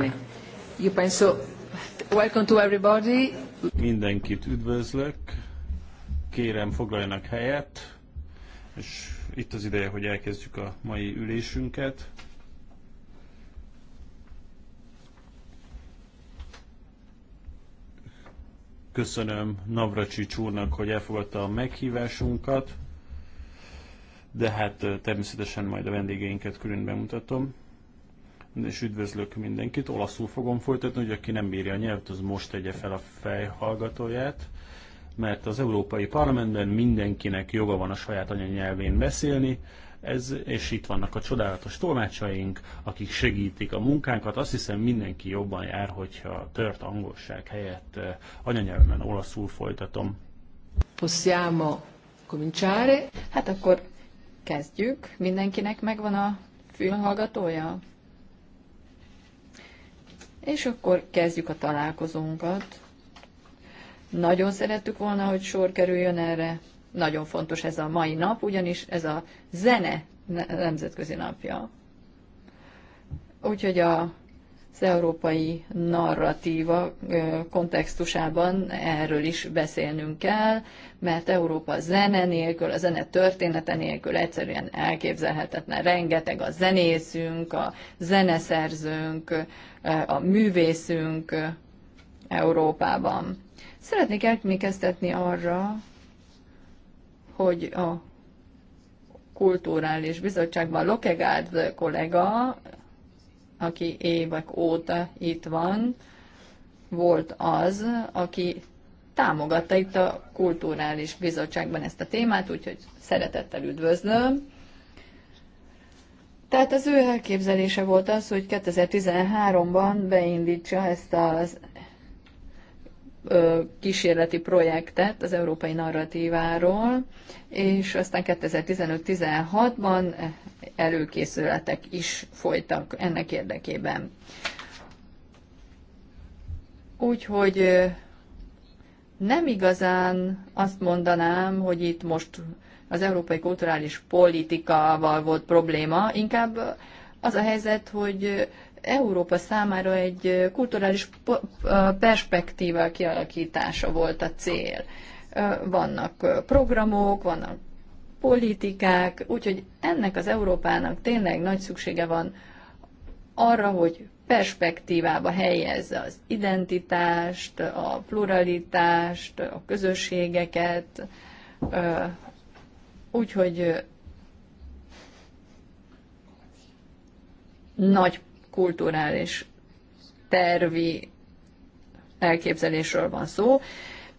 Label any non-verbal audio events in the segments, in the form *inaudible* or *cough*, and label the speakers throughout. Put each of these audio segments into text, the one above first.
Speaker 1: Bene. Io penso... Welcome to everybody.
Speaker 2: Mindenkit üdvözlök. Kérem, foglaljanak helyet. És itt az ideje, hogy elkezdjük a mai ülésünket. Köszönöm Navracsics úrnak, hogy elfogadta a meghívásunkat, de hát természetesen majd a vendégeinket külön bemutatom és üdvözlök mindenkit. Olaszul fogom folytatni, hogy aki nem bírja a nyelvet, az most tegye fel a fejhallgatóját, mert az Európai Parlamentben mindenkinek joga van a saját anyanyelvén beszélni, ez, és itt vannak a csodálatos tolmácsaink, akik segítik a munkánkat. Azt hiszem mindenki jobban jár, hogyha tört angolság helyett eh, anyanyelven olaszul folytatom.
Speaker 1: Possiamo cominciare? Hát akkor kezdjük. Mindenkinek megvan a fülhallgatója? És akkor kezdjük a találkozónkat. Nagyon szerettük volna, hogy sor kerüljön erre. Nagyon fontos ez a mai nap, ugyanis ez a zene nemzetközi napja. Úgyhogy a az európai narratíva kontextusában erről is beszélnünk kell, mert Európa zene nélkül, a zene története nélkül egyszerűen elképzelhetetlen. Rengeteg a zenészünk, a zeneszerzőnk, a művészünk Európában. Szeretnék emlékeztetni arra, hogy a kulturális bizottságban Lokegárd kollega aki évek óta itt van, volt az, aki támogatta itt a Kulturális Bizottságban ezt a témát, úgyhogy szeretettel üdvözlöm. Tehát az ő elképzelése volt az, hogy 2013-ban beindítsa ezt az kísérleti projektet az európai narratíváról, és aztán 2015-16-ban előkészületek is folytak ennek érdekében. Úgyhogy nem igazán azt mondanám, hogy itt most az európai kulturális politikával volt probléma, inkább az a helyzet, hogy Európa számára egy kulturális perspektíva kialakítása volt a cél. Vannak programok, vannak politikák, úgyhogy ennek az Európának tényleg nagy szüksége van arra, hogy perspektívába helyezze az identitást, a pluralitást, a közösségeket, úgyhogy nagy kulturális tervi elképzelésről van szó,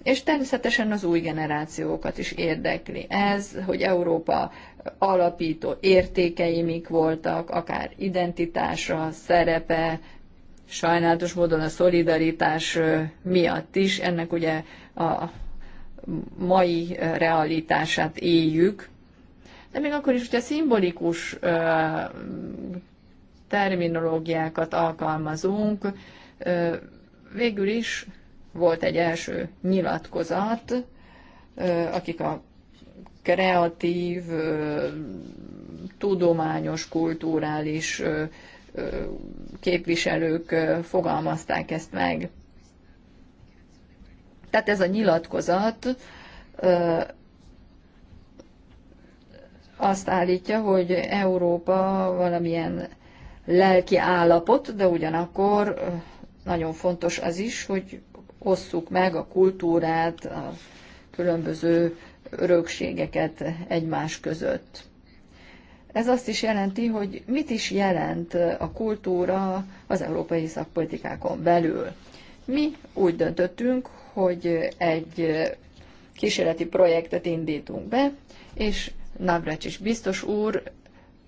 Speaker 1: és természetesen az új generációkat is érdekli ez, hogy Európa alapító értékei mik voltak, akár identitása, szerepe, sajnálatos módon a szolidaritás miatt is, ennek ugye a mai realitását éljük, de még akkor is, hogyha szimbolikus terminológiákat alkalmazunk, végül is volt egy első nyilatkozat, akik a kreatív, tudományos, kulturális képviselők fogalmazták ezt meg. Tehát ez a nyilatkozat azt állítja, hogy Európa valamilyen lelki állapot, de ugyanakkor nagyon fontos az is, hogy osszuk meg a kultúrát, a különböző örökségeket egymás között. Ez azt is jelenti, hogy mit is jelent a kultúra az európai szakpolitikákon belül. Mi úgy döntöttünk, hogy egy kísérleti projektet indítunk be, és is biztos úr,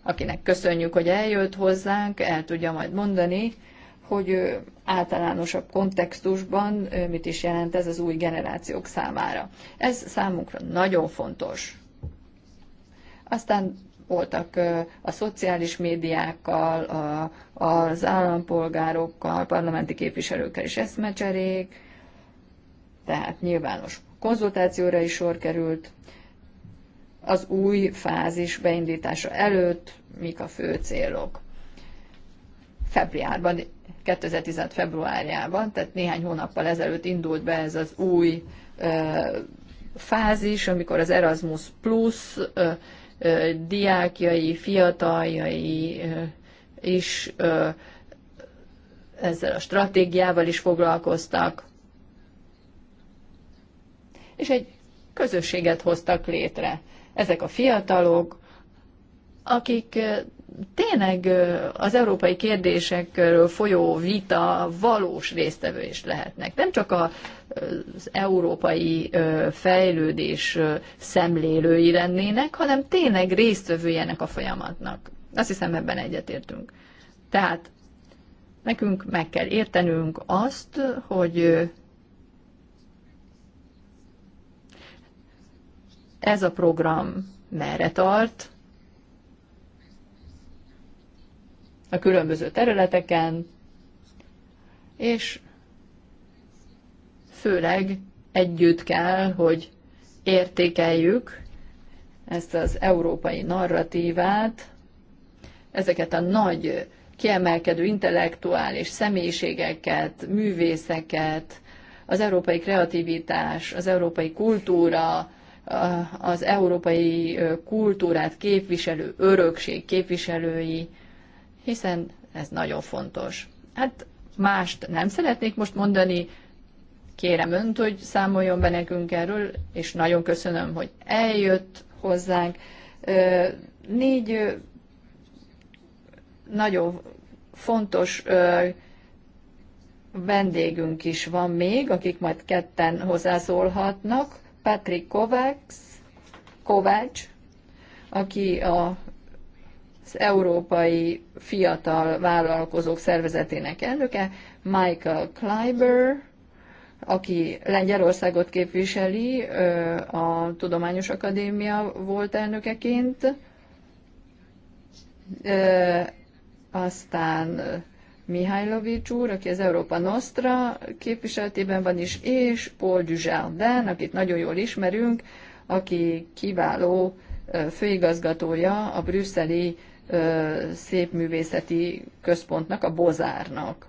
Speaker 1: akinek köszönjük, hogy eljött hozzánk, el tudja majd mondani, hogy általánosabb kontextusban mit is jelent ez az új generációk számára. Ez számunkra nagyon fontos. Aztán voltak a szociális médiákkal, a, az állampolgárokkal, parlamenti képviselőkkel is eszmecserék, tehát nyilvános konzultációra is sor került. Az új fázis beindítása előtt mik a fő célok? Februárban 2016. februárjában, tehát néhány hónappal ezelőtt indult be ez az új ö, fázis, amikor az Erasmus Plus ö, ö, diákjai, fiataljai ö, is ö, ezzel a stratégiával is foglalkoztak, és egy közösséget hoztak létre. Ezek a fiatalok, akik tényleg az európai kérdésekről folyó vita valós résztvevő is lehetnek. Nem csak az európai fejlődés szemlélői lennének, hanem tényleg résztvevői ennek a folyamatnak. Azt hiszem ebben egyetértünk. Tehát nekünk meg kell értenünk azt, hogy ez a program merre tart, a különböző területeken, és főleg együtt kell, hogy értékeljük ezt az európai narratívát, ezeket a nagy kiemelkedő intellektuális személyiségeket, művészeket, az európai kreativitás, az európai kultúra, az európai kultúrát képviselő örökség képviselői, hiszen ez nagyon fontos. Hát mást nem szeretnék most mondani, kérem önt, hogy számoljon be nekünk erről, és nagyon köszönöm, hogy eljött hozzánk. Négy nagyon fontos vendégünk is van még, akik majd ketten hozzászólhatnak. Patrick Kovács, Kovács aki a az Európai Fiatal Vállalkozók Szervezetének elnöke, Michael Kleiber, aki Lengyelországot képviseli, a Tudományos Akadémia volt elnökeként, aztán Mihajlovics úr, aki az Európa Nostra képviseletében van is, és Paul Dujardin, akit nagyon jól ismerünk, aki kiváló főigazgatója a brüsszeli szép művészeti központnak, a Bozárnak.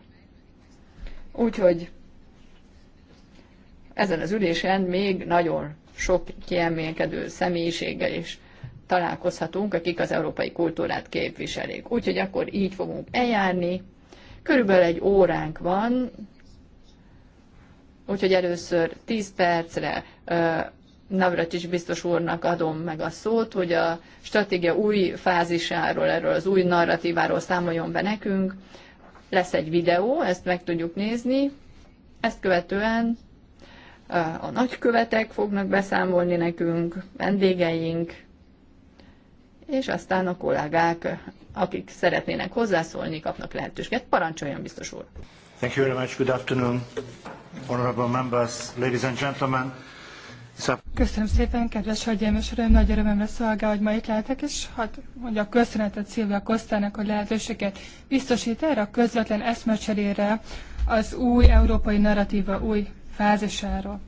Speaker 1: Úgyhogy ezen az ülésen még nagyon sok kiemelkedő személyiséggel is találkozhatunk, akik az európai kultúrát képviselik. Úgyhogy akkor így fogunk eljárni. Körülbelül egy óránk van, úgyhogy először 10 percre Navracsics biztos úrnak adom meg a szót, hogy a stratégia új fázisáról, erről az új narratíváról számoljon be nekünk. Lesz egy videó, ezt meg tudjuk nézni. Ezt követően a nagykövetek fognak beszámolni nekünk, vendégeink, és aztán a kollégák, akik szeretnének hozzászólni, kapnak lehetőséget. Parancsoljon, biztos
Speaker 3: úr! Thank you very much. Good afternoon, honorable members, ladies and gentlemen.
Speaker 4: Köszönöm szépen, kedves hölgyeim és nagy örömömre szolgál, hogy ma itt lehetek, és hadd mondjak köszönetet Szilvia Kosztának, hogy lehetőséget biztosít erre a közvetlen eszmecserére az új európai narratíva új fázisáról.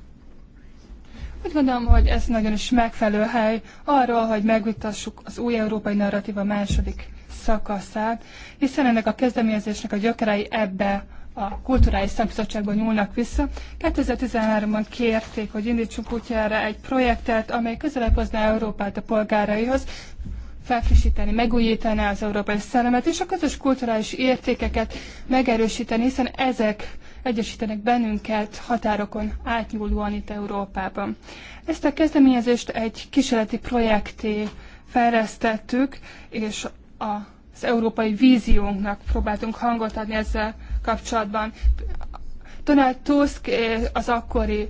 Speaker 4: Úgy gondolom, hogy ez nagyon is megfelelő hely arról, hogy megvitassuk az új európai narratíva második szakaszát, hiszen ennek a kezdeményezésnek a gyökerei ebbe a Kulturális Szakbizottságban nyúlnak vissza. 2013-ban kérték, hogy indítsunk útjára egy projektet, amely közelebb hozná Európát a polgáraihoz, felfrissíteni, megújítani az európai szellemet, és a közös kulturális értékeket megerősíteni, hiszen ezek egyesítenek bennünket határokon átnyúlóan itt Európában. Ezt a kezdeményezést egy kísérleti projekté fejlesztettük, és az európai víziónknak próbáltunk hangot adni ezzel kapcsolatban. Donald Tusk eh, az akkori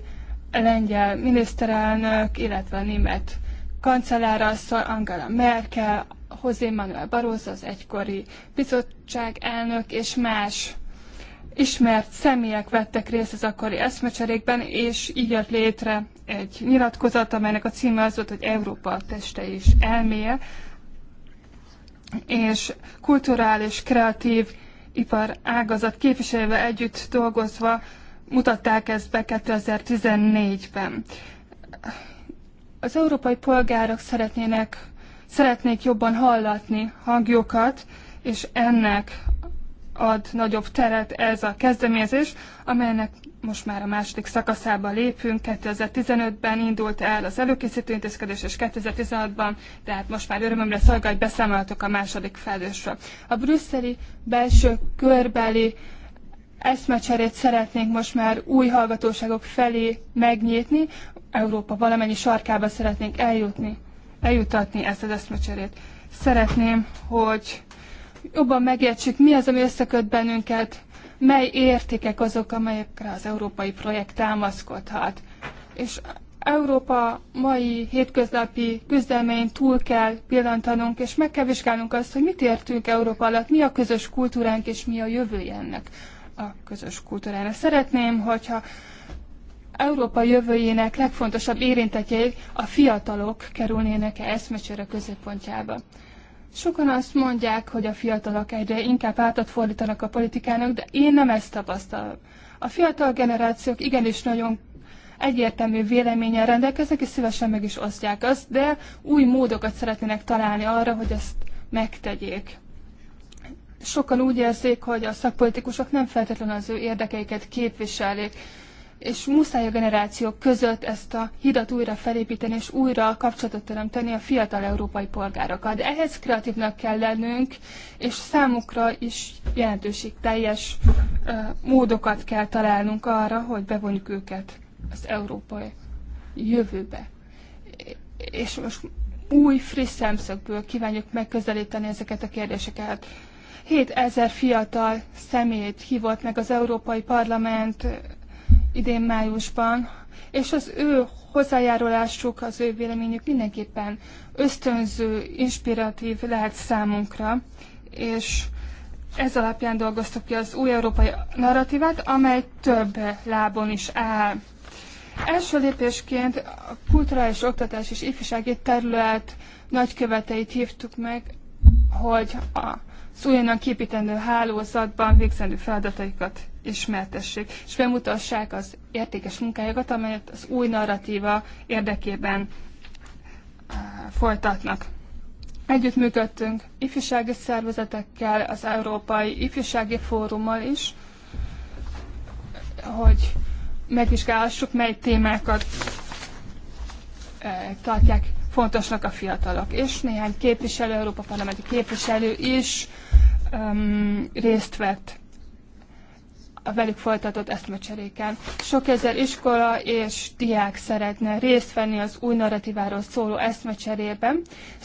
Speaker 4: lengyel miniszterelnök, illetve a német kancellárasszony Angela Merkel, José Manuel Barroso, az egykori bizottság elnök és más ismert személyek vettek részt az akkori eszmecserékben, és így jött létre egy nyilatkozat, amelynek a címe az volt, hogy Európa teste és elméje, és kulturális, kreatív ipar ágazat együtt dolgozva mutatták ezt be 2014-ben. Az európai polgárok szeretnének, szeretnék jobban hallatni hangjukat, és ennek ad nagyobb teret ez a kezdeményezés, amelynek most már a második szakaszába lépünk. 2015-ben indult el az előkészítő intézkedés, és 2016-ban, tehát most már örömömre szolgál, hogy beszámoltok a második felősről. A brüsszeli belső körbeli eszmecserét szeretnénk most már új hallgatóságok felé megnyitni, Európa valamennyi sarkába szeretnénk eljutni, eljutatni ezt az eszmecserét. Szeretném, hogy jobban megértsük, mi az, ami összeköt bennünket, mely értékek azok, amelyekre az európai projekt támaszkodhat. És Európa mai hétköznapi küzdelmein túl kell pillantanunk, és meg kell vizsgálnunk azt, hogy mit értünk Európa alatt, mi a közös kultúránk, és mi a jövője ennek a közös kultúrának. Szeretném, hogyha Európa jövőjének legfontosabb érintetjei a fiatalok kerülnének -e eszmecsőre középpontjába. Sokan azt mondják, hogy a fiatalok egyre inkább átat fordítanak a politikának, de én nem ezt tapasztalom. A fiatal generációk igenis nagyon egyértelmű véleménnyel rendelkeznek, és szívesen meg is osztják azt, de új módokat szeretnének találni arra, hogy ezt megtegyék. Sokan úgy érzik, hogy a szakpolitikusok nem feltétlenül az ő érdekeiket képviselik, és muszáj a generációk között ezt a hidat újra felépíteni, és újra kapcsolatot teremteni a fiatal európai polgárokkal. De ehhez kreatívnak kell lennünk, és számukra is jelentőség teljes uh, módokat kell találnunk arra, hogy bevonjuk őket az európai jövőbe. És most új, friss szemszögből kívánjuk megközelíteni ezeket a kérdéseket. 7000 fiatal szemét hívott meg az Európai Parlament idén májusban, és az ő hozzájárulásuk, az ő véleményük mindenképpen ösztönző, inspiratív lehet számunkra, és ez alapján dolgoztuk ki az új európai narratívát, amely több lábon is áll. Első lépésként a kulturális oktatás és ifjúsági terület nagyköveteit hívtuk meg, hogy a szóljanak újonnan képítendő hálózatban végzendő feladataikat ismertessék, és bemutassák az értékes munkájukat, amelyet az új narratíva érdekében eh, folytatnak. Együttműködtünk ifjúsági szervezetekkel, az Európai Ifjúsági Fórummal is, hogy megvizsgálhassuk, mely témákat eh, tartják fontosak a fiatalok. És néhány képviselő, Európa Parlamenti képviselő is um, részt vett a velük folytatott eszmecseréken. Sok ezer iskola és diák szeretne részt venni az új narratíváról szóló eszmecserében.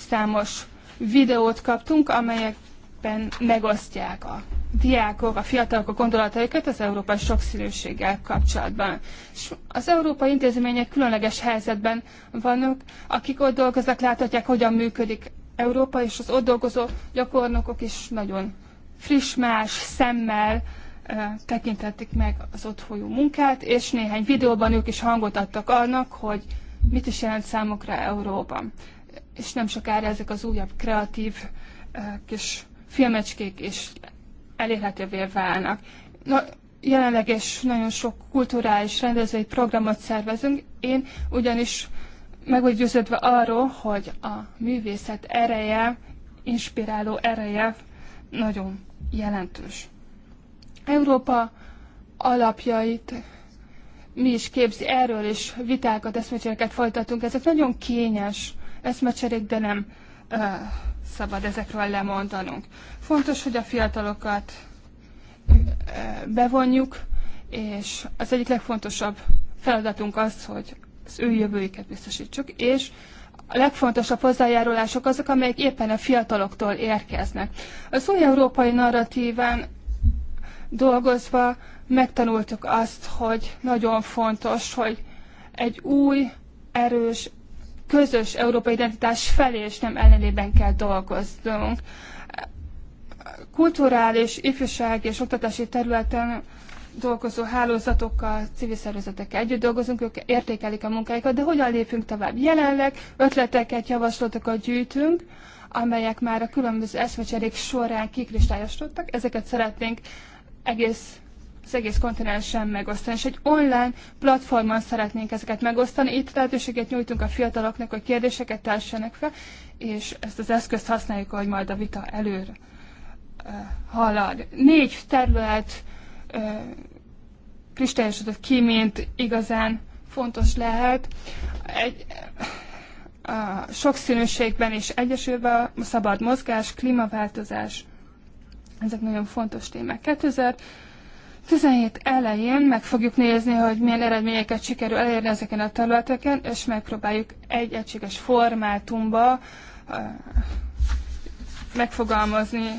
Speaker 4: Számos videót kaptunk, amelyekben megosztják a diákok, a fiatalok a gondolataikat az európai sokszínűséggel kapcsolatban. És az európai intézmények különleges helyzetben vannak, akik ott dolgoznak, láthatják, hogyan működik Európa, és az ott dolgozó gyakornokok is nagyon friss, más szemmel e, tekintették meg az ott folyó munkát, és néhány videóban ők is hangot adtak annak, hogy mit is jelent számukra Európa. És nem sokára ezek az újabb kreatív e, kis filmecskék is elérhetővé válnak. Na, jelenleg is nagyon sok kulturális rendezői programot szervezünk. Én ugyanis meg vagy győződve arról, hogy a művészet ereje, inspiráló ereje nagyon jelentős. Európa alapjait mi is képzi, erről és vitákat, eszmecseréket folytatunk. Ezek nagyon kényes eszmecserék, de nem uh, szabad ezekről lemondanunk. Fontos, hogy a fiatalokat bevonjuk, és az egyik legfontosabb feladatunk az, hogy az ő jövőjüket biztosítsuk, és a legfontosabb hozzájárulások azok, amelyek éppen a fiataloktól érkeznek. Az új európai narratíván dolgozva megtanultuk azt, hogy nagyon fontos, hogy egy új, erős közös európai identitás felé és nem ellenében kell dolgoznunk. Kulturális, ifjúsági és oktatási területen dolgozó hálózatokkal, civil szervezetekkel együtt dolgozunk, ők értékelik a munkáikat, de hogyan lépünk tovább? Jelenleg ötleteket, javaslatokat gyűjtünk, amelyek már a különböző eszmecserék során kikristályosodtak. Ezeket szeretnénk egész az egész kontinensen megosztani, és egy online platformon szeretnénk ezeket megosztani. Itt lehetőséget nyújtunk a fiataloknak, hogy kérdéseket társanak fel, és ezt az eszközt használjuk, hogy majd a vita előre halad. Négy terület kristályosodott ki, mint igazán fontos lehet. Egy, a sokszínűségben és egyesülve a szabad mozgás, klímaváltozás, ezek nagyon fontos témák. 2000 17 elején meg fogjuk nézni, hogy milyen eredményeket sikerül elérni ezeken a területeken, és megpróbáljuk egy egységes formátumba megfogalmazni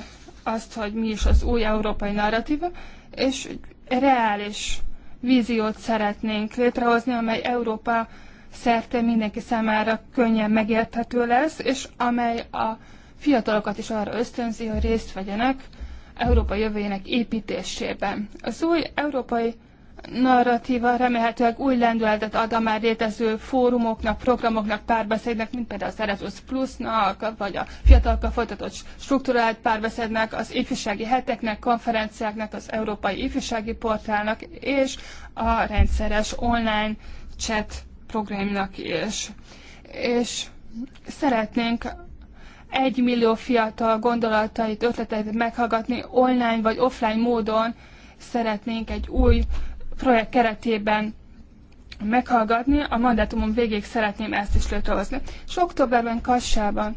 Speaker 4: azt, hogy mi is az új európai narratíva, és reális víziót szeretnénk létrehozni, amely Európa szerte mindenki számára könnyen megérthető lesz, és amely a fiatalokat is arra ösztönzi, hogy részt vegyenek Európa jövőjének építésében. Az új európai narratíva remélhetőleg új lendületet ad a már létező fórumoknak, programoknak, párbeszédnek, mint például az Erasmus Plusnak, vagy a fiatalokkal folytatott strukturált párbeszédnek, az ifjúsági heteknek, konferenciáknak, az Európai Ifjúsági Portálnak és a rendszeres online chat programnak is. És szeretnénk egy millió fiatal gondolatait, ötleteit meghallgatni online vagy offline módon szeretnénk egy új projekt keretében meghallgatni. A mandátumon végéig szeretném ezt is létrehozni. És októberben Kassában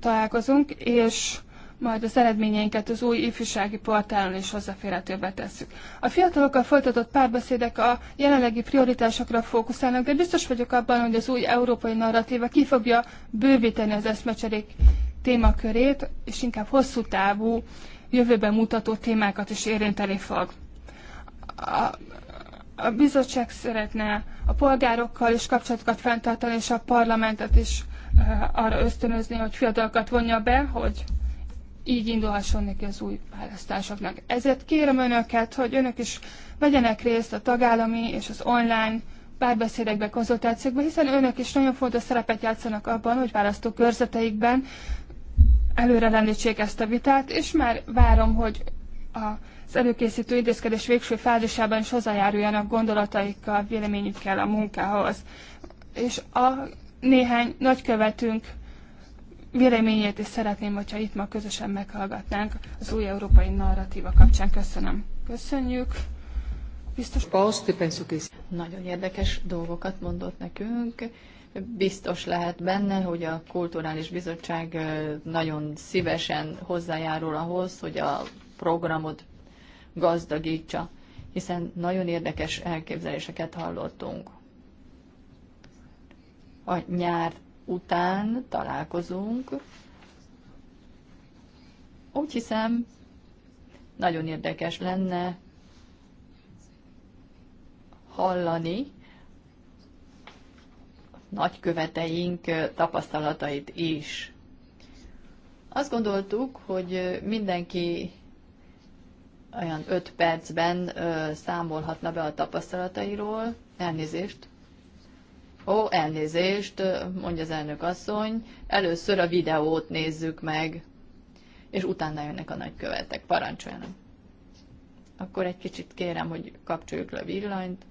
Speaker 4: találkozunk, és majd az eredményeinket az új ifjúsági portálon is hozzáférhetővé tesszük. A fiatalokkal folytatott párbeszédek a jelenlegi prioritásokra fókuszálnak, de biztos vagyok abban, hogy az új európai narratíva ki fogja bővíteni az eszmecserék témakörét, és inkább hosszú távú, jövőben mutató témákat is érinteni fog. A, a bizottság szeretne a polgárokkal is kapcsolatokat fenntartani, és a parlamentet is eh, arra ösztönözni, hogy fiatalokat vonja be, hogy így indulhasson neki az új választásoknak. Ezért kérem önöket, hogy önök is vegyenek részt a tagállami és az online párbeszédekbe, konzultációkba, hiszen önök is nagyon fontos szerepet játszanak abban, hogy választó körzeteikben előre lendítsék ezt a vitát, és már várom, hogy az előkészítő intézkedés végső fázisában is hozzájáruljanak gondolataikkal, véleményükkel a munkához. És a néhány nagykövetünk véleményét is szeretném, hogyha itt ma közösen meghallgatnánk az új európai narratíva kapcsán. Köszönöm. Köszönjük. Biztos... Nagyon érdekes dolgokat mondott
Speaker 1: nekünk. Biztos lehet benne, hogy a Kulturális Bizottság nagyon szívesen hozzájárul ahhoz, hogy a programot gazdagítsa, hiszen nagyon érdekes elképzeléseket hallottunk. A nyár után találkozunk. Úgy hiszem, nagyon érdekes lenne hallani nagyköveteink tapasztalatait is. Azt gondoltuk, hogy mindenki olyan öt percben számolhatna be a tapasztalatairól. Elnézést, Ó, elnézést, mondja az elnök asszony, először a videót nézzük meg, és utána jönnek a nagykövetek, parancsoljanak. Akkor egy kicsit kérem, hogy kapcsoljuk le a villanyt.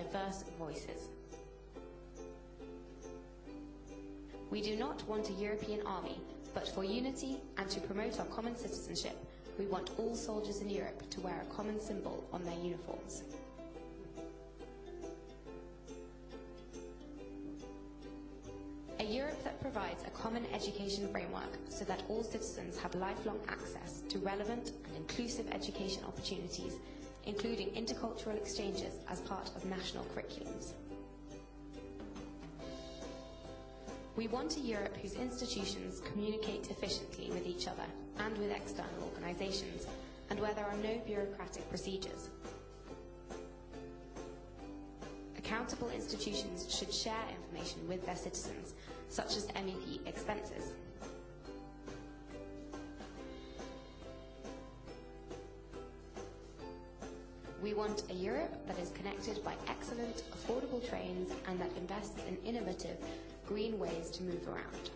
Speaker 5: diverse voices. We do not want a European army, but for unity and to promote our common citizenship, we want all soldiers in Europe to wear a common symbol on their uniforms. A Europe that provides a common education framework so that all citizens have lifelong access to relevant and inclusive education opportunities including intercultural exchanges as part of national curriculums. We want a Europe whose institutions communicate efficiently with each other and with external organisations, and where there are no bureaucratic procedures. Accountable institutions should share information with their citizens, such as MEP expenses. We want a Europe that is connected by excellent, affordable trains and that invests in innovative, green ways to move around.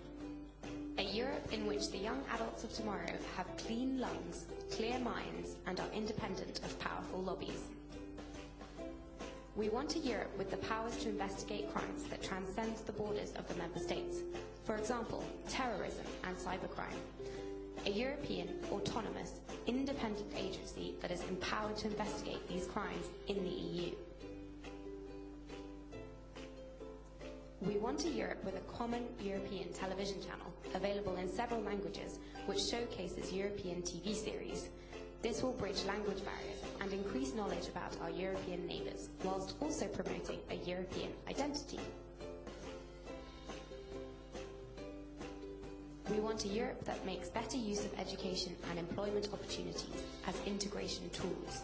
Speaker 5: A Europe in which the young adults of tomorrow have clean lungs, clear minds, and are independent of powerful lobbies. We want a Europe with the powers to investigate crimes that transcend the borders of the member states, for example, terrorism and cybercrime a European autonomous independent agency that is empowered to investigate these crimes in the EU. We want a Europe with a common European television channel available in several languages which showcases European TV series. This will bridge language barriers and increase knowledge about our European neighbours, whilst also promoting a European identity. We want a Europe that makes better use of education and employment opportunities as integration tools.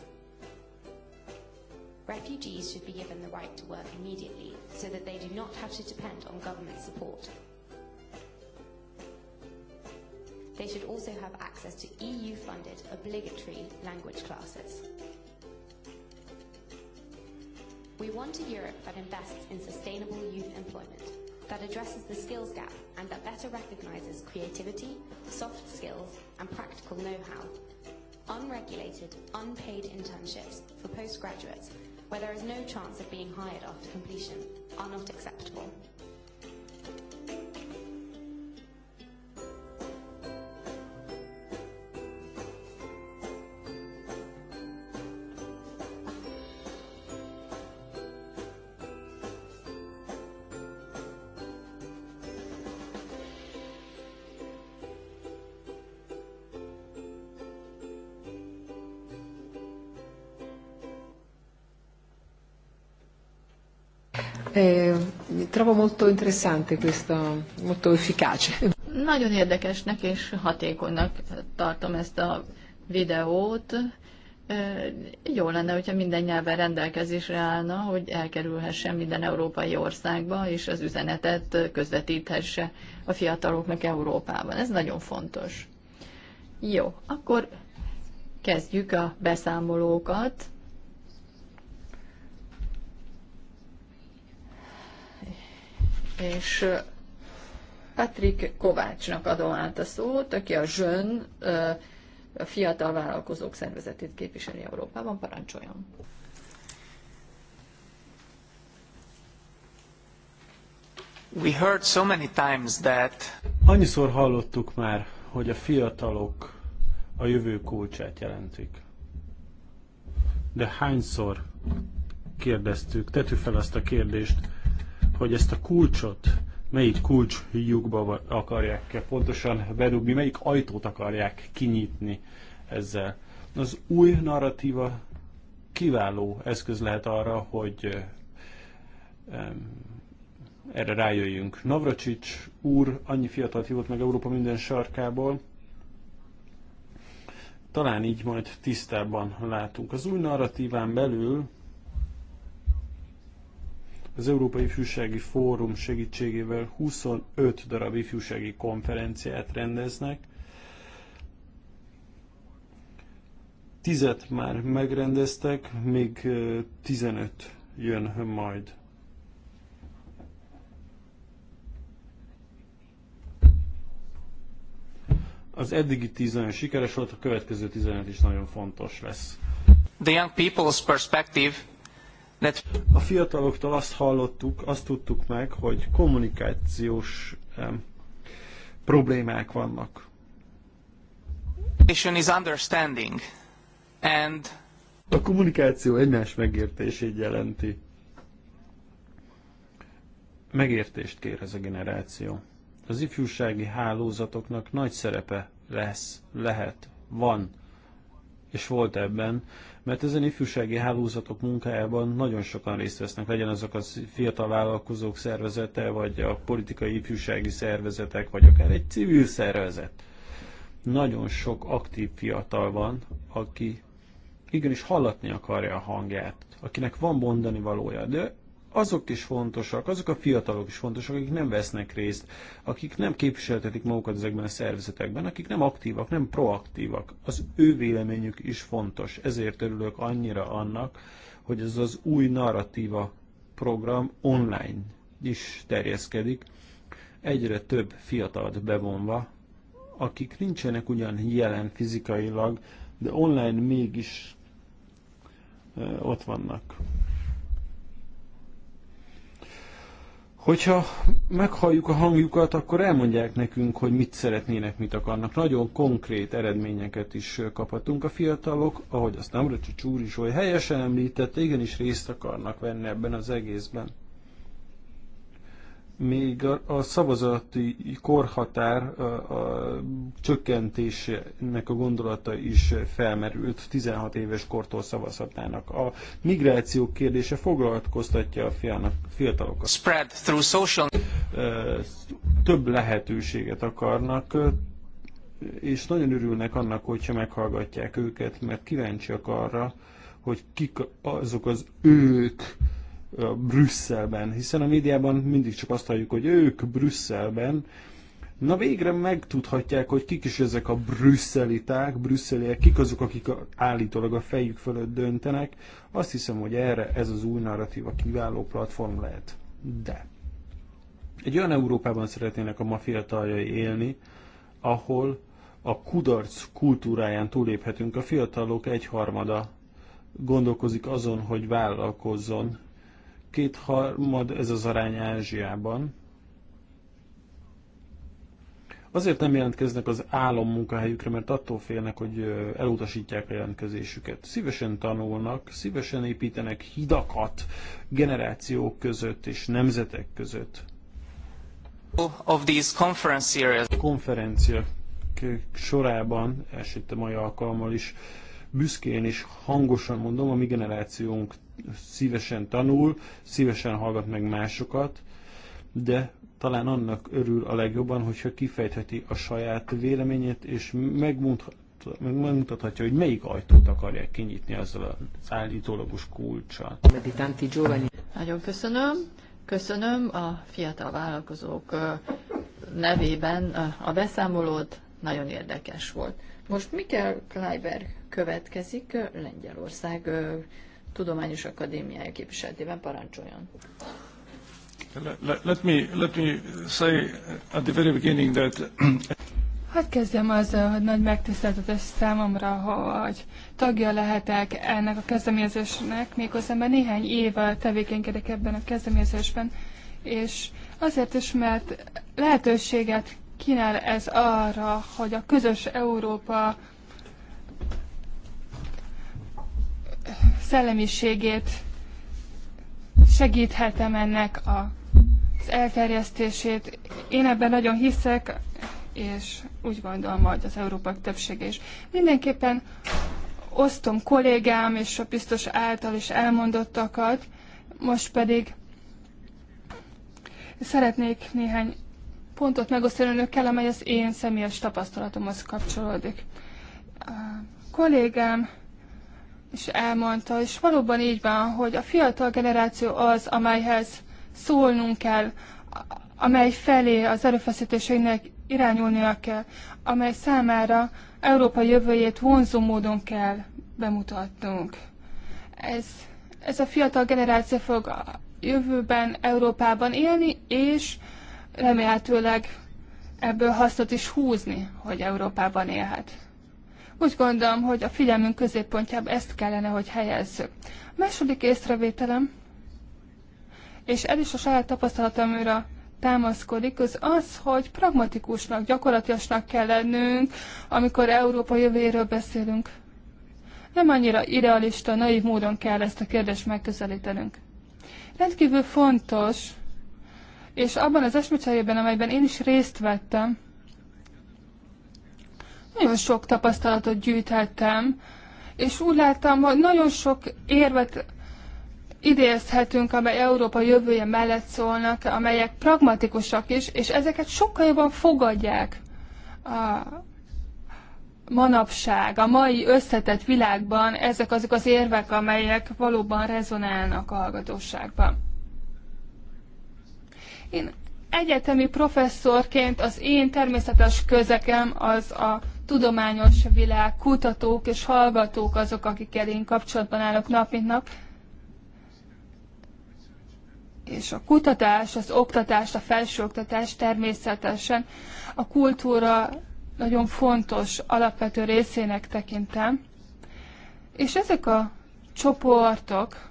Speaker 5: Refugees should be given the right to work immediately so that they do not have to depend on government support. They should also have access to EU-funded obligatory language classes. We want a Europe that invests in sustainable youth employment that addresses the skills gap and that better recognises creativity, soft skills and practical know-how. Unregulated, unpaid internships for postgraduates where there is no chance of being hired after completion are not acceptable.
Speaker 4: Eh, trovo molto interessante questo, molto efficace.
Speaker 1: Nagyon érdekesnek és hatékonynak tartom ezt a videót. Eh, jó lenne, hogyha minden nyelven rendelkezésre állna, hogy elkerülhessen minden európai országba, és az üzenetet közvetíthesse a fiataloknak Európában. Ez nagyon fontos. Jó, akkor kezdjük a beszámolókat. és Patrik Kovácsnak adom át a szót, aki a Zsön a fiatal vállalkozók szervezetét képviseli Európában. Parancsoljon!
Speaker 6: We heard so many times that...
Speaker 2: Annyiszor hallottuk már, hogy a fiatalok a jövő kulcsát jelentik. De hányszor kérdeztük, tettük fel azt a kérdést, hogy ezt a kulcsot melyik lyukba akarják pontosan bedugni, melyik ajtót akarják kinyitni ezzel. Az új narratíva kiváló eszköz lehet arra, hogy erre rájöjjünk. Navracsics úr annyi fiatalt hívott meg Európa minden sarkából, talán így majd tisztábban látunk. Az új narratíván belül az Európai Ifjúsági Fórum segítségével 25 darab ifjúsági konferenciát rendeznek, Tizet már megrendeztek, még 15 jön majd. Az eddigi 10 nagyon sikeres volt, a következő 15 is nagyon fontos lesz.
Speaker 6: The young people's perspective
Speaker 2: a fiataloktól azt hallottuk, azt tudtuk meg, hogy kommunikációs problémák vannak.
Speaker 6: Is understanding and
Speaker 3: a kommunikáció egymás megértését jelenti. Megértést
Speaker 2: kér ez a generáció. Az ifjúsági hálózatoknak nagy szerepe lesz, lehet, van, és volt ebben mert ezen ifjúsági hálózatok munkájában nagyon sokan részt vesznek, legyen azok a fiatal vállalkozók szervezete, vagy a politikai ifjúsági szervezetek, vagy akár egy civil szervezet. Nagyon sok aktív fiatal van, aki igenis hallatni akarja a hangját, akinek van mondani valója, de azok is fontosak, azok a fiatalok is fontosak, akik nem vesznek részt, akik nem képviseltetik magukat ezekben a szervezetekben, akik nem aktívak, nem proaktívak. Az ő véleményük is fontos. Ezért örülök annyira annak, hogy ez az új narratíva program online is terjeszkedik, egyre több fiatalt bevonva, akik nincsenek ugyan jelen fizikailag, de online mégis ott vannak. Hogyha meghalljuk a hangjukat, akkor elmondják nekünk, hogy mit szeretnének, mit akarnak. Nagyon konkrét eredményeket is kaphatunk a fiatalok, ahogy azt Navracsics úr is oly helyesen említette, igenis részt akarnak venni ebben az egészben még a szavazati korhatár a, a csökkentésének a gondolata is felmerült, 16 éves kortól szavazhatnának. A migráció kérdése foglalkoztatja a fiatalokat. Spread through social... Több lehetőséget akarnak, és nagyon örülnek annak, hogyha meghallgatják őket, mert kíváncsiak arra, hogy kik azok az ők, Brüsszelben, hiszen a médiában mindig csak azt halljuk, hogy ők Brüsszelben, Na végre megtudhatják, hogy kik is ezek a brüsszeliták, brüsszeliek, kik azok, akik állítólag a fejük fölött döntenek. Azt hiszem, hogy erre ez az új narratíva kiváló platform lehet. De egy olyan Európában szeretnének a ma fiataljai élni, ahol a kudarc kultúráján túléphetünk. A fiatalok egyharmada gondolkozik azon, hogy vállalkozzon, kétharmad ez az arány Ázsiában. Azért nem jelentkeznek az álom munkahelyükre, mert attól félnek, hogy elutasítják a jelentkezésüket. Szívesen tanulnak, szívesen építenek hidakat generációk között és nemzetek között. Of these conference series. Konferencia sorában, első a mai alkalommal is, büszkén és hangosan mondom, a mi generációnk szívesen tanul, szívesen hallgat meg másokat, de talán annak örül a legjobban, hogyha kifejtheti a saját véleményét, és megmutathatja, hogy melyik ajtót akarják kinyitni azzal az állítólagos kulcsal.
Speaker 1: Nagyon köszönöm. Köszönöm a fiatal vállalkozók nevében a beszámolót, nagyon érdekes volt. Most Mikkel Kleiber következik, Lengyelország Tudományos Akadémiája képviseletében parancsoljon.
Speaker 6: Let
Speaker 2: me, let me say at the very beginning that...
Speaker 4: Hadd kezdjem azzal, hogy nagy megtiszteltetés számomra, hogy tagja lehetek ennek a kezdeményezésnek, méghozzá már néhány éve tevékenykedek ebben a kezdeményezésben, és azért is, mert lehetőséget kínál ez arra, hogy a közös Európa szellemiségét segíthetem ennek a, az elterjesztését. Én ebben nagyon hiszek, és úgy gondolom, hogy az Európa többsége is. Mindenképpen osztom kollégám és a biztos által is elmondottakat, most pedig szeretnék néhány pontot megosztani önökkel, amely az én személyes tapasztalatomhoz kapcsolódik. A kollégám is elmondta, és valóban így van, hogy a fiatal generáció az, amelyhez szólnunk kell, amely felé az erőfeszítéseinek irányulnia kell, amely számára Európa jövőjét vonzó módon kell bemutatnunk. Ez, ez a fiatal generáció fog a jövőben Európában élni, és remélhetőleg ebből hasznot is húzni, hogy Európában élhet. Úgy gondolom, hogy a figyelmünk középpontjába ezt kellene, hogy helyezzük. A második észrevételem, és ez is a saját tapasztalatomra támaszkodik, az az, hogy pragmatikusnak, gyakorlatilasnak kell lennünk, amikor Európa jövőjéről beszélünk. Nem annyira idealista, naív módon kell ezt a kérdést megközelítenünk. Rendkívül fontos, és abban az esmecserében, amelyben én is részt vettem, nagyon sok tapasztalatot gyűjthettem, és úgy láttam, hogy nagyon sok érvet idézhetünk, amely Európa jövője mellett szólnak, amelyek pragmatikusak is, és ezeket sokkal jobban fogadják a manapság, a mai összetett világban ezek azok az érvek, amelyek valóban rezonálnak a hallgatóságban. Én egyetemi professzorként az én természetes közekem az a tudományos világ, kutatók és hallgatók azok, akik én kapcsolatban állok nap mint nap. És a kutatás, az oktatás, a felsőoktatás természetesen a kultúra nagyon fontos, alapvető részének tekintem. És ezek a csoportok,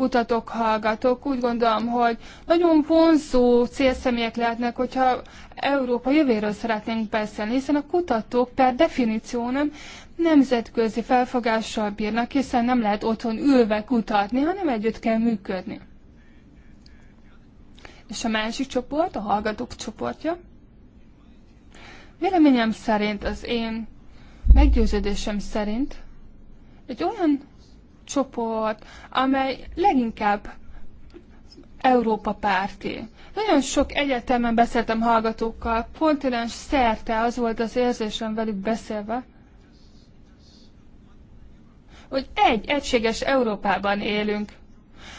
Speaker 4: kutatók, hallgatók. Úgy gondolom, hogy nagyon vonzó célszemélyek lehetnek, hogyha Európa jövőről szeretnénk beszélni, hiszen a kutatók per definíció nem nemzetközi felfogással bírnak, hiszen nem lehet otthon ülve kutatni, hanem együtt kell működni. És a másik csoport, a hallgatók csoportja. Véleményem szerint, az én meggyőződésem szerint egy olyan csoport, amely leginkább Európa párti. Nagyon sok egyetemen beszéltem hallgatókkal, kontinens szerte az volt az érzésem velük beszélve, hogy egy egységes Európában élünk.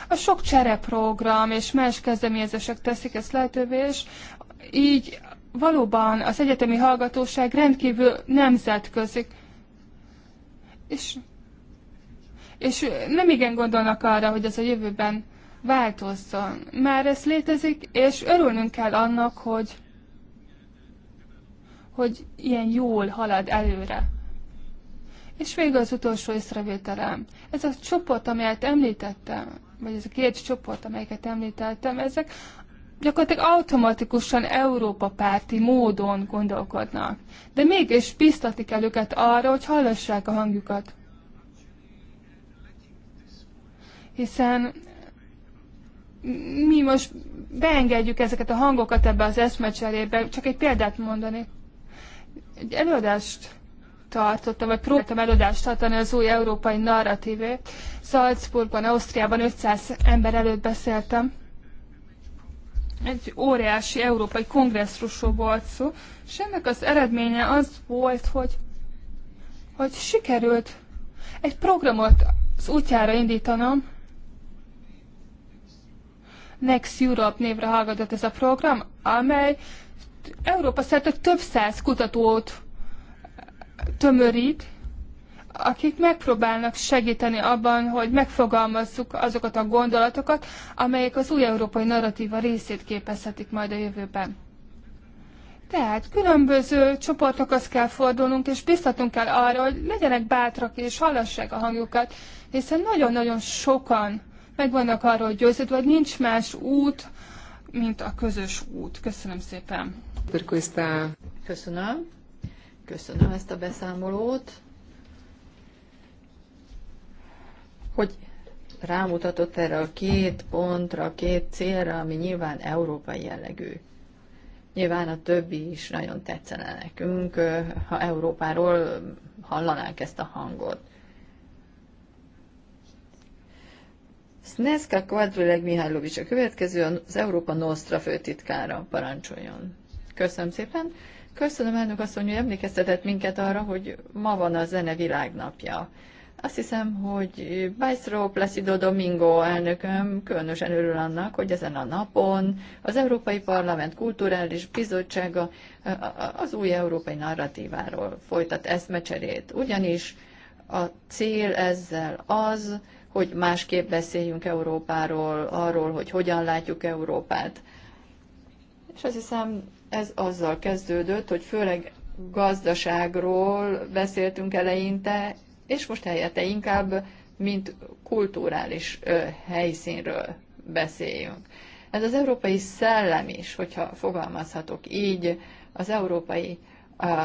Speaker 4: A sok csereprogram és más kezdeményezések teszik ezt lehetővé, és így valóban az egyetemi hallgatóság rendkívül nemzetközi. És és nem igen gondolnak arra, hogy ez a jövőben változzon. Már ez létezik, és örülnünk kell annak, hogy, hogy ilyen jól halad előre. És végül az utolsó észrevételem. Ez a csoport, amelyet említettem, vagy ez a két csoport, amelyeket említettem, ezek gyakorlatilag automatikusan Európa párti módon gondolkodnak. De mégis biztatik el őket arra, hogy hallassák a hangjukat. hiszen mi most beengedjük ezeket a hangokat ebbe az eszmecserébe. Csak egy példát mondani. Egy előadást tartottam, vagy próbáltam előadást tartani az új európai narratívét. Salzburgban, Ausztriában 500 ember előtt beszéltem. Egy óriási európai kongresszusról volt szó, és ennek az eredménye az volt, hogy, hogy sikerült egy programot az útjára indítanom, Next Europe névre hallgatott ez a program, amely Európa szerte több száz kutatót tömörít, akik megpróbálnak segíteni abban, hogy megfogalmazzuk azokat a gondolatokat, amelyek az új európai narratíva részét képezhetik majd a jövőben. Tehát különböző csoportokhoz kell fordulnunk, és biztatunk kell arra, hogy legyenek bátrak és hallassák a hangjukat, hiszen nagyon-nagyon sokan meg vannak hogy győződve, hogy nincs más út, mint a közös út. Köszönöm szépen. Köszönöm. Köszönöm ezt a
Speaker 1: beszámolót, hogy rámutatott erre a két pontra, a két célra, ami nyilván európai jellegű. Nyilván a többi is nagyon tetszene nekünk, ha Európáról hallanánk ezt a hangot. Snezka Kvadrileg Mihálovics a következő, az Európa Nostra főtitkára parancsoljon. Köszönöm szépen. Köszönöm elnök asszony, hogy emlékeztetett minket arra, hogy ma van a zene világnapja. Azt hiszem, hogy Bajszró Placido Domingo elnököm különösen örül annak, hogy ezen a napon az Európai Parlament Kulturális Bizottsága az új európai narratíváról folytat eszmecserét. Ugyanis a cél ezzel az, hogy másképp beszéljünk Európáról, arról, hogy hogyan látjuk Európát. És azt hiszem, ez azzal kezdődött, hogy főleg gazdaságról beszéltünk eleinte, és most helyette inkább, mint kulturális ö, helyszínről beszéljünk. Ez az európai szellem is, hogyha fogalmazhatok így, az európai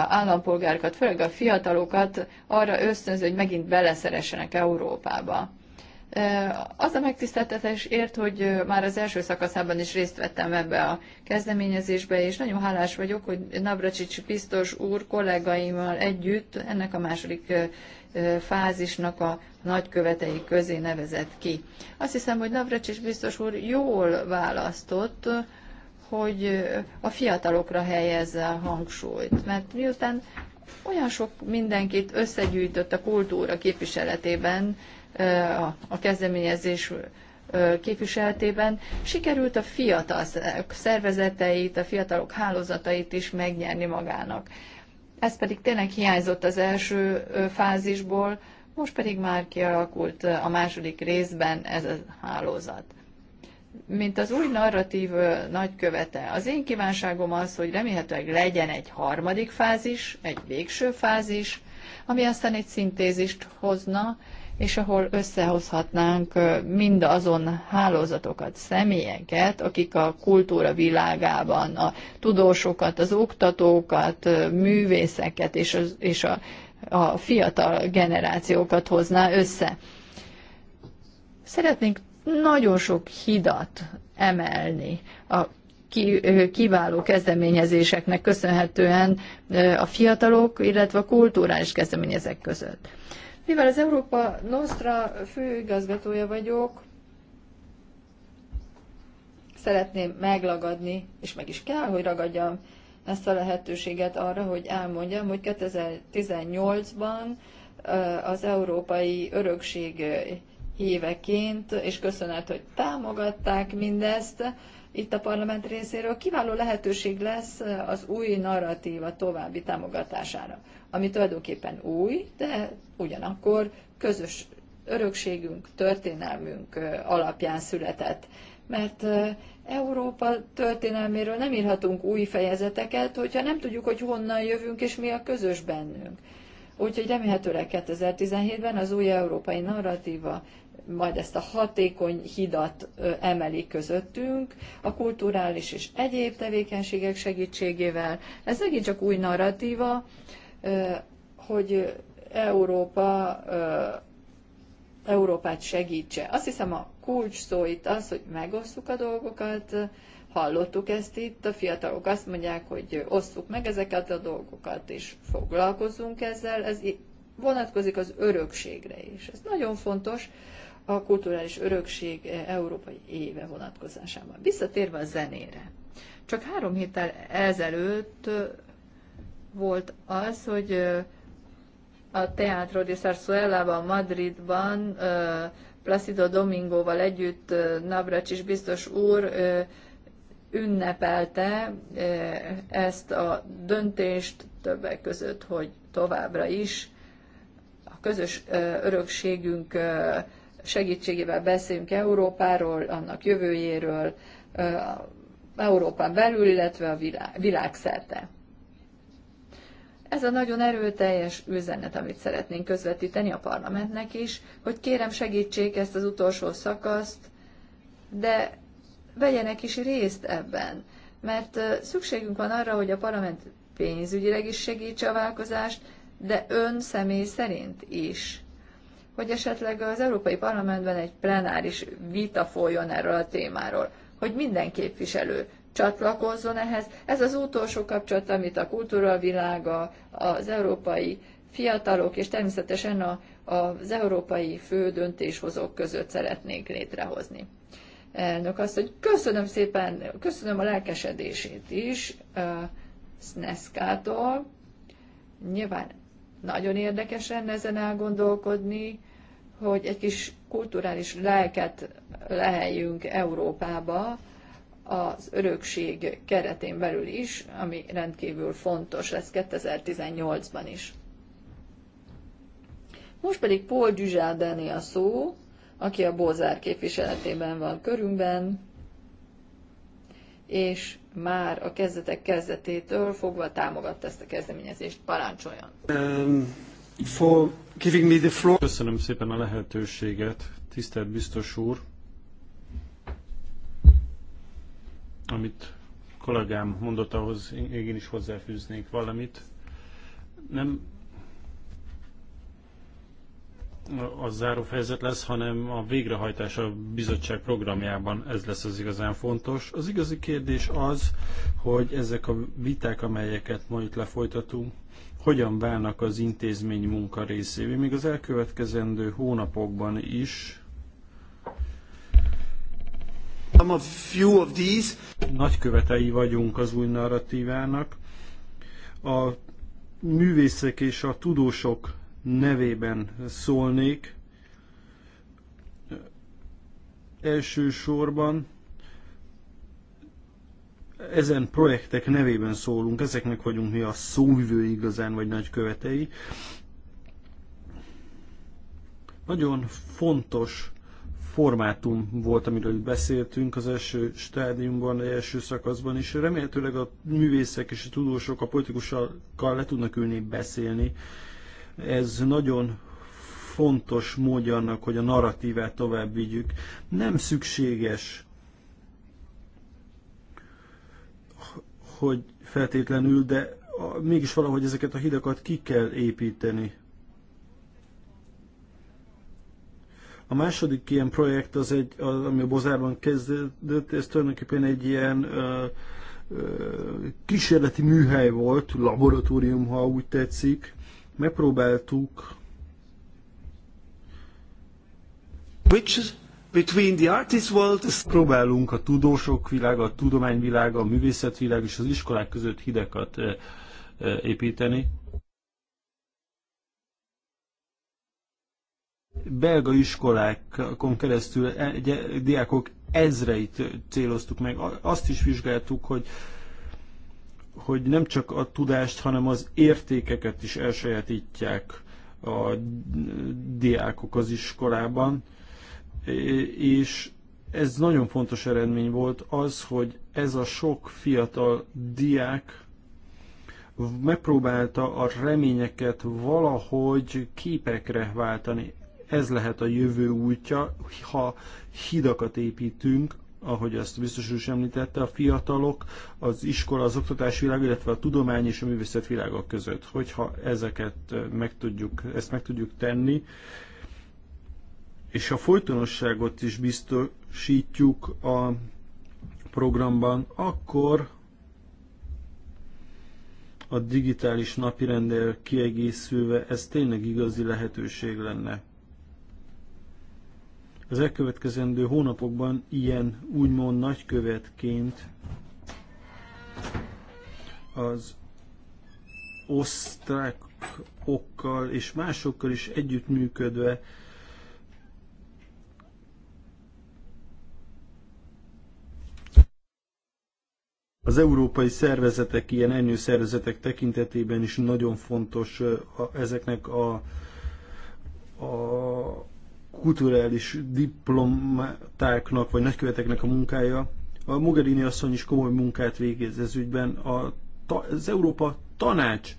Speaker 1: állampolgárokat, főleg a fiatalokat arra ösztönző, hogy megint beleszeressenek Európába. Az a megtiszteltetés ért, hogy már az első szakaszában is részt vettem ebbe a kezdeményezésbe, és nagyon hálás vagyok, hogy Navracsics biztos úr kollégaimmal együtt ennek a második fázisnak a nagykövetei közé nevezett ki. Azt hiszem, hogy Navracsics biztos úr jól választott, hogy a fiatalokra helyezze a hangsúlyt, mert miután olyan sok mindenkit összegyűjtött a kultúra képviseletében, a kezdeményezés képviseletében sikerült a fiatal szervezeteit, a fiatalok hálózatait is megnyerni magának. Ez pedig tényleg hiányzott az első fázisból, most pedig már kialakult a második részben ez a hálózat. Mint az új narratív nagykövete, az én kívánságom az, hogy remélhetőleg legyen egy harmadik fázis, egy végső fázis, ami aztán egy szintézist hozna, és ahol összehozhatnánk mind azon hálózatokat, személyeket, akik a kultúra világában a tudósokat, az oktatókat, művészeket és, az, és a, a fiatal generációkat hozná össze. Szeretnénk nagyon sok hidat emelni a kiváló kezdeményezéseknek köszönhetően a fiatalok, illetve a kulturális kezdeményezek között. Mivel az Európa Nostra főigazgatója vagyok, szeretném meglagadni, és meg is kell, hogy ragadjam ezt a lehetőséget arra, hogy elmondjam, hogy 2018-ban eh, az Európai Örökség eh, híveként, és köszönet, hogy támogatták mindezt itt a parlament részéről. Kiváló lehetőség lesz az új narratíva további támogatására ami tulajdonképpen új, de ugyanakkor közös örökségünk, történelmünk alapján született. Mert Európa történelméről nem írhatunk új fejezeteket, hogyha nem tudjuk, hogy honnan jövünk és mi a közös bennünk. Úgyhogy remélhetőleg 2017-ben az új európai narratíva majd ezt a hatékony hidat emeli közöttünk, a kulturális és egyéb tevékenységek segítségével. Ez megint csak új narratíva, hogy Európa Európát segítse. Azt hiszem a kulcs szó itt az, hogy megosszuk a dolgokat, hallottuk ezt itt, a fiatalok azt mondják, hogy osszuk meg ezeket a dolgokat, és foglalkozzunk ezzel, ez vonatkozik az örökségre is. Ez nagyon fontos a kulturális örökség e, európai éve vonatkozásában. Visszatérve a zenére. Csak három héttel ezelőtt volt az, hogy a Teatro di ban Madridban Placido Domingóval együtt Navracsis biztos úr ünnepelte ezt a döntést többek között, hogy továbbra is a közös örökségünk segítségével beszélünk Európáról, annak jövőjéről, Európán belül, illetve a világ, világszerte. Ez a nagyon erőteljes üzenet, amit szeretnénk közvetíteni a parlamentnek is, hogy kérem segítsék ezt az utolsó szakaszt, de vegyenek is részt ebben, mert szükségünk van arra, hogy a parlament pénzügyileg is segítse a válkozást, de ön személy szerint is. Hogy esetleg az Európai Parlamentben egy plenáris vita folyjon erről a témáról, hogy minden képviselő csatlakozzon ehhez. Ez az utolsó kapcsolat, amit a kultúra világa, az európai fiatalok és természetesen a, az európai fő döntéshozók között szeretnénk létrehozni. Elnök azt, hogy köszönöm szépen, köszönöm a lelkesedését is uh, Sneszkától. Nyilván nagyon érdekes lenne ezen elgondolkodni, hogy egy kis kulturális lelket leheljünk Európába, az örökség keretén belül is, ami rendkívül fontos lesz 2018-ban is. Most pedig Paul Dujardin a szó, aki a Bozár képviseletében van körünkben, és már a kezdetek kezdetétől fogva támogatta ezt a kezdeményezést. Parancsoljon!
Speaker 6: Um,
Speaker 2: for giving me the floor. Köszönöm szépen a lehetőséget, tisztelt biztos úr! amit kollégám mondott, ahhoz én is hozzáfűznék valamit. Nem az záró fejezet lesz, hanem a végrehajtás a bizottság programjában ez lesz az igazán fontos. Az igazi kérdés az, hogy ezek a viták, amelyeket ma itt lefolytatunk, hogyan válnak az intézmény munka részévé, még az elkövetkezendő hónapokban is, nagy of few of these. vagyunk az új narratívának. A művészek és a tudósok nevében szólnék. Elsősorban ezen projektek nevében szólunk, ezeknek vagyunk mi a szóvivő igazán, vagy nagy követei. Nagyon fontos formátum volt, amiről itt beszéltünk az első stádiumban, az első szakaszban, is. remélhetőleg a művészek és a tudósok a politikusokkal le tudnak ülni beszélni. Ez nagyon fontos módja annak, hogy a narratívát tovább vigyük. Nem szükséges, hogy feltétlenül, de mégis valahogy ezeket a hidakat ki kell építeni. A második ilyen projekt, az egy, az, ami a Bozárban kezdődött, ez tulajdonképpen egy ilyen ö,
Speaker 3: ö, kísérleti műhely volt, laboratórium, ha úgy tetszik. Megpróbáltuk Which
Speaker 2: between the artist world Próbálunk a tudósok világa, a tudományvilága, a művészetvilág és az iskolák között hidekat építeni. belga iskolákon keresztül e- diákok ezreit céloztuk meg. Azt is vizsgáltuk, hogy hogy nem csak a tudást, hanem az értékeket is elsajátítják a diákok az iskolában, és ez nagyon fontos eredmény volt az, hogy ez a sok fiatal diák megpróbálta a reményeket valahogy képekre váltani ez lehet a jövő útja, ha hidakat építünk, ahogy azt biztos is említette, a fiatalok, az iskola, az oktatás világ, illetve a tudomány és a művészet világa között. Hogyha ezeket meg tudjuk, ezt meg tudjuk tenni, és a folytonosságot is biztosítjuk a programban, akkor a digitális napirendel kiegészülve ez tényleg igazi lehetőség lenne. Az elkövetkezendő hónapokban ilyen úgymond nagykövetként az osztrákokkal és másokkal is együttműködve az európai szervezetek, ilyen enyő szervezetek tekintetében is nagyon fontos ezeknek a, a kulturális diplomatáknak vagy nagyköveteknek a munkája. A Mogherini asszony is komoly munkát végez ez ügyben. A, az Európa tanács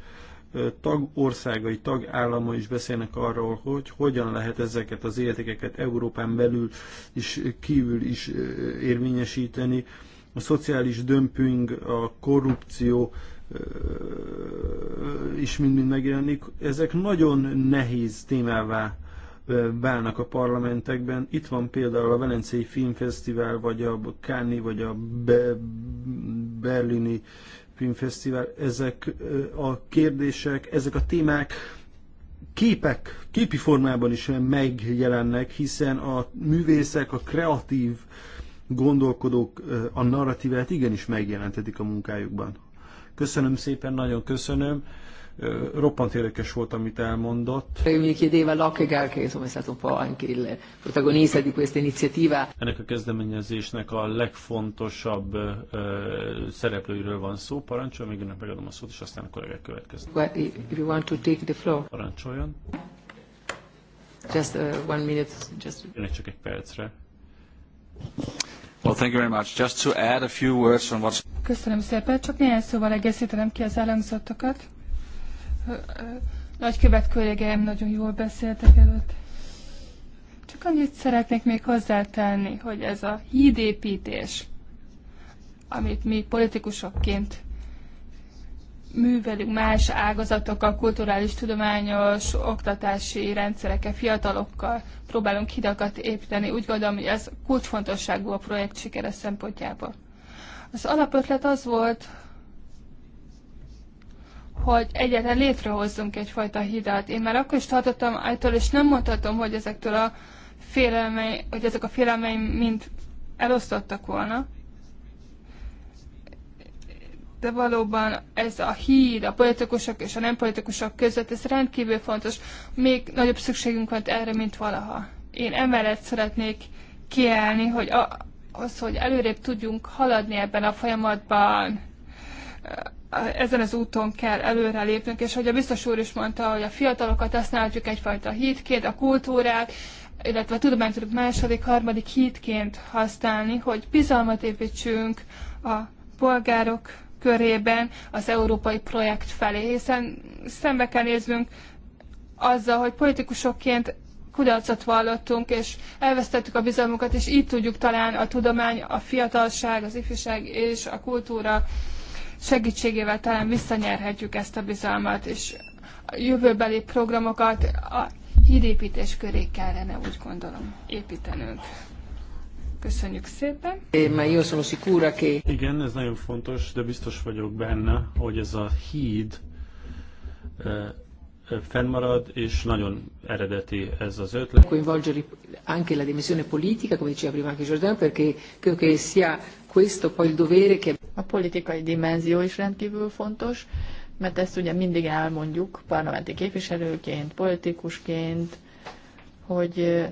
Speaker 2: tagországai, tagállama is beszélnek arról, hogy hogyan lehet ezeket az értékeket Európán belül és kívül is érvényesíteni. A szociális dömping, a korrupció is mind-mind megjelenik. Ezek nagyon nehéz témává válnak a parlamentekben. Itt van például a Velencei Filmfesztivál, vagy a Káni, vagy a Be- Berlini Filmfesztivál. Ezek a kérdések, ezek a témák
Speaker 3: képek, képi formában is megjelennek, hiszen a művészek, a kreatív gondolkodók a narratívát igenis megjelentetik a
Speaker 2: munkájukban. Köszönöm szépen, nagyon köszönöm roppant érdekes volt, amit
Speaker 1: elmondott.
Speaker 2: Ennek a kezdeményezésnek a legfontosabb szereplőiről van szó. Parancsoljon, még önnek megadom a szót, és aztán a kollégák következnek. Well,
Speaker 6: you want to take the floor.
Speaker 2: Parancsoljon.
Speaker 4: Just uh, one minute. Just...
Speaker 2: Önnek csak egy percre.
Speaker 1: Well, thank you very much. Just to add a few words on what's...
Speaker 4: Köszönöm szépen, csak néhány szóval egészítenem ki az elhangzottakat nagykövet kollégáim nagyon jól beszéltek előtt. Csak annyit szeretnék még hozzátenni, hogy ez a hídépítés, amit mi politikusokként művelünk más ágazatokkal, kulturális, tudományos, oktatási rendszerekkel, fiatalokkal próbálunk hidakat építeni. Úgy gondolom, hogy ez kulcsfontosságú a projekt sikere szempontjából. Az alapötlet az volt, hogy egyáltalán létrehozzunk egyfajta hidat. Én már akkor is tartottam által, és nem mondhatom, hogy ezektől a félelmei, hogy ezek a félelmeim mind elosztottak volna. De valóban ez a híd a politikusok és a nem politikusok között, ez rendkívül fontos. Még nagyobb szükségünk van erre, mint valaha. Én emellett szeretnék kiállni, hogy a, az, hogy előrébb tudjunk haladni ebben a folyamatban, ezen az úton kell előrelépnünk, és hogy a biztos úr is mondta, hogy a fiatalokat használjuk egyfajta hitként, a kultúrát, illetve a tudományt tudjuk második, harmadik hitként használni, hogy bizalmat építsünk a polgárok körében az európai projekt felé, hiszen szembe kell néznünk azzal, hogy politikusokként kudarcot vallottunk, és elvesztettük a bizalmunkat, és így tudjuk talán a tudomány, a fiatalság, az ifjúság és a kultúra segítségével talán visszanyerhetjük ezt a bizalmat, és a jövőbeli programokat a hídépítés köré kellene, úgy gondolom, építenünk. Köszönjük szépen.
Speaker 2: Igen, ez nagyon fontos, de biztos vagyok benne, hogy ez a híd fennmarad, és nagyon eredeti ez az ötlet. Coinvolgere
Speaker 1: anche la dimensione politica, come diceva prima anche Giordano, perché credo che sia questo poi il dovere che... A politikai dimenzió is rendkívül fontos, mert ezt ugye mindig elmondjuk parlamenti képviselőként, politikusként, hogy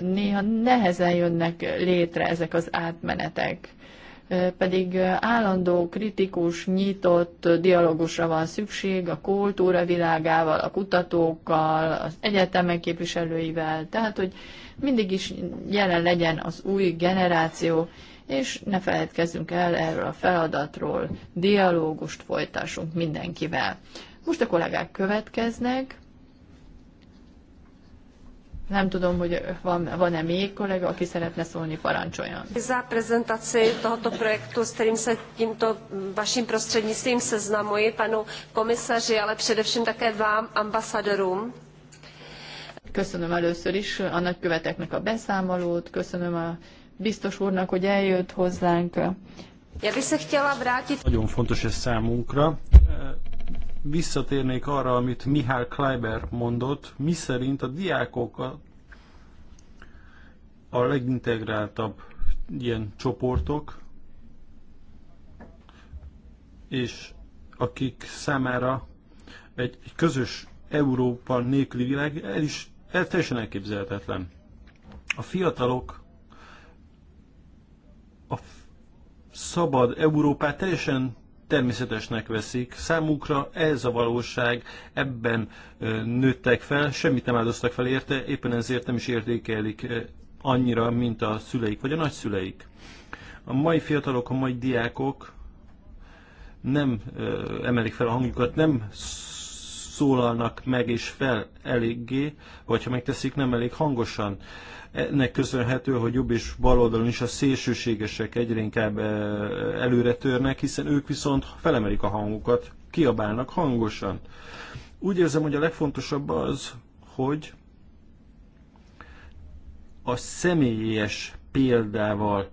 Speaker 1: néha nehezen jönnek létre ezek az átmenetek. Pedig állandó, kritikus, nyitott dialógusra van szükség a kultúra világával, a kutatókkal, az egyetemek képviselőivel, tehát hogy mindig is jelen legyen az új generáció, és ne feledkezzünk el erről a feladatról, dialógust folytassunk mindenkivel. Most a kollégák következnek. Nem tudom, hogy van, van-e még kollega, aki szeretne szólni, parancsoljon.
Speaker 7: Za prezentaci tohoto projektu, s kterým se tímto vaším prostřednictvím seznamuji, panu komisaři, ale především také vám, ambasadorům.
Speaker 1: Köszönöm először is a nagyköveteknek a beszámolót, köszönöm a biztos úrnak, hogy eljött hozzánk. Ja, Nagyon
Speaker 2: fontos ez számunkra. Visszatérnék arra, amit Mihály Kleiber mondott, mi szerint a a, a legintegráltabb ilyen csoportok, és akik számára egy, egy közös Európa nélküli világ, ez is ez teljesen elképzelhetetlen. A fiatalok a szabad Európát teljesen természetesnek veszik. Számukra ez a valóság, ebben nőttek fel, semmit nem áldoztak fel érte, éppen ezért nem is értékelik annyira, mint a szüleik vagy a nagyszüleik. A mai fiatalok, a mai diákok nem emelik fel a hangjukat, nem szólalnak meg és fel eléggé, vagy ha megteszik, nem elég hangosan. Ennek köszönhető, hogy jobb és baloldalon is a szélsőségesek egyre inkább e, előre törnek, hiszen ők viszont felemelik a hangukat, kiabálnak hangosan. Úgy érzem, hogy a legfontosabb az, hogy a személyes példával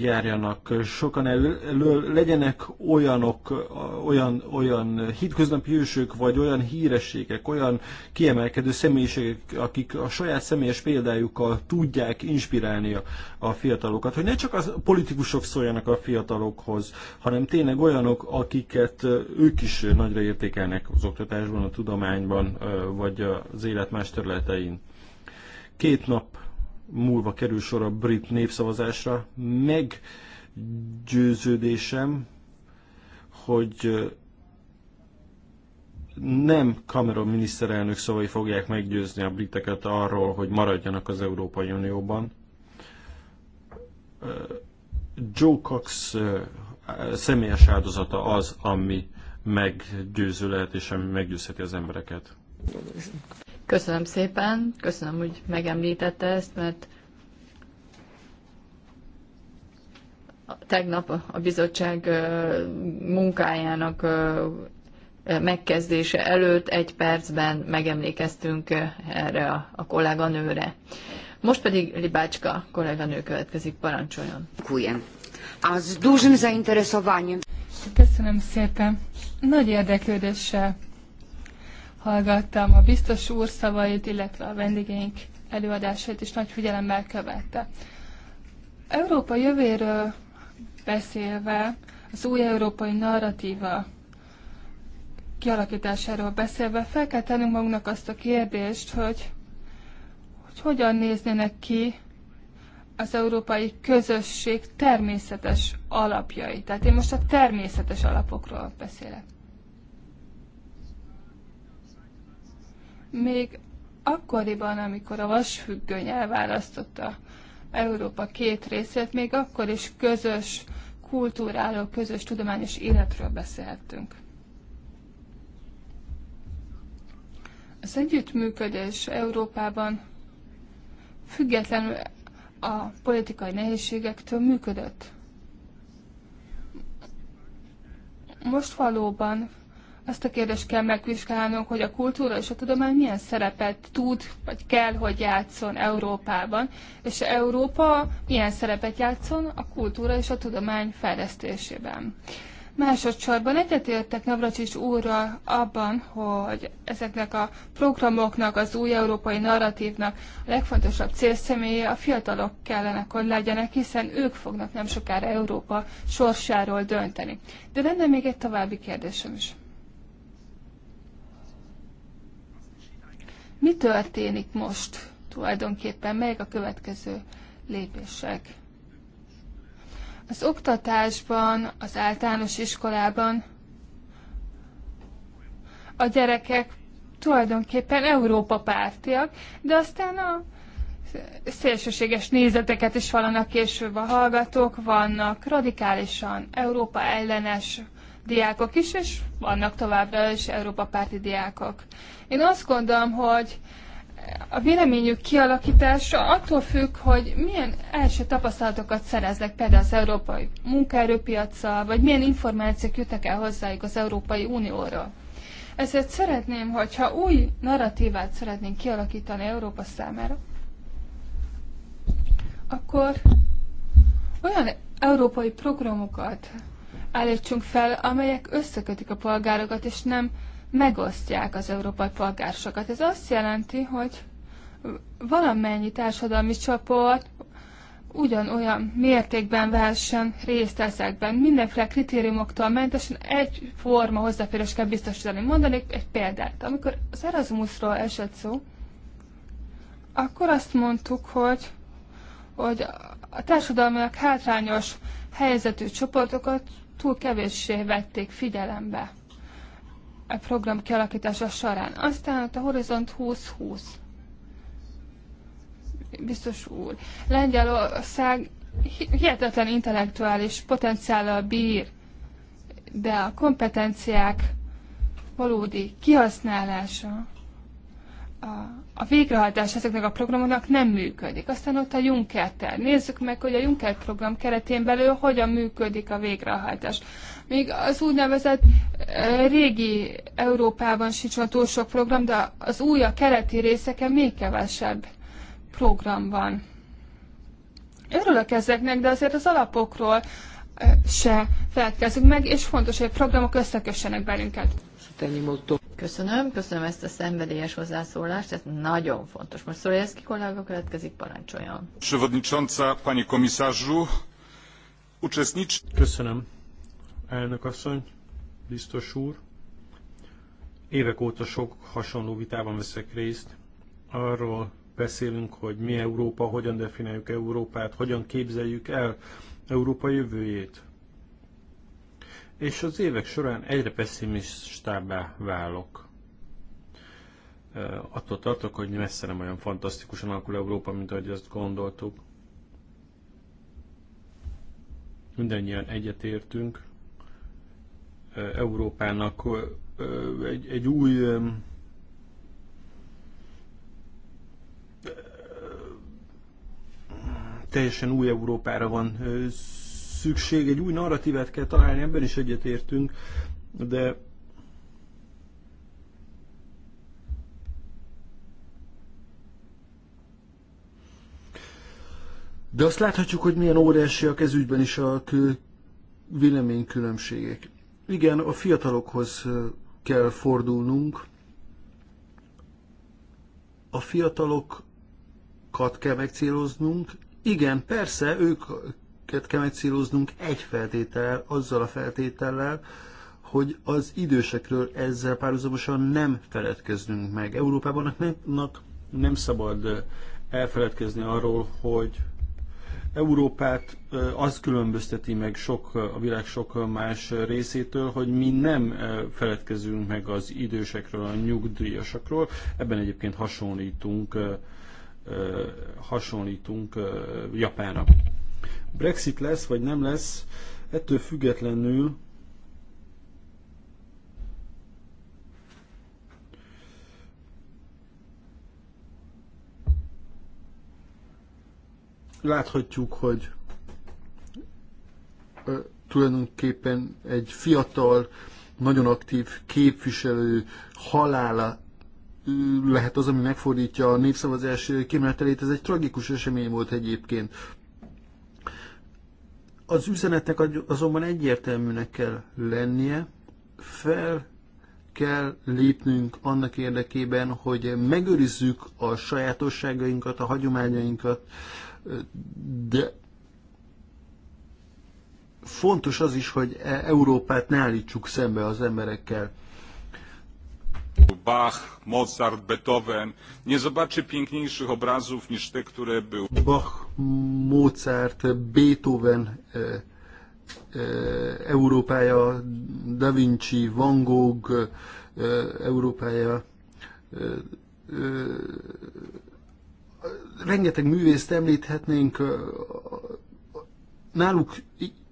Speaker 2: járjanak sokan elől, legyenek olyanok, olyan, olyan hitköznapi hősök, vagy olyan hírességek, olyan kiemelkedő személyiségek, akik a saját személyes példájukkal tudják inspirálni a, a fiatalokat, hogy ne csak a politikusok szóljanak a fiatalokhoz, hanem tényleg olyanok, akiket ők is nagyra értékelnek az oktatásban, a tudományban, vagy az élet más területein. Két nap múlva kerül sor a brit népszavazásra. Meggyőződésem, hogy nem Cameron miniszterelnök szavai fogják meggyőzni a briteket arról, hogy maradjanak az Európai Unióban. Joe Cox személyes áldozata az, ami meggyőző lehet, és ami meggyőzheti az embereket.
Speaker 1: Köszönöm szépen, köszönöm, hogy megemlítette ezt, mert tegnap a bizottság munkájának megkezdése előtt egy percben megemlékeztünk erre a kolléganőre. Most pedig Libácska kolléganő következik, parancsoljon. Kujen. Az dużym zainteresowaniem.
Speaker 4: Köszönöm szépen. Nagy érdeklődéssel hallgattam a biztos úr szavait, illetve a vendégeink előadásait is nagy figyelemmel követte. Európa jövőről beszélve, az új európai narratíva kialakításáról beszélve fel kell tennünk magunknak azt a kérdést, hogy, hogy hogyan néznének ki az európai közösség természetes alapjai. Tehát én most a természetes alapokról beszélek. még akkoriban, amikor a vasfüggöny elválasztotta Európa két részét, még akkor is közös kultúráról, közös tudományos életről beszélhettünk. Az együttműködés Európában függetlenül a politikai nehézségektől működött. Most valóban azt a kérdést kell megvizsgálnunk, hogy a kultúra és a tudomány milyen szerepet tud, vagy kell, hogy játszon Európában, és Európa milyen szerepet játszon a kultúra és a tudomány fejlesztésében. Másodszorban egyetértek Navracsics úrral abban, hogy ezeknek a programoknak, az új európai narratívnak a legfontosabb célszemélye a fiatalok kellene, hogy legyenek, hiszen ők fognak nem sokára Európa sorsáról dönteni. De lenne még egy további kérdésem is. Mi történik most tulajdonképpen, melyek a következő lépések? Az oktatásban, az általános iskolában a gyerekek tulajdonképpen Európa pártiak, de aztán a szélsőséges nézeteket is vannak később a hallgatók, vannak radikálisan Európa ellenes diákok is, és vannak továbbra is Európa párti diákok. Én azt gondolom, hogy a véleményük kialakítása attól függ, hogy milyen első tapasztalatokat szereznek például az európai munkaerőpiacsal, vagy milyen információk jutnak el hozzájuk az Európai Unióról. Ezért szeretném, hogyha új narratívát szeretnénk kialakítani Európa számára, akkor olyan európai programokat állítsunk fel, amelyek összekötik a polgárokat, és nem megosztják az európai polgársokat. Ez azt jelenti, hogy valamennyi társadalmi csoport ugyanolyan mértékben versen részt ezekben. Mindenféle kritériumoktól mentesen egy forma hozzáférés kell biztosítani. Mondanék egy példát. Amikor az Erasmusról esett szó, akkor azt mondtuk, hogy, hogy a társadalmiak hátrányos helyzetű csoportokat túl kevéssé vették figyelembe a e program kialakítása során. Aztán ott a Horizont 2020. Biztos úr. Lengyelország hihetetlen intellektuális potenciállal bír, de a kompetenciák valódi kihasználása, a, a végrehajtás ezeknek a programoknak nem működik. Aztán ott a Juncker terv. Nézzük meg, hogy a Juncker program keretén belül hogyan működik a végrehajtás. Még az úgynevezett eh, régi Európában sincs van túl sok program, de az új, a keleti részeken még kevesebb program van. Örülök ezeknek, de azért az alapokról eh, se feledkezünk meg, és fontos, hogy a programok összekössenek bennünket.
Speaker 1: Köszönöm, köszönöm ezt a szenvedélyes hozzászólást, ez nagyon fontos. Most ki, kollega következik, parancsoljon.
Speaker 7: Przewodnicząca, komisarzu, uczestnicz... Köszönöm
Speaker 2: elnök asszony, biztos úr. Évek óta sok hasonló vitában veszek részt. Arról beszélünk, hogy mi Európa, hogyan definiáljuk Európát, hogyan képzeljük el Európa jövőjét. És az évek során egyre pessimistábbá válok. Attól tartok, hogy messze nem olyan fantasztikusan alakul Európa, mint ahogy azt gondoltuk mindannyian egyetértünk, Európának egy, egy új teljesen új Európára van szükség, egy új narratívát kell találni, ebben is egyetértünk, de
Speaker 3: De azt láthatjuk, hogy milyen óriásiak kezügyben is a véleménykülönbségek. Igen, a fiatalokhoz kell fordulnunk. A fiatalokat kell megcéloznunk. Igen, persze, őket kell megcéloznunk egy feltétel, azzal a feltétellel, hogy az idősekről ezzel párhuzamosan nem feledkeznünk meg. Európában nem, nem szabad elfeledkezni arról, hogy
Speaker 2: Európát az különbözteti meg sok, a világ sok más részétől, hogy mi nem feledkezünk meg az idősekről, a nyugdíjasokról. Ebben egyébként hasonlítunk, hasonlítunk Japánra. Brexit lesz, vagy nem lesz, ettől függetlenül
Speaker 3: láthatjuk, hogy tulajdonképpen egy fiatal, nagyon aktív képviselő halála lehet az, ami megfordítja a népszavazás kimenetelét. Ez egy tragikus esemény volt egyébként. Az üzenetnek azonban egyértelműnek kell lennie, fel kell lépnünk annak érdekében, hogy megőrizzük a sajátosságainkat, a hagyományainkat, de fontos az is, hogy e Európát ne állítsuk szembe az emberekkel. Bach,
Speaker 2: Mozart, Beethoven nie zobaczy piękniejszych obrazów niż te, które były.
Speaker 3: Bach, Mozart, Beethoven, e, e, Európája, Da Vinci, Van Gogh, e, Európája, e, e, rengeteg művészt említhetnénk, náluk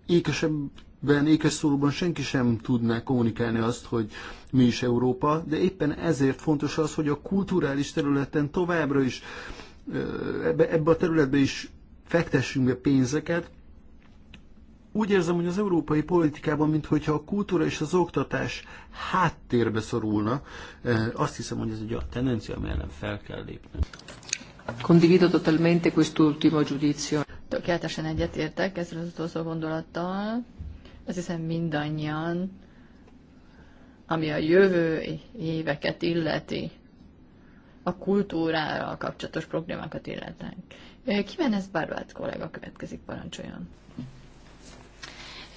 Speaker 3: ékesebben, ékes szóban senki sem tudná kommunikálni azt, hogy mi is Európa, de éppen ezért fontos az, hogy a kulturális területen továbbra is ebbe, ebbe a területbe is fektessünk be pénzeket. Úgy érzem, hogy az európai politikában, mintha a kultúra és az oktatás háttérbe szorulna, azt hiszem, hogy ez egy olyan tendencia, amely ellen fel kell lépni.
Speaker 1: Condivido totalmente quest'ultimo giudizio. Tökéletesen egyetértek ezzel az utolsó gondolattal. Ez hiszen mindannyian, ami a jövő éveket illeti, a kultúrára kapcsolatos problémákat illetnek. Kimenez Barbát kollega következik, parancsoljon.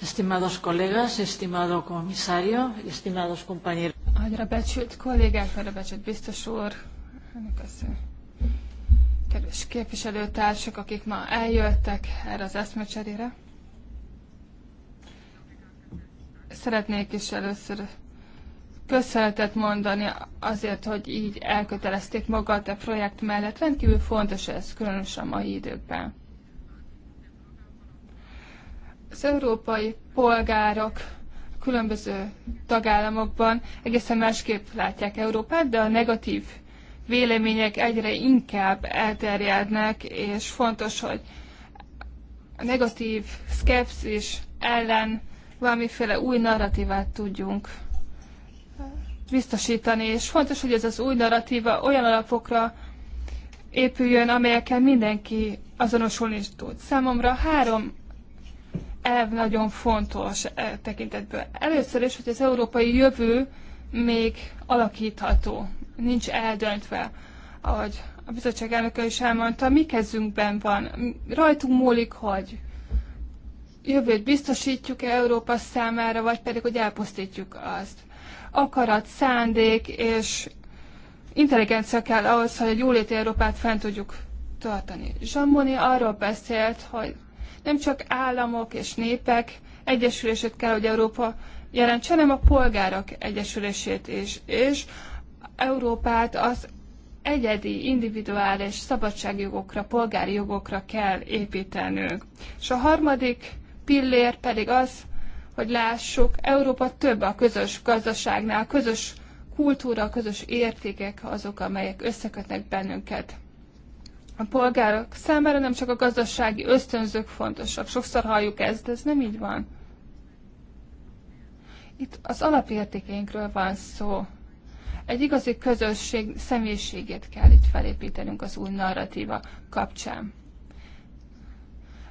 Speaker 1: Estimados colegas, estimado comisario, estimados compañeros.
Speaker 4: Nagyra becsült kollégák, nagyra becsült biztos úr, köszönöm kedves képviselőtársak, akik ma eljöttek erre az eszmecserére. Szeretnék is először köszönetet mondani azért, hogy így elkötelezték magat a projekt mellett. Rendkívül fontos ez, különösen mai időkben. Az európai polgárok különböző tagállamokban egészen másképp látják Európát, de a negatív vélemények egyre inkább elterjednek, és fontos, hogy a negatív szkepszis ellen valamiféle új narratívát tudjunk biztosítani, és fontos, hogy ez az új narratíva olyan alapokra épüljön, amelyekkel mindenki azonosulni tud. Számomra három elv nagyon fontos e tekintetből. Először is, hogy az európai jövő még alakítható nincs eldöntve, ahogy a bizottság elnöke is elmondta, mi kezünkben van. Rajtunk múlik, hogy jövőt biztosítjuk -e Európa számára, vagy pedig, hogy elpusztítjuk azt. Akarat, szándék és intelligencia kell ahhoz, hogy egy jóléti Európát fent tudjuk tartani. Zsamboni arról beszélt, hogy nem csak államok és népek egyesülését kell, hogy Európa jelentse, hanem a polgárok egyesülését is. És Európát az egyedi, individuális szabadságjogokra, polgári jogokra kell építenünk. És a harmadik pillér pedig az, hogy lássuk, Európa több a közös gazdaságnál, a közös kultúra, a közös értékek azok, amelyek összekötnek bennünket. A polgárok számára nem csak a gazdasági ösztönzők fontosak. Sokszor halljuk ezt, de ez nem így van. Itt az alapértékeinkről van szó. Egy igazi közösség személyiségét kell itt felépítenünk az új narratíva kapcsán.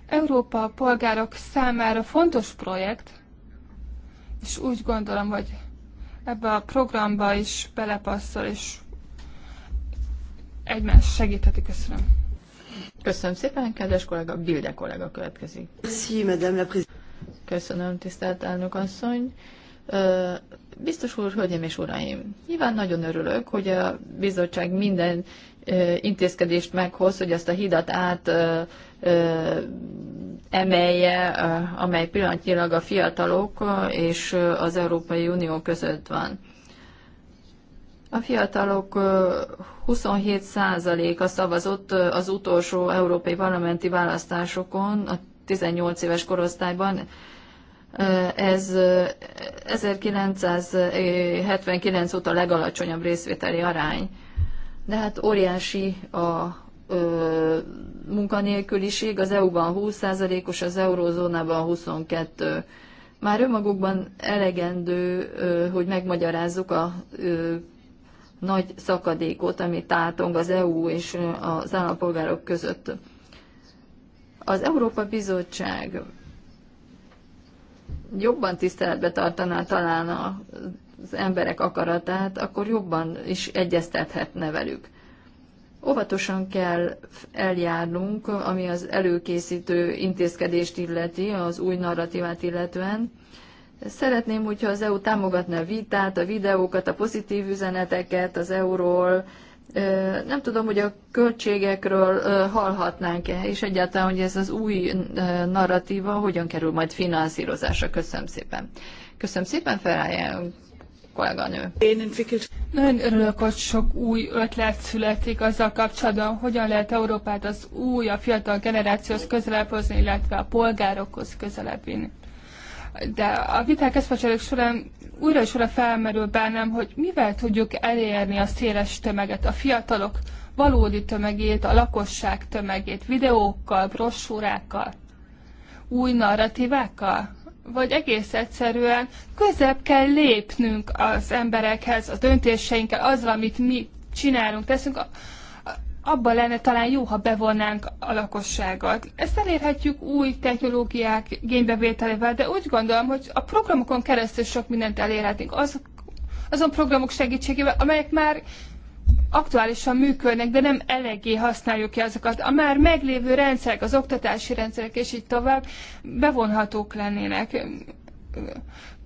Speaker 4: Európa a polgárok számára fontos projekt, és úgy gondolom, hogy ebbe a programba is belepasszol, és egymás segítheti. Köszönöm. Köszönöm szépen, kedves kollega,
Speaker 1: Bilde kollega következik. Köszönöm, tisztelt elnök asszony. Biztos úr, hölgyeim és uraim, nyilván nagyon örülök, hogy a bizottság minden intézkedést meghoz, hogy azt a hidat át emelje, amely pillanatnyilag a fiatalok és az Európai Unió között van. A fiatalok 27%-a szavazott az utolsó európai parlamenti választásokon, a 18 éves korosztályban, ez 1979 eh, óta legalacsonyabb részvételi arány. De hát óriási a munkanélküliség, az EU-ban 20%-os, az eurózónában 22. Már önmagukban elegendő, hogy megmagyarázzuk a nagy szakadékot, ami tátong az EU és az állampolgárok között. Az Európa Bizottság jobban tiszteletbe tartaná talán az emberek akaratát, akkor jobban is egyeztethetne velük. Óvatosan kell eljárnunk, ami az előkészítő intézkedést illeti, az új narratívát illetően. Szeretném, hogyha az EU támogatna a vitát, a videókat, a pozitív üzeneteket az EU-ról, nem tudom, hogy a költségekről hallhatnánk-e, és egyáltalán, hogy ez az új narratíva hogyan kerül majd finanszírozásra. Köszönöm szépen.
Speaker 4: Köszönöm szépen, Feráján kolléganő. Én Nagyon örülök, hogy sok új ötlet születik azzal kapcsolatban, hogyan lehet Európát az új, a fiatal generációhoz közelebb hozni, illetve a polgárokhoz közelebb vinni. De a viták során újra és újra felmerül bennem, hogy mivel tudjuk elérni a széles tömeget, a fiatalok valódi tömegét, a lakosság tömegét, videókkal, brossúrákkal, új narratívákkal? Vagy egész egyszerűen közebb kell lépnünk az emberekhez, a döntéseinkkel, azzal, amit mi csinálunk, teszünk, abban lenne talán jó, ha bevonnánk a lakosságot. Ezt elérhetjük új technológiák génybevételével, de úgy gondolom, hogy a programokon keresztül sok mindent elérhetünk. Az, azon programok segítségével, amelyek már aktuálisan működnek, de nem eléggé használjuk ki azokat. A már meglévő rendszerek, az oktatási rendszerek és így tovább bevonhatók lennének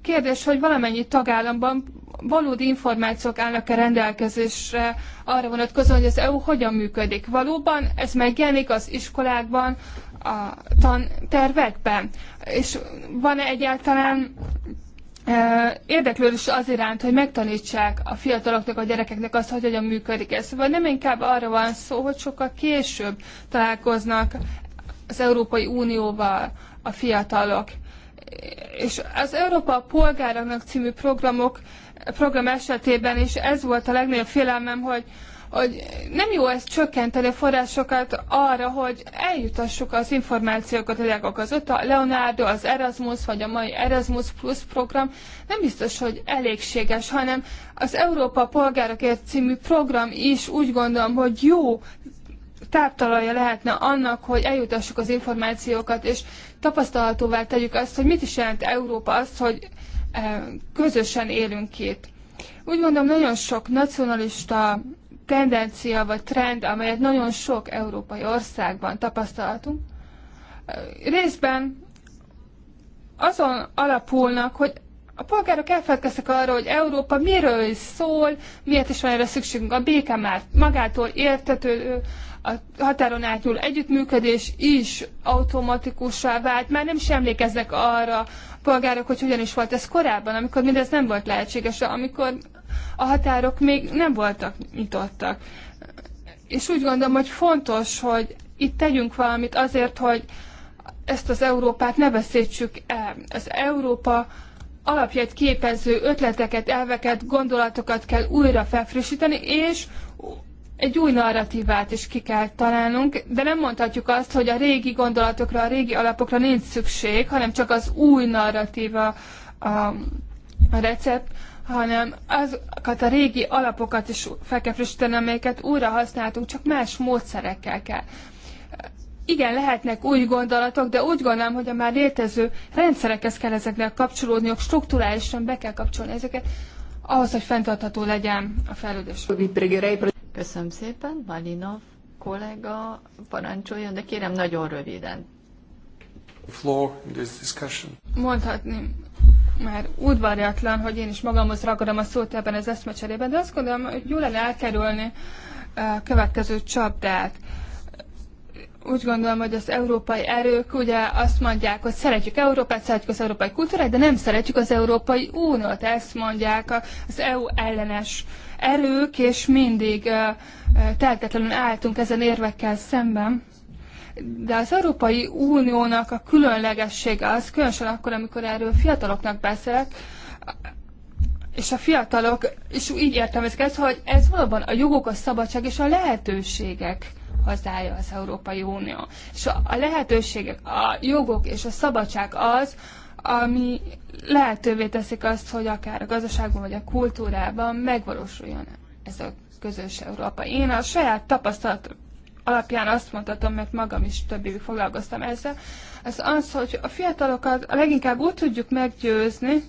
Speaker 4: Kérdés, hogy valamennyi tagállamban valódi információk állnak-e rendelkezésre arra vonatkozóan, hogy az EU hogyan működik. Valóban ez megjelenik az iskolákban, a tantervekben? És van-e egyáltalán e, érdeklődés az iránt, hogy megtanítsák a fiataloknak, a gyerekeknek azt, hogy hogyan működik ez. Vagy nem inkább arra van szó, hogy sokkal később találkoznak az Európai Unióval a fiatalok és az Európa Polgáraknak című programok, program esetében is ez volt a legnagyobb félelmem, hogy, hogy nem jó ezt csökkenteni a forrásokat arra, hogy eljutassuk az információkat a diákokhoz. Ott a Leonardo, az Erasmus, vagy a mai Erasmus Plus program nem biztos, hogy elégséges, hanem az Európa Polgárokért című program is úgy gondolom, hogy jó táptalaja lehetne annak, hogy eljutassuk az információkat, és tapasztalhatóvá tegyük azt, hogy mit is jelent Európa azt, hogy eh, közösen élünk két. Úgy mondom, nagyon sok nacionalista tendencia vagy trend, amelyet nagyon sok európai országban tapasztalhatunk, eh, részben azon alapulnak, hogy a polgárok elfelelkeztek arra, hogy Európa miről is szól, miért is van erre szükségünk. A béke már magától értető a határon átnyúló együttműködés is automatikussá vált. Már nem is emlékeznek arra a polgárok, hogy hogyan is volt ez korábban, amikor mindez nem volt lehetséges, amikor a határok még nem voltak nyitottak. És úgy gondolom, hogy fontos, hogy itt tegyünk valamit azért, hogy ezt az Európát ne veszítsük el. Az Európa alapját képező ötleteket, elveket, gondolatokat kell újra felfrissíteni, és egy új narratívát is ki kell találnunk, de nem mondhatjuk azt, hogy a régi gondolatokra, a régi alapokra nincs szükség, hanem csak az új narratíva a, a recept, hanem azokat a régi alapokat is fel kell frissíteni, amelyeket újra használtunk, csak más módszerekkel kell. Igen, lehetnek új gondolatok, de úgy gondolom, hogy a már létező rendszerekhez kell ezeknek kapcsolódniuk, strukturálisan be kell kapcsolni ezeket, ahhoz, hogy fenntartható legyen a fejlődés.
Speaker 1: Köszönöm szépen, Malinov kollega, parancsoljon, de kérem nagyon röviden.
Speaker 3: Floor in this discussion.
Speaker 4: Mondhatni, már udvariatlan, hogy én is magamhoz ragadom a szót ebben az eszmecserében, de azt gondolom, hogy jól lenne elkerülni a következő csapdát. Úgy gondolom, hogy az európai erők ugye azt mondják, hogy szeretjük Európát, szeretjük az európai kultúrát, de nem szeretjük az Európai Uniót. Ezt mondják az EU ellenes uh, erők, és mindig tehetetlenül álltunk ezen érvekkel szemben. De az Európai Uniónak a különlegessége az, különösen akkor, amikor erről fiataloknak beszélek, és a fiatalok, és így értem ezt, hogy ez valóban a jogok, a szabadság és a lehetőségek hazája az Európai Unió. És a lehetőségek, a jogok és a szabadság az, ami lehetővé teszik azt, hogy akár a gazdaságban vagy a kultúrában megvalósuljon ez a közös Európa. Én a saját tapasztalat alapján azt mondhatom, mert magam is több évig foglalkoztam ezzel, az az, hogy a fiatalokat a leginkább úgy tudjuk meggyőzni,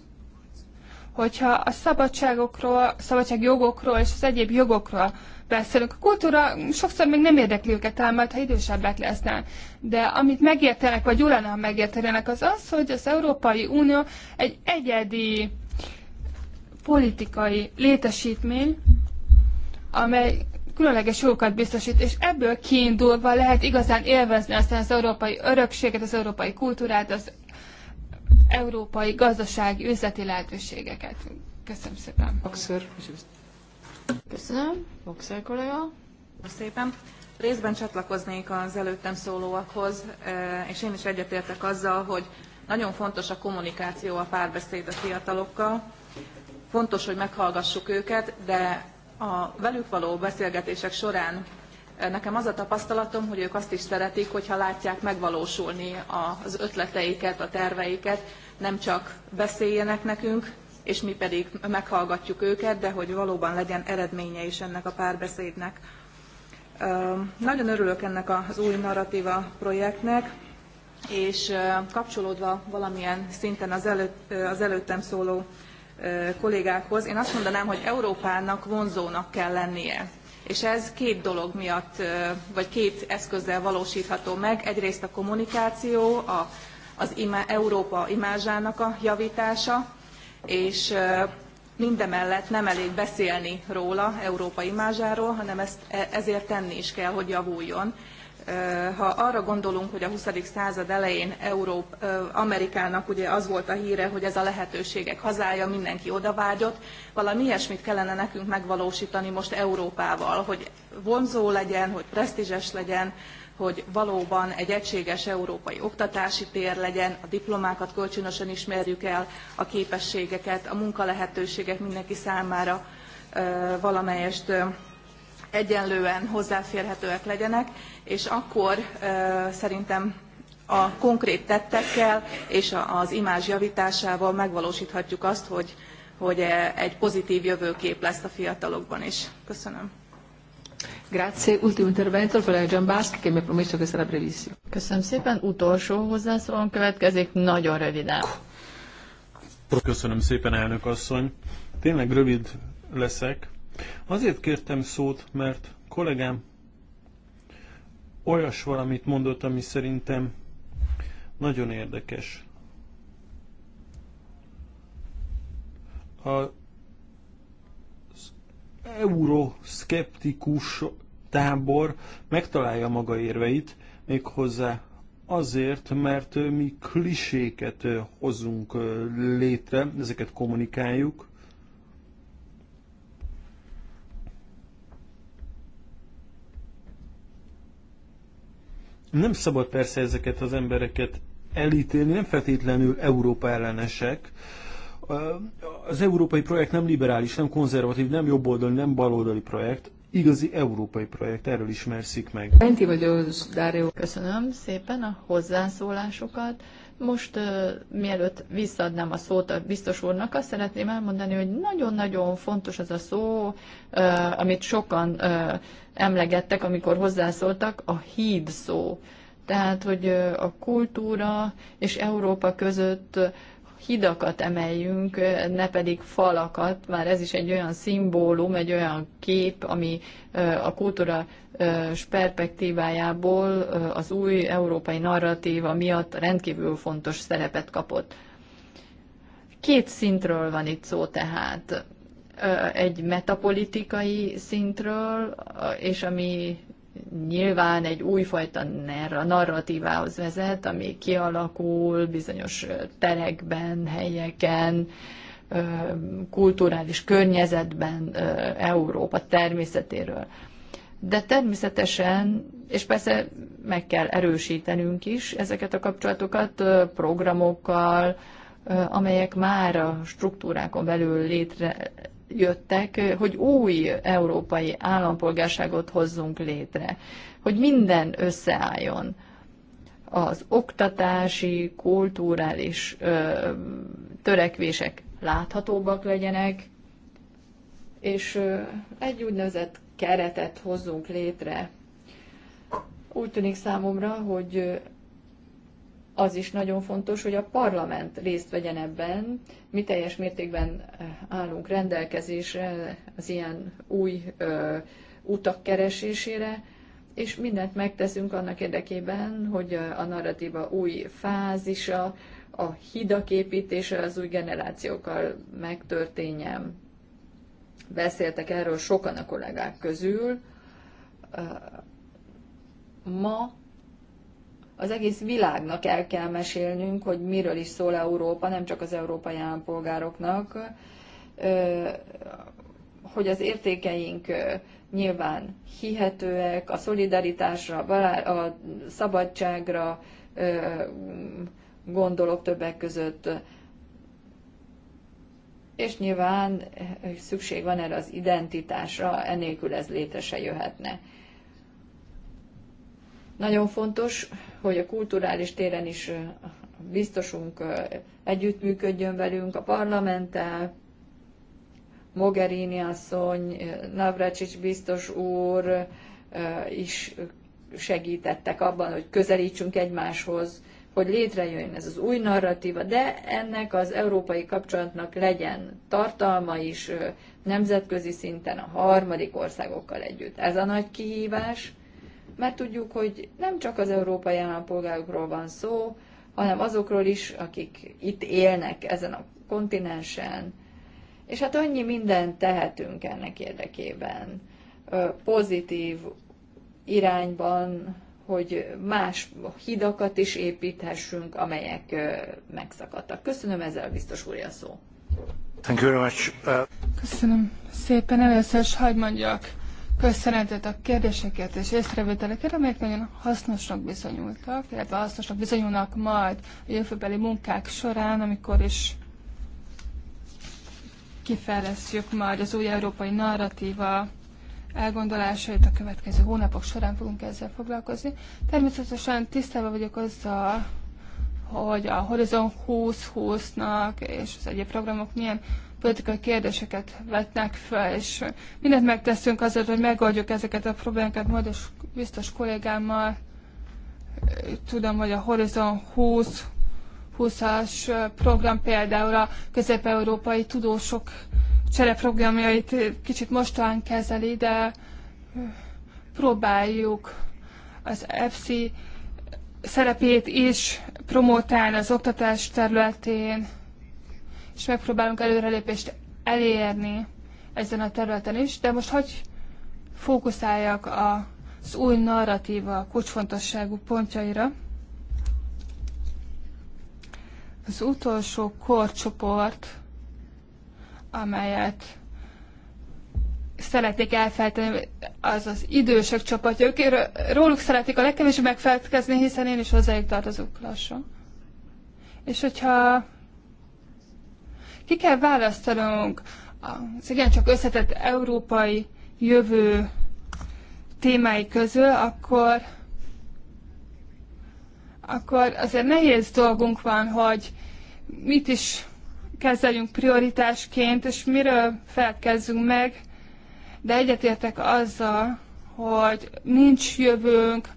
Speaker 4: hogyha a szabadságokról, szabadságjogokról és az egyéb jogokról beszélünk. A kultúra sokszor még nem érdekli őket, talán majd, ha idősebbek lesznek. De amit megértenek, vagy jó lenne, ha megértenek, az az, hogy az Európai Unió egy egyedi politikai létesítmény, amely különleges jókat biztosít, és ebből kiindulva lehet igazán élvezni aztán az európai örökséget, az európai kultúrát, az európai gazdasági, üzleti lehetőségeket. Köszönöm szépen. Akszor. Köszönöm,
Speaker 7: Voxel kollega. Szépen. Részben csatlakoznék az előttem szólóakhoz, és én is egyetértek azzal, hogy nagyon fontos a kommunikáció, a párbeszéd a fiatalokkal. Fontos, hogy meghallgassuk őket, de a velük való beszélgetések során Nekem az a tapasztalatom, hogy ők azt is szeretik, hogyha látják megvalósulni az ötleteiket, a terveiket, nem csak beszéljenek nekünk, és mi pedig meghallgatjuk őket, de hogy valóban legyen eredménye is ennek a párbeszédnek. Nagyon örülök ennek az új narratíva projektnek, és kapcsolódva valamilyen szinten az, előtt, az előttem szóló kollégákhoz, én azt mondanám, hogy Európának vonzónak kell lennie. És ez két dolog miatt, vagy két eszközzel valósítható meg. Egyrészt a kommunikáció, a, az ima, Európa imázsának a javítása, és mindemellett nem elég beszélni róla, Európa imázsáról, hanem ezt, e, ezért tenni is kell, hogy javuljon. Ha arra gondolunk, hogy a 20. század elején Európ, Amerikának ugye az volt a híre, hogy ez a lehetőségek hazája, mindenki oda vágyott, valami ilyesmit kellene nekünk megvalósítani most Európával, hogy vonzó legyen, hogy presztízses legyen, hogy valóban egy egységes európai oktatási tér legyen, a diplomákat kölcsönösen ismerjük el, a képességeket, a munkalehetőségek mindenki számára valamelyest egyenlően hozzáférhetőek legyenek, és akkor szerintem a konkrét tettekkel és az imázs javításával megvalósíthatjuk azt, hogy, hogy egy pozitív jövőkép lesz a fiatalokban is. Köszönöm.
Speaker 1: Grazie. Ultimo intervento, che mi ha promesso che sarà brevissimo. Köszönöm szépen. Utolsó hozzászólón következik, nagyon röviden.
Speaker 2: Köszönöm szépen, elnök asszony. Tényleg rövid leszek. Azért kértem szót, mert kollégám olyas valamit mondott, ami szerintem nagyon érdekes. A euroszkeptikus tábor megtalálja maga érveit, méghozzá azért, mert mi kliséket hozunk létre, ezeket kommunikáljuk, Nem szabad persze ezeket az embereket elítélni, nem feltétlenül Európa ellenesek. Az európai projekt nem liberális, nem konzervatív, nem jobboldali, nem baloldali projekt igazi európai projekt, erről ismerszik meg. Benti
Speaker 1: vagyok, Dario. Köszönöm szépen a hozzászólásokat. Most uh, mielőtt visszaadnám a szót a biztos úrnak, azt szeretném elmondani, hogy nagyon-nagyon fontos az a szó, uh, amit sokan uh, emlegettek, amikor hozzászóltak, a híd szó. Tehát, hogy uh, a kultúra és Európa között uh, hidakat emeljünk, ne pedig falakat, már ez is egy olyan szimbólum, egy olyan kép, ami a kultúra perspektívájából az új európai narratíva miatt rendkívül fontos szerepet kapott. Két szintről van itt szó tehát. Egy metapolitikai szintről, és ami nyilván egy újfajta narratívához vezet, ami kialakul bizonyos terekben, helyeken, kulturális környezetben Európa természetéről. De természetesen, és persze meg kell erősítenünk is ezeket a kapcsolatokat programokkal, amelyek már a struktúrákon belül létre jöttek, hogy új európai állampolgárságot hozzunk létre, hogy minden összeálljon az oktatási, kulturális ö, törekvések láthatóbbak legyenek, és ö, egy úgynevezett keretet hozzunk létre. Úgy tűnik számomra, hogy az is nagyon fontos, hogy a parlament részt vegyen ebben, mi teljes mértékben eh, állunk rendelkezésre az ilyen új ö, utak keresésére, és mindent megteszünk annak érdekében, hogy a narratíva új fázisa, a hidak építése az új generációkkal megtörténjen. Beszéltek erről sokan a kollégák közül. Ma az egész világnak el kell mesélnünk, hogy miről is szól Európa, nem csak az európai állampolgároknak, hogy az értékeink nyilván hihetőek, a szolidaritásra, a szabadságra gondolok többek között, és nyilván szükség van erre az identitásra, enélkül ez létre se jöhetne. Nagyon fontos hogy a kulturális téren is biztosunk együttműködjön velünk a parlamenttel, Mogherini asszony, Navracsics biztos úr is segítettek abban, hogy közelítsünk egymáshoz, hogy létrejöjjön ez az új narratíva, de ennek az európai kapcsolatnak legyen tartalma is nemzetközi szinten a harmadik országokkal együtt. Ez a nagy kihívás, mert tudjuk, hogy nem csak az európai állampolgárokról van szó, hanem azokról is, akik itt élnek ezen a kontinensen. És hát annyi mindent tehetünk ennek érdekében, pozitív irányban, hogy más hidakat is építhessünk, amelyek megszakadtak. Köszönöm ezzel, biztos úr, a szó.
Speaker 3: Thank you very much. Uh...
Speaker 4: Köszönöm szépen. Először is hagyd mondjak köszönetet a kérdéseket és észrevételeket, amelyek nagyon hasznosnak bizonyultak, illetve hasznosnak bizonyulnak majd a jövőbeli munkák során, amikor is kifejlesztjük majd az új európai narratíva elgondolásait a következő hónapok során fogunk ezzel foglalkozni. Természetesen tisztában vagyok azzal, hogy a Horizon 2020-nak és az egyéb programok milyen politikai kérdéseket vetnek fel, és mindent megteszünk azért, hogy megoldjuk ezeket a problémákat, majd biztos kollégámmal eh, tudom, hogy a Horizon 20 20-as eh, program például a közép-európai tudósok csereprogramjait kicsit mostan kezeli, de eh, próbáljuk az EFSI szerepét is promotálni az oktatás területén, és megpróbálunk előrelépést elérni ezen a területen is, de most hogy fókuszáljak a, az új narratíva kulcsfontosságú pontjaira. Az utolsó korcsoport, amelyet szeretnék elfelteni, az az idősek csapatja. Ők róluk szeretik a legkevésbé megfelelkezni, hiszen én is hozzájuk tartozok lassan. És hogyha ki kell választanunk az igencsak összetett európai jövő témái közül, akkor, akkor azért nehéz dolgunk van, hogy mit is kezeljünk prioritásként, és miről feledkezzünk meg, de egyetértek azzal, hogy nincs jövőnk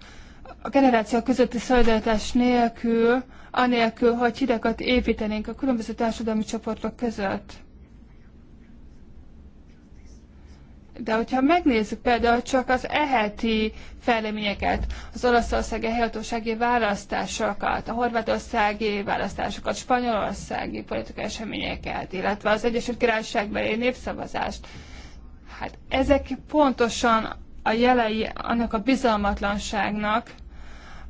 Speaker 4: a generáció közötti szolidaritás nélkül, anélkül, hogy hidakat építenénk a különböző társadalmi csoportok között. De hogyha megnézzük például csak az eheti fejleményeket, az olaszországi helyhatósági választásokat, a horvátországi választásokat, spanyolországi politikai eseményeket, illetve az Egyesült Királyságbeli népszavazást, hát ezek pontosan a jelei annak a bizalmatlanságnak,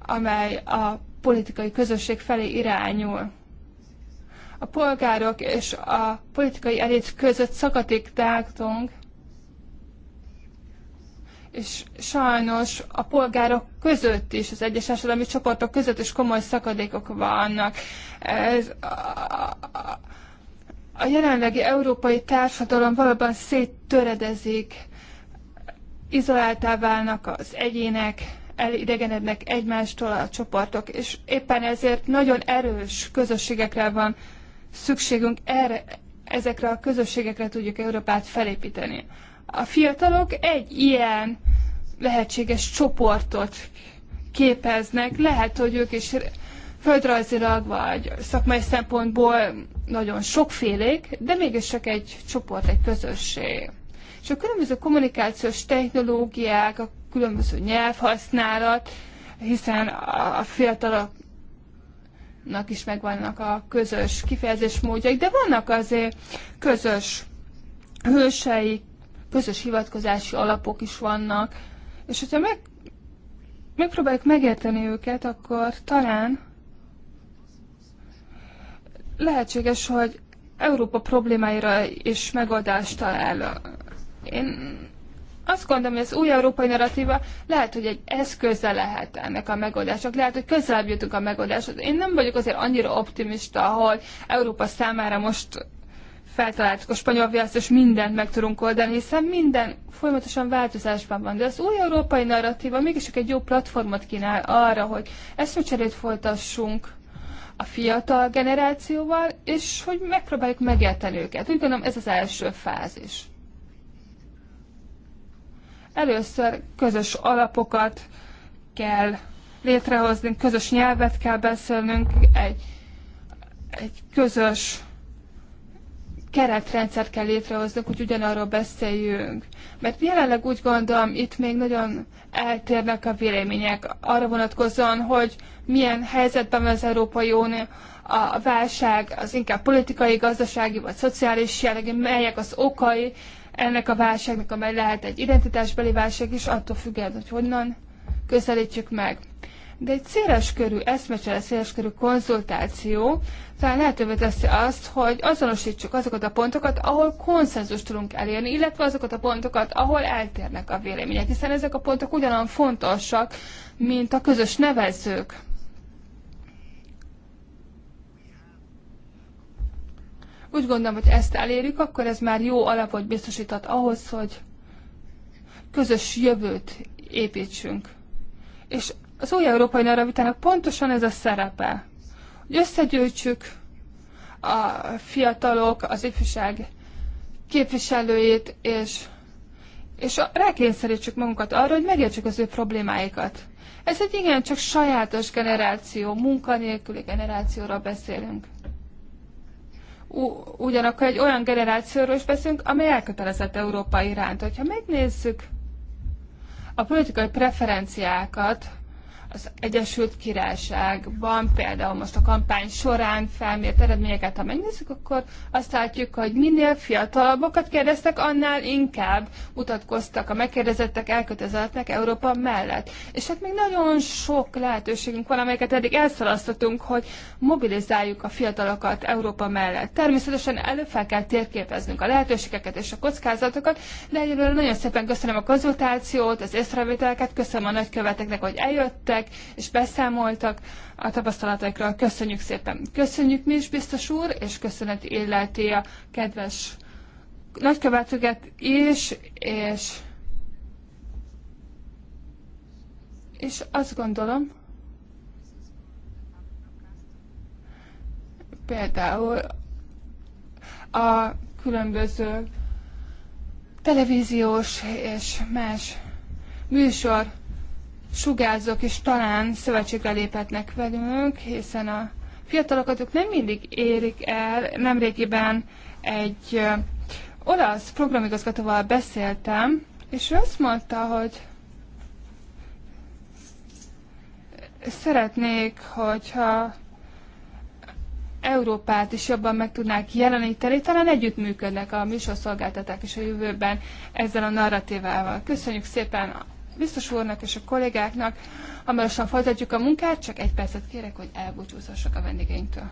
Speaker 4: amely a politikai közösség felé irányul. A polgárok és a politikai elit között szakadék tágtunk, és sajnos a polgárok között is, az egyes társadalmi csoportok között is komoly szakadékok vannak. Ez a, a, a jelenlegi európai társadalom valóban széttöredezik, izoláltá válnak az egyének, elidegenednek egymástól a csoportok, és éppen ezért nagyon erős közösségekre van szükségünk, erre, ezekre a közösségekre tudjuk Európát felépíteni. A fiatalok egy ilyen lehetséges csoportot képeznek, lehet, hogy ők is földrajzilag vagy szakmai szempontból nagyon sokfélék, de mégis csak egy csoport, egy közösség. És a különböző kommunikációs technológiák, a különböző nyelvhasználat, hiszen a fiataloknak is megvannak a közös kifejezésmódjaik, de vannak azért közös hősei, közös hivatkozási alapok is vannak, és hogyha meg, megpróbáljuk megérteni őket, akkor talán lehetséges, hogy Európa problémáira is megoldást talál. Én azt gondolom, hogy az új európai narratíva lehet, hogy egy eszköze lehet ennek a megoldásnak, lehet, hogy közelebb jutunk a megoldáshoz. Én nem vagyok azért annyira optimista, hogy Európa számára most feltaláltuk a spanyol viaszt, és mindent meg tudunk oldani, hiszen minden folyamatosan változásban van. De az új európai narratíva mégis egy jó platformot kínál arra, hogy eszmecserét folytassunk a fiatal generációval, és hogy megpróbáljuk megérteni őket. Úgy gondolom, ez az első fázis. Először közös alapokat kell létrehozni, közös nyelvet kell beszélnünk, egy, egy közös keretrendszert kell létrehoznunk, hogy ugyanarról beszéljünk. Mert jelenleg úgy gondolom, itt még nagyon eltérnek a vélemények arra vonatkozóan, hogy milyen helyzetben van az Európai Unió, a válság az inkább politikai, gazdasági vagy szociális jellegű, melyek az okai, ennek a válságnak, amely lehet egy identitásbeli válság is, attól függően, hogy honnan közelítjük meg. De egy széles körű eszmecsele, széles körű konzultáció talán lehetővé teszi azt, hogy azonosítsuk azokat a pontokat, ahol konszenzus tudunk elérni, illetve azokat a pontokat, ahol eltérnek a vélemények, hiszen ezek a pontok ugyanolyan fontosak, mint a közös nevezők Úgy gondolom, hogy ezt elérjük, akkor ez már jó alapot biztosítat ahhoz, hogy közös jövőt építsünk. És az új európai naravitának pontosan ez a szerepe, hogy összegyűjtsük a fiatalok, az ifjúság képviselőjét, és, és rákényszerítsük magunkat arra, hogy megértsük az ő problémáikat. Ez egy igen csak sajátos generáció, munkanélküli generációra beszélünk ugyanakkor egy olyan generációról is beszélünk, amely elkötelezett Európa iránt. Hogyha megnézzük a politikai preferenciákat, az Egyesült Királyságban, például most a kampány során felmért eredményeket, ha megnézzük, akkor azt látjuk, hogy minél fiatalabbakat kérdeztek, annál inkább mutatkoztak a megkérdezettek elkötelezettnek Európa mellett. És hát még nagyon sok lehetőségünk van, amelyeket eddig elszalasztottunk, hogy mobilizáljuk a fiatalokat Európa mellett. Természetesen elő fel kell térképeznünk a lehetőségeket és a kockázatokat, de egyelőre nagyon szépen köszönöm a konzultációt, az észrevételeket, köszönöm a nagyköveteknek, hogy eljöttek, jöttek és beszámoltak a tapasztalataikról. Köszönjük szépen! Köszönjük mi is, biztos úr, és köszönet illeti a kedves nagykövetőket is, és, és azt gondolom, például a különböző televíziós és más műsor sugárzók is talán szövetségre léphetnek velünk, hiszen a fiatalokat ők nem mindig érik el. Nemrégiben egy olasz programigazgatóval beszéltem, és ő azt mondta, hogy szeretnék, hogyha Európát is jobban meg tudnák jeleníteni, talán együttműködnek a műsorszolgáltatók is a jövőben ezzel a narratívával. Köszönjük szépen biztos úrnak és a kollégáknak. Hamarosan folytatjuk a munkát, csak egy percet kérek, hogy elbúcsúzhassak a vendégeinktől.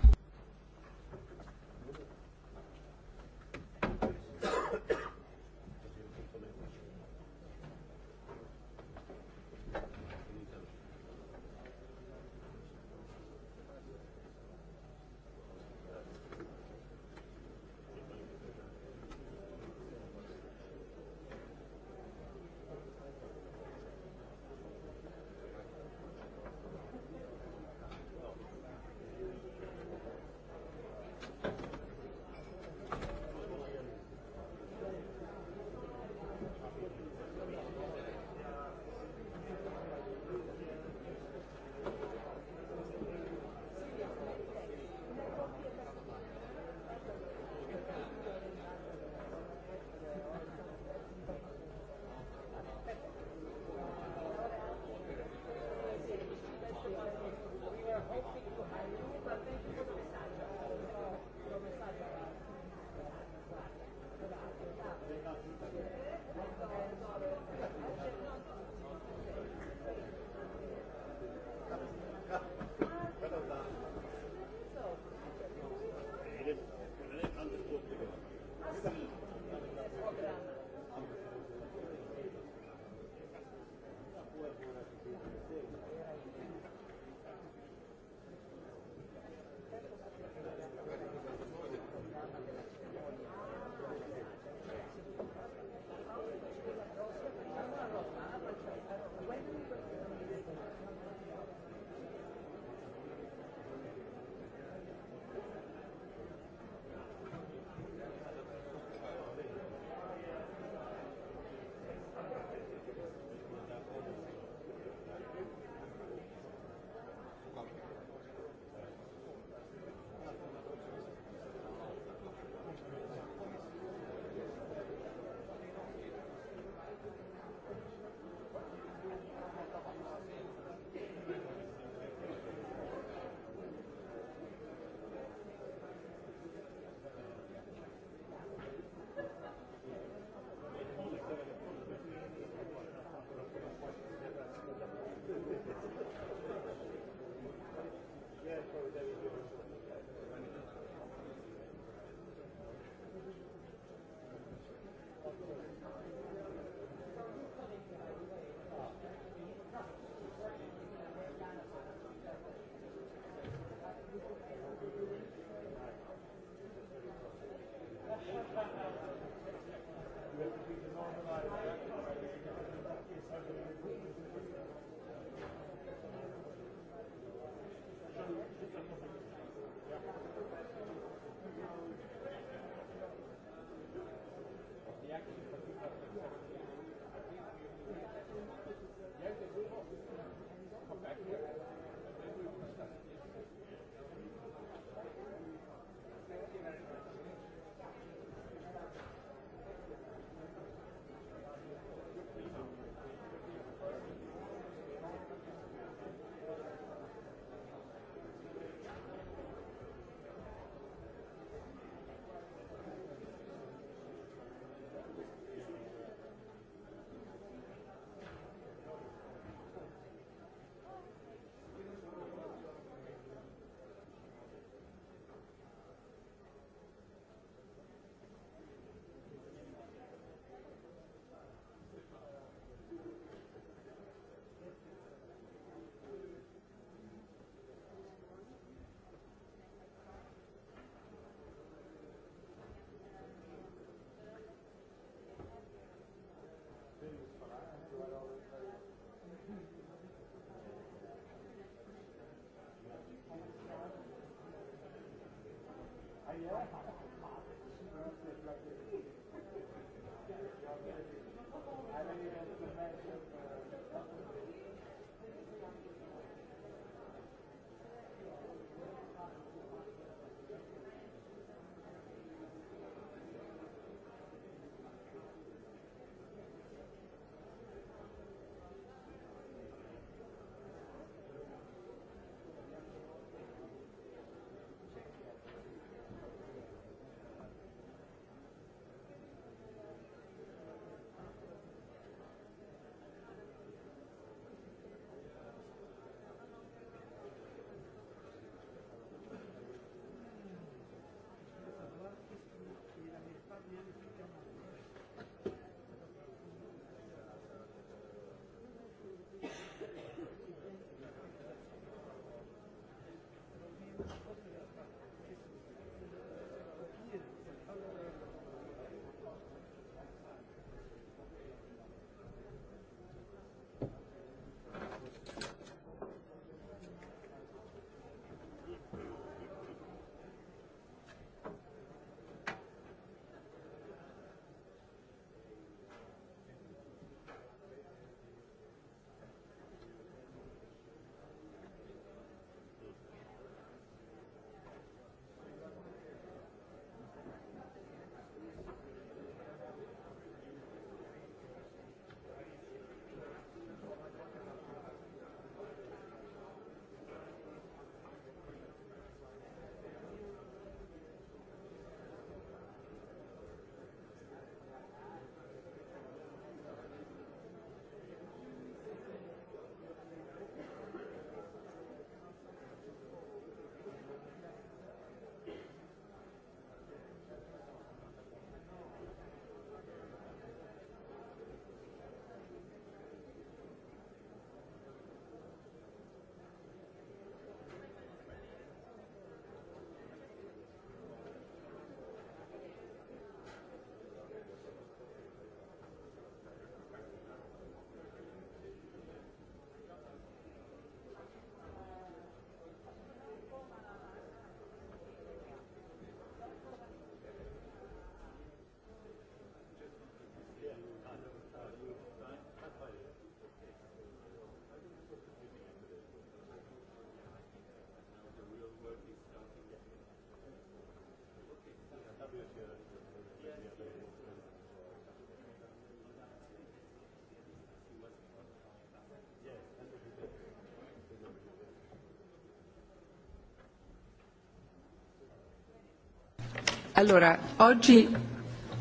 Speaker 7: Allora, oggi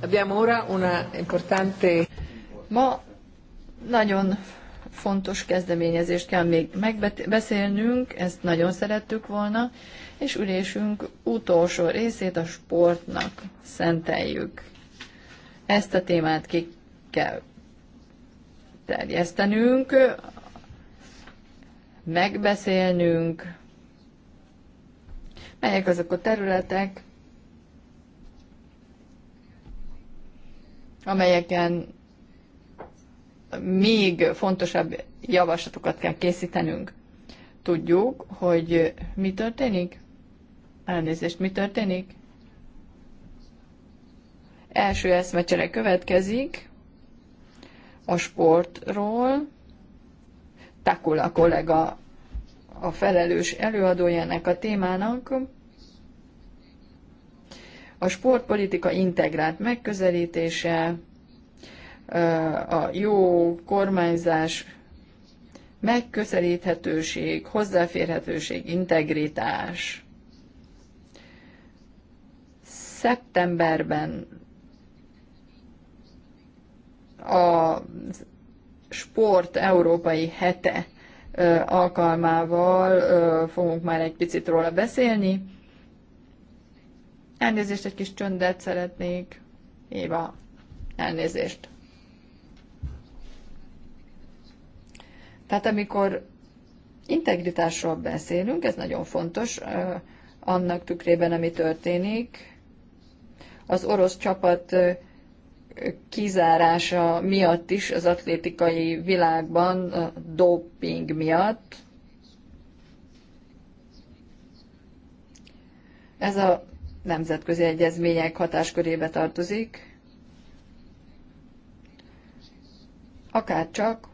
Speaker 1: abbiamo ora una importante... Ma nagyon fontos kezdeményezést kell még megbeszélnünk, ezt nagyon szerettük volna, és ülésünk utolsó részét a sportnak szenteljük. Ezt a témát ki kell terjesztenünk, megbeszélnünk, melyek azok a területek, amelyeken még fontosabb javaslatokat kell készítenünk. Tudjuk, hogy mi történik? Elnézést, mi történik? Első eszmecsere következik a sportról. Takula kollega a felelős előadójának a témának a sportpolitika integrált megközelítése, a jó kormányzás, megközelíthetőség, hozzáférhetőség, integritás. Szeptemberben a Sport Európai Hete alkalmával fogunk már egy picit róla beszélni. Elnézést, egy kis csöndet szeretnék. Éva, elnézést. Tehát amikor integritásról beszélünk, ez nagyon fontos, annak tükrében, ami történik. Az orosz csapat kizárása miatt is az atlétikai világban a doping miatt. Ez a nemzetközi egyezmények hatáskörébe tartozik, akár csak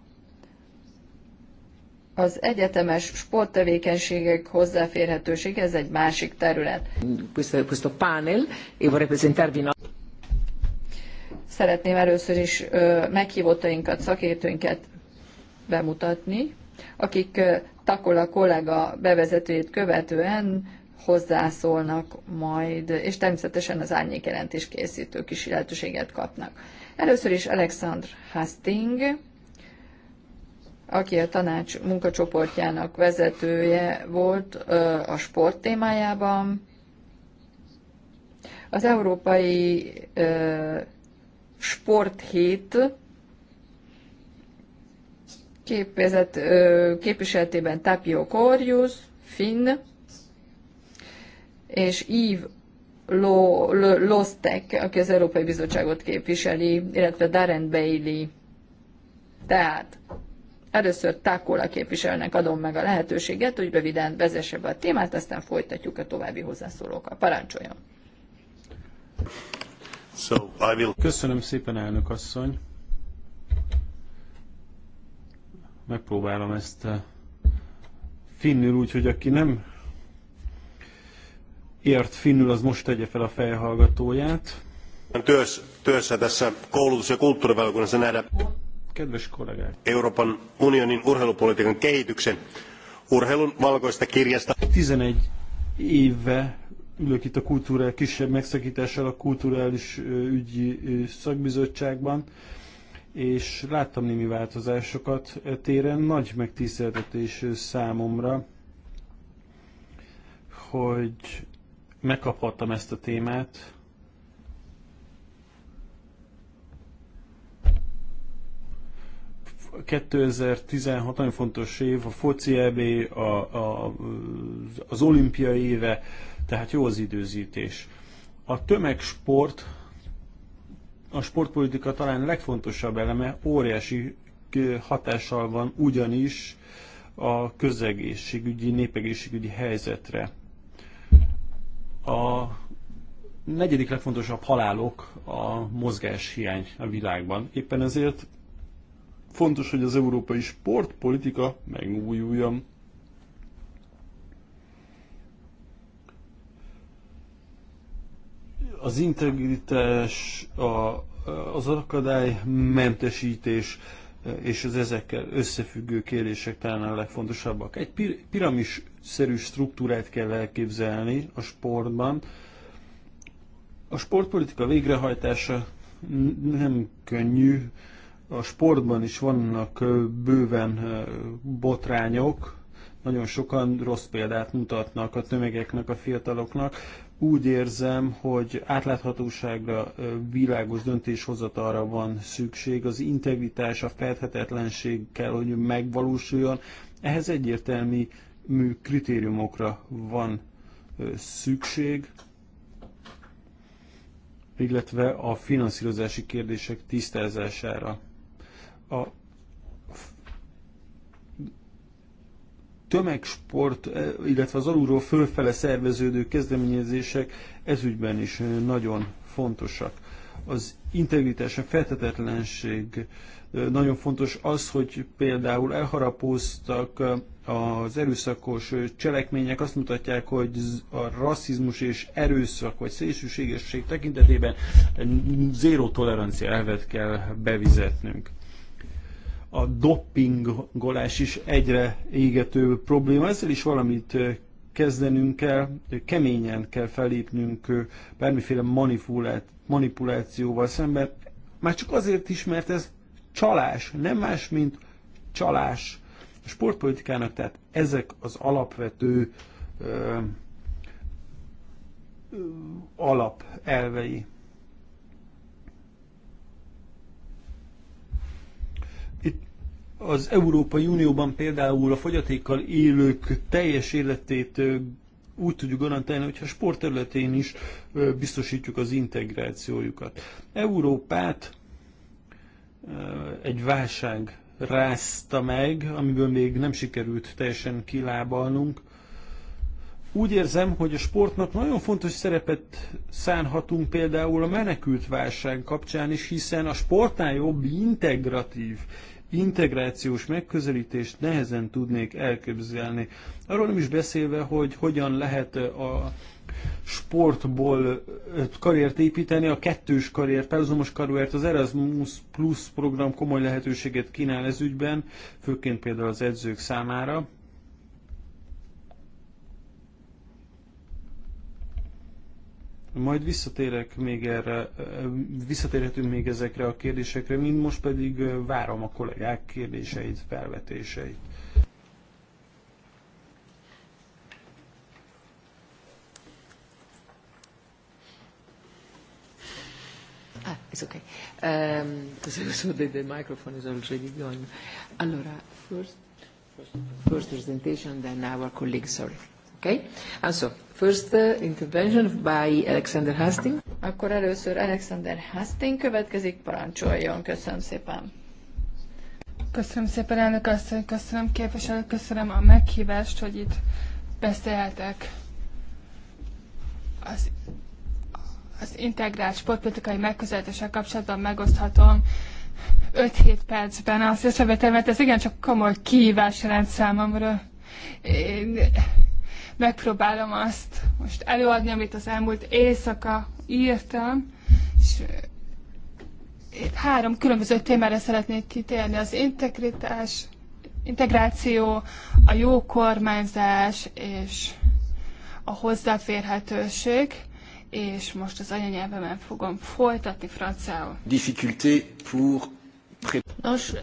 Speaker 1: az egyetemes sporttevékenységek hozzáférhetőség, ez egy másik terület. panel, Szeretném először is meghívottainkat, szakértőinket bemutatni, akik Takola kollega bevezetőjét követően hozzászólnak majd, és természetesen az árnyékjelentés készítők is lehetőséget kapnak. Először is Alexandr Hastings, aki a tanács munkacsoportjának vezetője volt a sport témájában. Az Európai Sporthét képezett, képviseltében Tapio Korjus, Finn, és Yves Lostek, aki az Európai Bizottságot képviseli, illetve Darren Bailey. Tehát először Takola képviselnek adom meg a lehetőséget, hogy röviden vezesse be a témát, aztán folytatjuk a további hozzászólókkal. Parancsoljon!
Speaker 5: So, I
Speaker 2: will... Köszönöm szépen, elnök asszony! Megpróbálom ezt eh, finnül úgy, hogy aki nem ért finnül, az most tegye fel a fejhallgatóját. Työs, työssä tässä koulutus- ja kulttuurivaliokunnassa nähdä Kedves kollégák. Euroopan unionin urheilupolitiikan kehityksen urheilun valkoista kirjasta. 11 éve ülök itt a kultúra kisebb megszakítással a kulturális ügyi szakbizottságban, és láttam némi változásokat e téren. Nagy megtiszteltetés számomra, hogy megkaphattam ezt a témát. 2016 nagyon fontos év, a foci EB, a, a, az olimpiai éve, tehát jó az időzítés. A tömegsport, a sportpolitika talán legfontosabb eleme, óriási hatással van ugyanis a közegészségügyi, népegészségügyi helyzetre. A negyedik legfontosabb halálok a mozgás hiány a világban. Éppen ezért fontos, hogy az európai sportpolitika megújuljon. Az integritás, a, az akadálymentesítés és az ezekkel összefüggő kérések talán a legfontosabbak. Egy piramis szerű struktúrát kell elképzelni a sportban. A sportpolitika végrehajtása nem könnyű, a sportban is vannak bőven botrányok, nagyon sokan rossz példát mutatnak a tömegeknek, a fiataloknak. Úgy érzem, hogy átláthatóságra, világos döntéshozatalra van szükség, az integritás, a felthetetlenség kell, hogy megvalósuljon. Ehhez egyértelmű egyértelmű kritériumokra van szükség, illetve a finanszírozási kérdések tisztázására. A tömegsport, illetve az alulról fölfele szerveződő kezdeményezések ezügyben is nagyon fontosak. Az integritás, a feltetetlenség nagyon fontos az, hogy például elharapóztak az erőszakos cselekmények azt mutatják, hogy a rasszizmus és erőszak vagy szélsőségesség tekintetében zéró tolerancia elvet kell bevizetnünk. A doppingolás is egyre égető probléma, ezzel is valamit kezdenünk kell, keményen kell felépnünk bármiféle manipulációval szemben, már csak azért is, mert ez csalás, nem más, mint csalás. A sportpolitikának tehát ezek az alapvető ö, ö, alapelvei. Itt az Európai Unióban például a fogyatékkal élők teljes életét úgy tudjuk garantálni, hogyha sportterületén is biztosítjuk az integrációjukat. Európát egy válság rázta meg, amiből még nem sikerült teljesen kilábalnunk. Úgy érzem, hogy a sportnak nagyon fontos szerepet szánhatunk például a menekült válság kapcsán is, hiszen a sportnál jobb integratív integrációs megközelítést nehezen tudnék elképzelni. Arról nem is beszélve, hogy hogyan lehet a sportból karriert építeni, a kettős karrier, párhuzamos karriert, az Erasmus Plus program komoly lehetőséget kínál ez ügyben, főként például az edzők számára. Majd visszatérek még erre, visszatérhetünk még ezekre a kérdésekre, mint most pedig várom a kollégák kérdéseit, felvetéseit.
Speaker 4: It's okay. Um, so the, the microphone is already gone.
Speaker 6: Allora,
Speaker 1: first, first presentation, then our colleague, sorry. Okay? And ah, so, first uh, intervention by Alexander Hastings. Akkor először Alexander Hastings következik, parancsoljon. Köszönöm szépen.
Speaker 4: Köszönöm szépen, elnök asszony, köszönöm képviselő, köszönöm a meghívást, hogy itt beszéltek az az integrált sportpolitikai megközelítéssel kapcsolatban megoszthatom 5-7 percben az mert Ez igencsak komoly kihívás jelent számomra. Én megpróbálom azt most előadni, amit az elmúlt éjszaka írtam, és itt három különböző témára szeretnék kitérni. Az integritás, integráció, a jó kormányzás és a hozzáférhetőség és most az anyanyelvemen fogom folytatni franciául.
Speaker 3: Difficulté pour... Nos,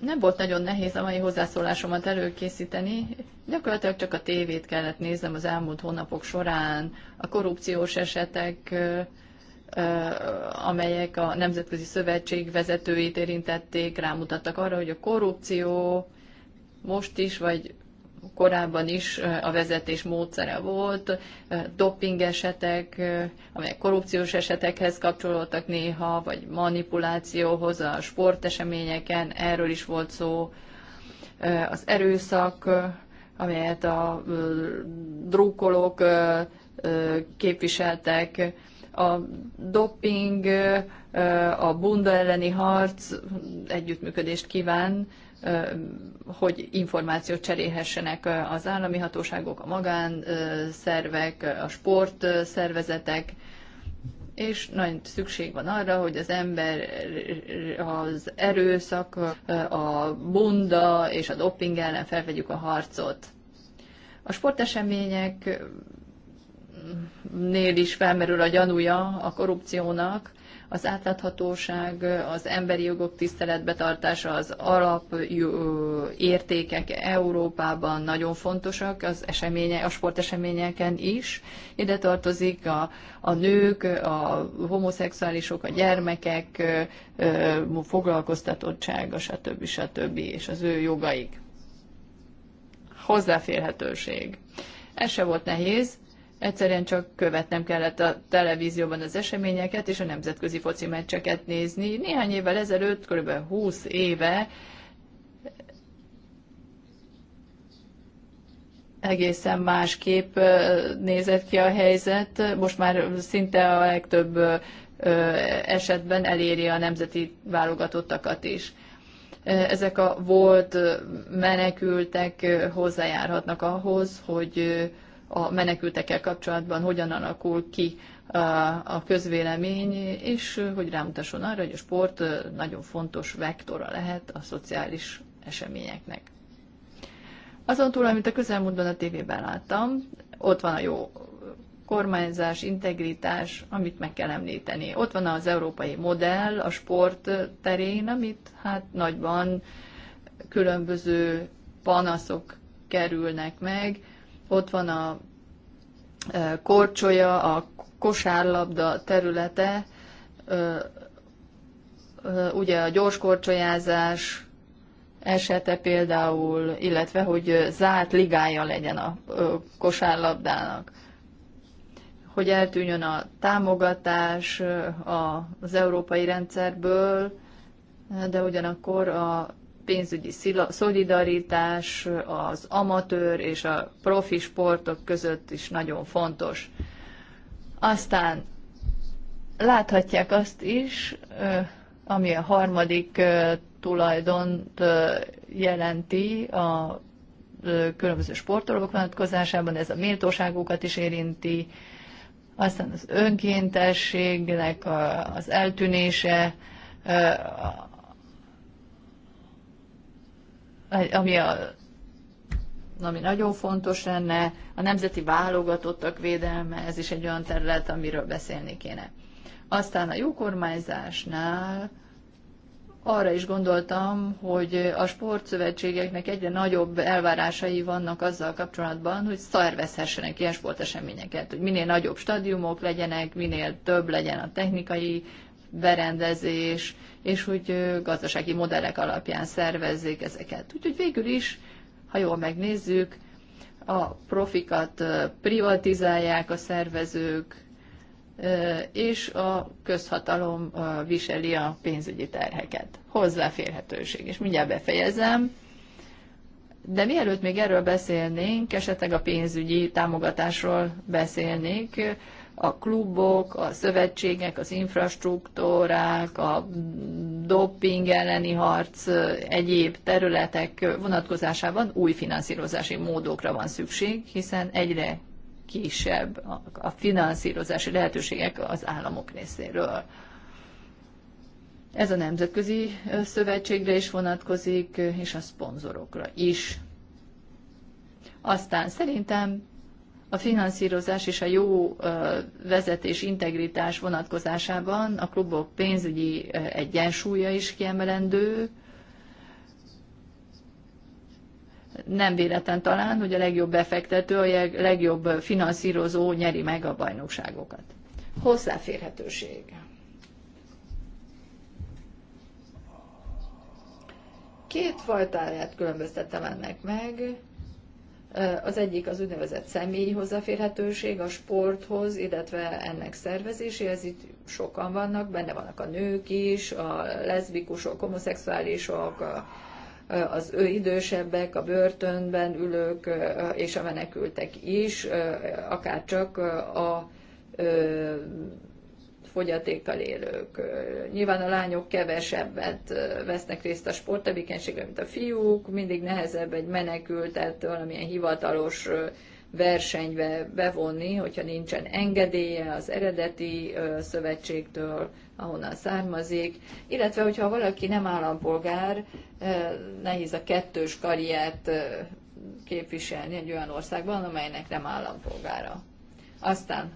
Speaker 1: nem volt nagyon nehéz a mai hozzászólásomat előkészíteni. Gyakorlatilag csak a tévét kellett néznem az elmúlt hónapok során, a korrupciós esetek, amelyek a Nemzetközi Szövetség vezetőit érintették, rámutattak arra, hogy a korrupció most is, vagy korábban is a vezetés módszere volt, doping esetek, amelyek korrupciós esetekhez kapcsolódtak néha, vagy manipulációhoz a sporteseményeken, erről is volt szó, az erőszak, amelyet a drukkolók képviseltek, a doping, a bunda elleni harc együttműködést kíván hogy információt cserélhessenek az állami hatóságok, a magánszervek, a sportszervezetek, és nagy szükség van arra, hogy az ember az erőszak, a bunda és a doping ellen felvegyük a harcot. A sportesemények nél is felmerül a gyanúja a korrupciónak, az átláthatóság, az emberi jogok tartása, az alap értékek Európában nagyon fontosak, az eseménye, a sporteseményeken is. Ide tartozik a, a nők, a homoszexuálisok, a gyermekek foglalkoztatottsága, stb. stb. és az ő jogaik. Hozzáférhetőség. Ez se volt nehéz, Egyszerűen csak követnem kellett a televízióban az eseményeket és a nemzetközi foci meccseket nézni. Néhány évvel ezelőtt, kb. 20 éve egészen másképp nézett ki a helyzet. Most már szinte a legtöbb esetben eléri a nemzeti válogatottakat is. Ezek a volt menekültek hozzájárhatnak ahhoz, hogy a menekültekkel kapcsolatban hogyan alakul ki a közvélemény, és hogy rámutasson arra, hogy a sport nagyon fontos vektora lehet a szociális eseményeknek. Azon túl, amit a közelmúltban a tévében láttam, ott van a jó kormányzás, integritás, amit meg kell említeni. Ott van az európai modell a sport terén, amit hát nagyban különböző panaszok kerülnek meg, ott van a korcsolya, a kosárlabda területe, ugye a gyors korcsolyázás esete például, illetve hogy zárt ligája legyen a kosárlabdának, hogy eltűnjön a támogatás az európai rendszerből, de ugyanakkor a pénzügyi szolidaritás az amatőr és a profi sportok között is nagyon fontos. Aztán láthatják azt is, ami a harmadik tulajdont jelenti a különböző sportolók vonatkozásában, ez a méltóságukat is érinti, aztán az önkéntességnek az eltűnése, ami, a, ami nagyon fontos lenne, a nemzeti válogatottak védelme, ez is egy olyan terület, amiről beszélni kéne. Aztán a jó kormányzásnál arra is gondoltam, hogy a sportszövetségeknek egyre nagyobb elvárásai vannak azzal kapcsolatban, hogy szervezhessenek ilyen sporteseményeket, hogy minél nagyobb stadiumok legyenek, minél több legyen a technikai berendezés, és hogy gazdasági modellek alapján szervezzék ezeket. Úgyhogy végül is, ha jól megnézzük, a profikat privatizálják a szervezők, és a közhatalom viseli a pénzügyi terheket. Hozzáférhetőség. És mindjárt befejezem. De mielőtt még erről beszélnénk, esetleg a pénzügyi támogatásról beszélnék, a klubok, a szövetségek, az infrastruktúrák, a doping elleni harc, egyéb területek vonatkozásában új finanszírozási módokra van szükség, hiszen egyre kisebb a finanszírozási lehetőségek az államok részéről. Ez a nemzetközi szövetségre is vonatkozik, és a szponzorokra is. Aztán szerintem a finanszírozás és a jó vezetés integritás vonatkozásában a klubok pénzügyi egyensúlya is kiemelendő. Nem véletlen talán, hogy a legjobb befektető, a legjobb finanszírozó nyeri meg a bajnokságokat. Hozzáférhetőség. Két fajtáját különböztettem ennek meg az egyik az úgynevezett személyi hozzáférhetőség a sporthoz, illetve ennek szervezéséhez. Itt sokan vannak, benne vannak a nők is, a leszbikusok, homoszexuálisok, az ő idősebbek, a börtönben ülők és a menekültek is, akár csak a fogyatékkal élők. Nyilván a lányok kevesebbet vesznek részt a sporttevékenységben, mint a fiúk, mindig nehezebb egy menekültet valamilyen hivatalos versenybe bevonni, hogyha nincsen engedélye az eredeti szövetségtől, ahonnan származik, illetve hogyha valaki nem állampolgár, nehéz a kettős karriert képviselni egy olyan országban, amelynek nem állampolgára. Aztán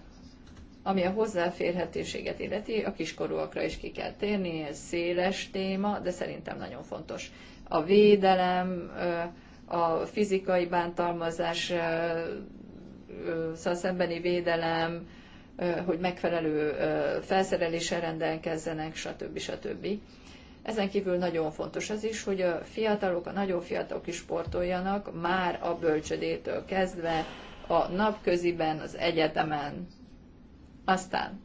Speaker 1: ami a hozzáférhetőséget illeti, a kiskorúakra is ki kell térni, ez széles téma, de szerintem nagyon fontos. A védelem, a fizikai bántalmazás, szóval szembeni védelem, hogy megfelelő felszereléssel rendelkezzenek, stb. stb. Ezen kívül nagyon fontos az is, hogy a fiatalok, a nagyon fiatalok is sportoljanak, már a bölcsödétől kezdve, a napköziben, az egyetemen, aztán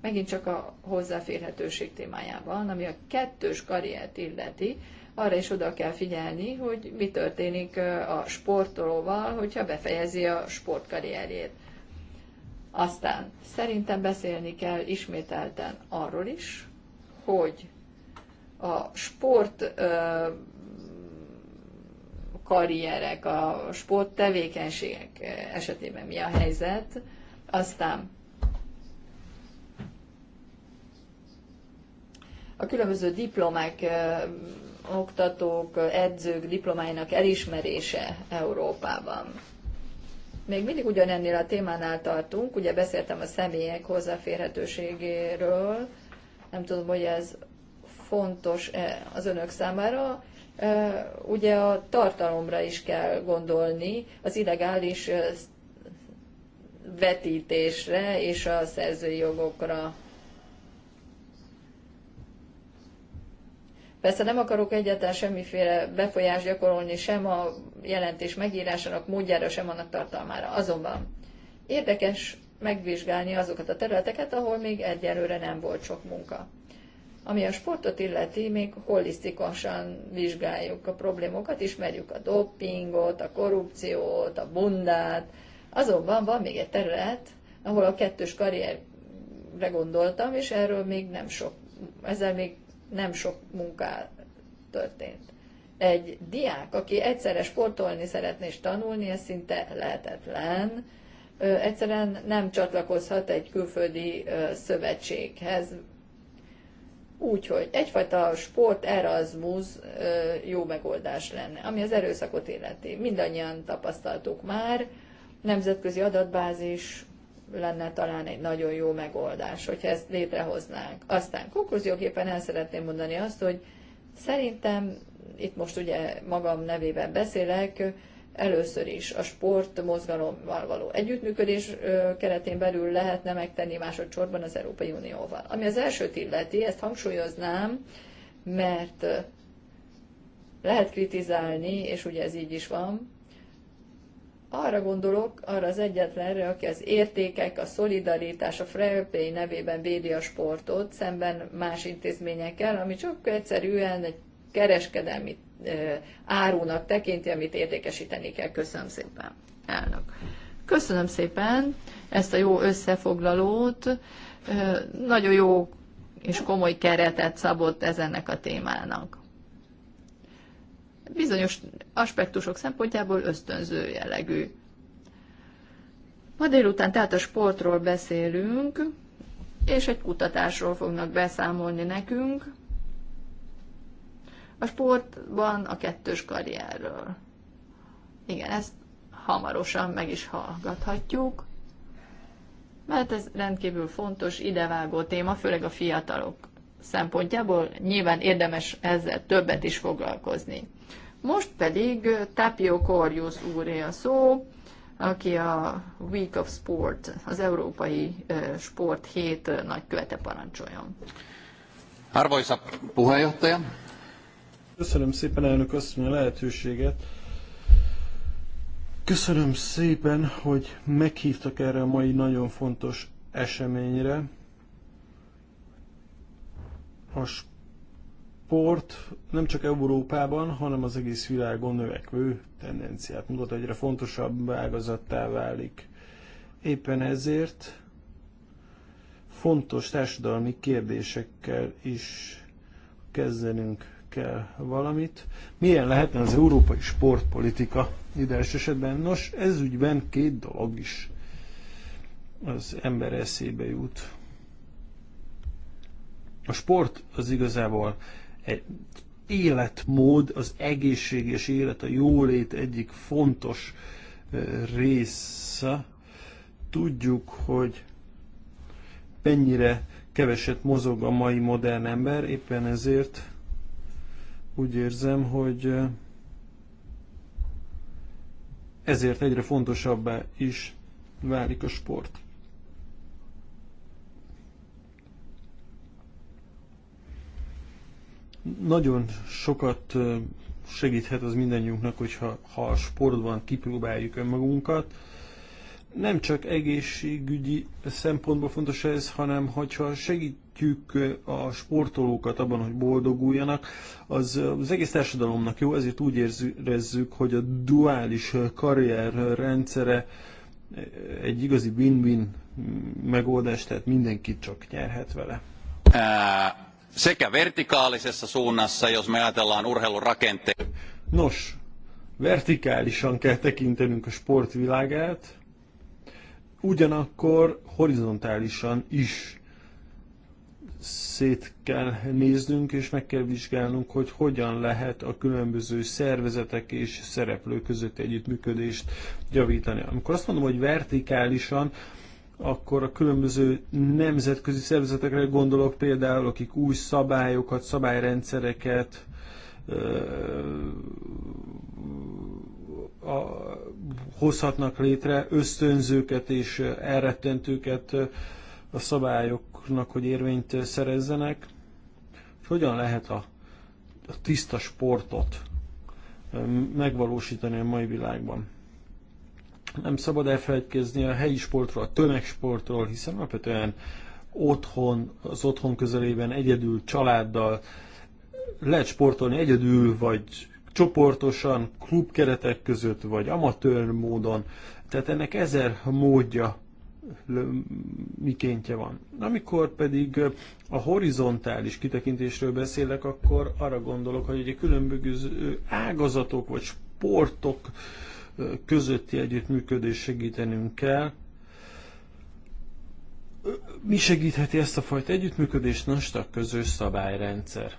Speaker 1: megint csak a hozzáférhetőség témájában, ami a kettős karriert illeti, arra is oda kell figyelni, hogy mi történik a sportolóval, hogyha befejezi a sportkarrierjét. Aztán szerintem beszélni kell ismételten arról is, hogy a sport karrierek, a sporttevékenységek esetében mi a helyzet, aztán a különböző diplomák, eh, oktatók, eh, edzők diplomáinak elismerése Európában. Még mindig ugyanennél a témánál tartunk, ugye beszéltem a személyek hozzáférhetőségéről, nem tudom, hogy ez fontos -e az önök számára. Eh, ugye a tartalomra is kell gondolni, az illegális vetítésre és a szerzői jogokra Persze nem akarok egyáltalán semmiféle befolyást gyakorolni sem a jelentés megírásának módjára, sem annak tartalmára. Azonban érdekes megvizsgálni azokat a területeket, ahol még egyelőre nem volt sok munka. Ami a sportot illeti, még holisztikusan vizsgáljuk a problémokat, ismerjük a dopingot, a korrupciót, a bundát. Azonban van még egy terület, ahol a kettős karrierre gondoltam, és erről még nem sok, ezzel még nem sok munká történt. Egy diák, aki egyszerre sportolni szeretne és tanulni, ez szinte lehetetlen, egyszerűen nem csatlakozhat egy külföldi szövetséghez, Úgyhogy egyfajta sport Erasmus jó megoldás lenne, ami az erőszakot illeti. Mindannyian tapasztaltuk már, nemzetközi adatbázis, lenne talán egy nagyon jó megoldás, hogyha ezt létrehoznánk. Aztán konklúzióképpen el szeretném mondani azt, hogy szerintem, itt most ugye magam nevében beszélek, először is a sport mozgalommal való együttműködés keretén belül lehetne megtenni másodszorban az Európai Unióval. Ami az elsőt illeti, ezt hangsúlyoznám, mert lehet kritizálni, és ugye ez így is van, arra gondolok, arra az egyetlenre, aki az értékek, a szolidaritás, a fair nevében védi a sportot szemben más intézményekkel, ami csak egyszerűen egy kereskedelmi árónak tekinti, amit értékesíteni kell. Köszönöm szépen, elnök. Köszönöm szépen ezt a jó összefoglalót. Nagyon jó és komoly keretet szabott ezennek a témának bizonyos aspektusok szempontjából ösztönző jellegű. Ma délután tehát a sportról beszélünk, és egy kutatásról fognak beszámolni nekünk a sportban a kettős karrierről. Igen, ezt hamarosan meg is hallgathatjuk, mert ez rendkívül fontos, idevágó téma, főleg a fiatalok szempontjából nyilván érdemes ezzel többet is foglalkozni. Most pedig eh, Tapio Corjus úré a szó, aki a Week of Sport, az Európai eh, Sport hét eh, nagykövete parancsoljon.
Speaker 3: Arvoisa puheenjohtaja.
Speaker 2: Köszönöm szépen elnök asszony a lehetőséget. Köszönöm szépen, hogy meghívtak erre a mai nagyon fontos eseményre. A sport nem csak Európában, hanem az egész világon növekvő tendenciát mutat, egyre fontosabb ágazattá válik. Éppen ezért fontos társadalmi kérdésekkel is kezdenünk kell valamit. Milyen lehetne az európai sportpolitika ideális esetben? Nos, ez ügyben két dolog is az ember eszébe jut. A sport az igazából egy életmód, az egészséges élet, a jólét egyik fontos része. Tudjuk, hogy mennyire keveset mozog a mai modern ember, éppen ezért úgy érzem, hogy ezért egyre fontosabbá is válik a sport. Nagyon sokat segíthet az mindannyiunknak, hogyha ha a sportban kipróbáljuk önmagunkat. Nem csak egészségügyi szempontból fontos ez, hanem hogyha segítjük a sportolókat abban, hogy boldoguljanak, az, az egész társadalomnak jó, ezért úgy érezzük, hogy a duális karrier rendszere egy igazi win-win megoldás, tehát mindenki csak nyerhet vele. Uh sekä vertikaalisessa suunnassa, jos me ajatellaan urheilun rakenteita. Nos, vertikálisan kell tekintenünk a sportvilágát, ugyanakkor horizontálisan is szét kell néznünk, és meg kell vizsgálnunk, hogy hogyan lehet a különböző szervezetek és szereplők között együttműködést javítani. Amikor azt mondom, hogy vertikálisan, akkor a különböző nemzetközi szervezetekre gondolok például, akik új szabályokat, szabályrendszereket a, hozhatnak létre, ösztönzőket és elrettentőket a szabályoknak, hogy érvényt szerezzenek. Hogyan lehet a, a tiszta sportot megvalósítani a mai világban? nem szabad elfelejtkezni a helyi sportról, a tömegsportról, hiszen alapvetően otthon, az otthon közelében egyedül, családdal lehet sportolni egyedül, vagy csoportosan, klubkeretek között, vagy amatőr módon. Tehát ennek ezer módja mikéntje van. Amikor pedig a horizontális kitekintésről beszélek, akkor arra gondolok, hogy egy különböző ágazatok vagy sportok közötti együttműködés segítenünk kell. Mi segítheti ezt a fajta együttműködést? Most a közös szabályrendszer.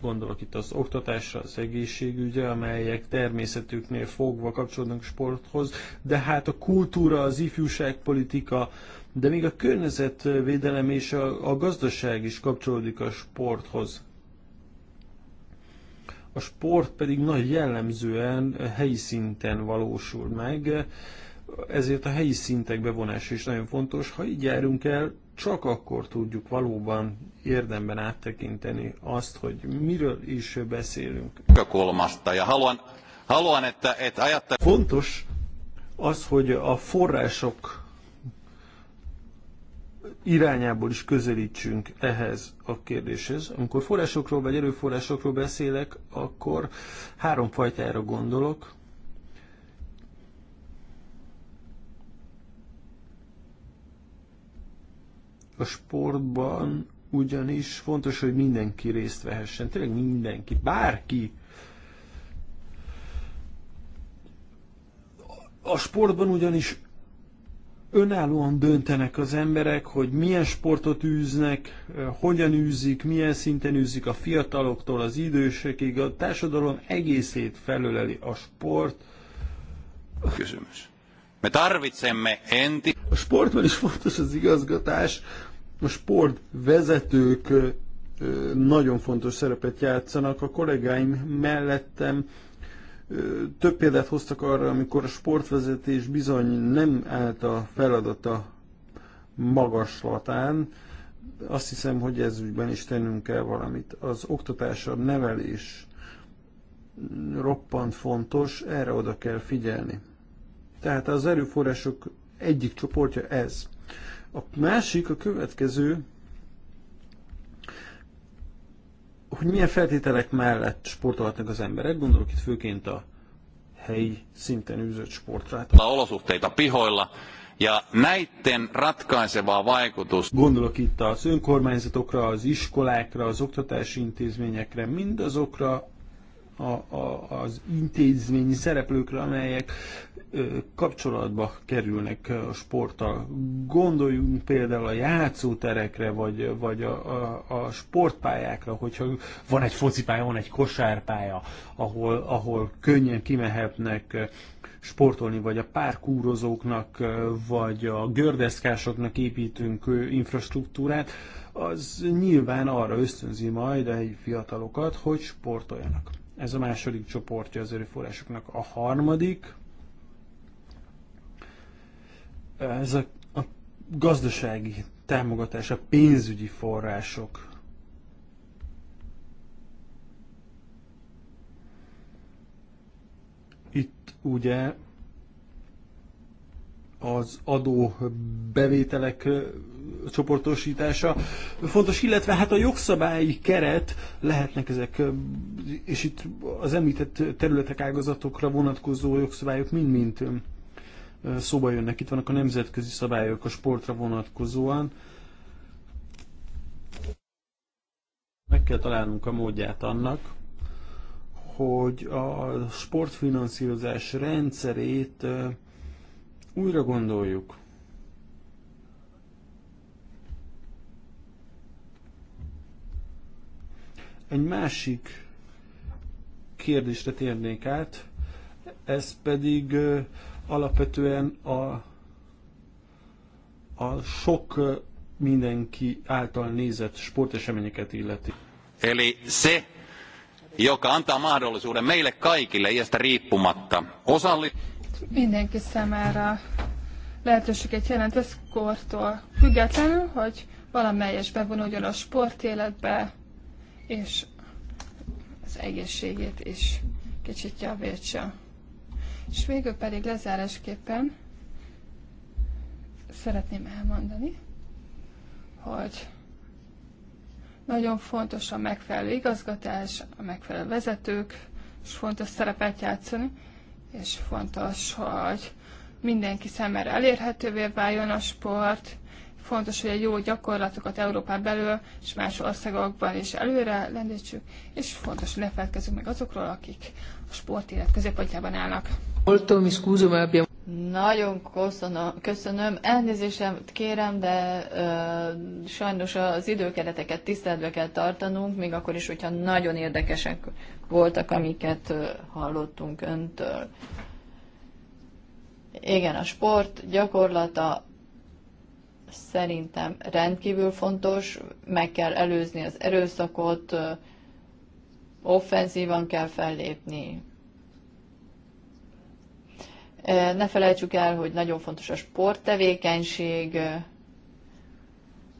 Speaker 2: Gondolok itt az oktatásra, az egészségügyre, amelyek természetüknél fogva kapcsolódnak sporthoz, de hát a kultúra, az ifjúságpolitika, de még a környezetvédelem és a, a gazdaság is kapcsolódik a sporthoz a sport pedig nagy jellemzően helyi szinten valósul meg, ezért a helyi szintek bevonása is nagyon fontos. Ha így járunk el, csak akkor tudjuk valóban érdemben áttekinteni azt, hogy miről is beszélünk. Fontos az, hogy a források irányából is közelítsünk ehhez a kérdéshez. Amikor forrásokról vagy erőforrásokról beszélek, akkor három fajtára gondolok. A sportban ugyanis fontos, hogy mindenki részt vehessen. Tényleg mindenki, bárki. A sportban ugyanis önállóan döntenek az emberek, hogy milyen sportot űznek, hogyan űzik, milyen szinten űzik a fiataloktól az idősekig, a társadalom egészét felöleli a sport. Köszönöm. Mert Közömös. Me enti... A sportban is fontos az igazgatás, a sport vezetők nagyon fontos szerepet játszanak. A kollégáim mellettem több példát hoztak arra, amikor a sportvezetés bizony nem állt a feladata magaslatán. Azt hiszem, hogy ez ügyben is tennünk kell valamit. Az oktatás, a nevelés roppant fontos, erre oda kell figyelni. Tehát az erőforrások egyik csoportja ez. A másik, a következő, hogy milyen feltételek mellett sportolhatnak az emberek, gondolok itt főként a helyi szinten űzött sportra. A olosuhteita pihoilla, ja näitten ratkaiseva vaikutus. Gondolok itt az önkormányzatokra, az iskolákra, az oktatási intézményekre, mindazokra, a, a, az intézményi szereplőkre, amelyek kapcsolatba kerülnek a sporttal. Gondoljunk például a játszóterekre, vagy, vagy a, a, a sportpályákra, hogyha van egy focipálya, van egy kosárpálya, ahol, ahol könnyen kimehetnek sportolni, vagy a párkúrozóknak, vagy a gördeszkásoknak építünk infrastruktúrát, az nyilván arra ösztönzi majd a helyi fiatalokat, hogy sportoljanak. Ez a második csoportja az erőforrásoknak. A harmadik, ez a, a gazdasági támogatás, a pénzügyi források. Itt ugye az adó bevételek csoportosítása fontos, illetve hát a jogszabályi keret lehetnek ezek, és itt az említett területek, ágazatokra vonatkozó jogszabályok mind-mind szóba jönnek. Itt vannak a nemzetközi szabályok a sportra vonatkozóan. Meg kell találnunk a módját annak, hogy a sportfinanszírozás rendszerét újra gondoljuk, egy másik kérdésre térnék át, ez pedig alapvetően a, a sok mindenki által nézett sporteseményeket illeti. Eli se, joka antaa mahdollisuuden meille kaikille iästä riippumatta osalli
Speaker 4: mindenki számára lehetőséget jelent ez kortól függetlenül, hogy valamelyes bevonuljon a sportéletbe, és az egészségét is kicsit javítsa. És végül pedig lezárásképpen szeretném elmondani, hogy nagyon fontos a megfelelő igazgatás, a megfelelő vezetők, és fontos szerepet játszani, és fontos, hogy mindenki számára elérhetővé váljon a sport, fontos, hogy a jó gyakorlatokat Európán belül és más országokban is előre lendítsük, és fontos, hogy ne felkezzünk meg azokról, akik a élet középpontjában állnak.
Speaker 1: Nagyon köszönöm, köszönöm. elnézésem kérem, de ö, sajnos az időkereteket tiszteletbe kell tartanunk, még akkor is, hogyha nagyon érdekesek voltak, amiket ö, hallottunk öntől. Igen, a sport gyakorlata szerintem rendkívül fontos, meg kell előzni az erőszakot, ö, offenzívan kell fellépni, ne felejtsük el, hogy nagyon fontos a sporttevékenység.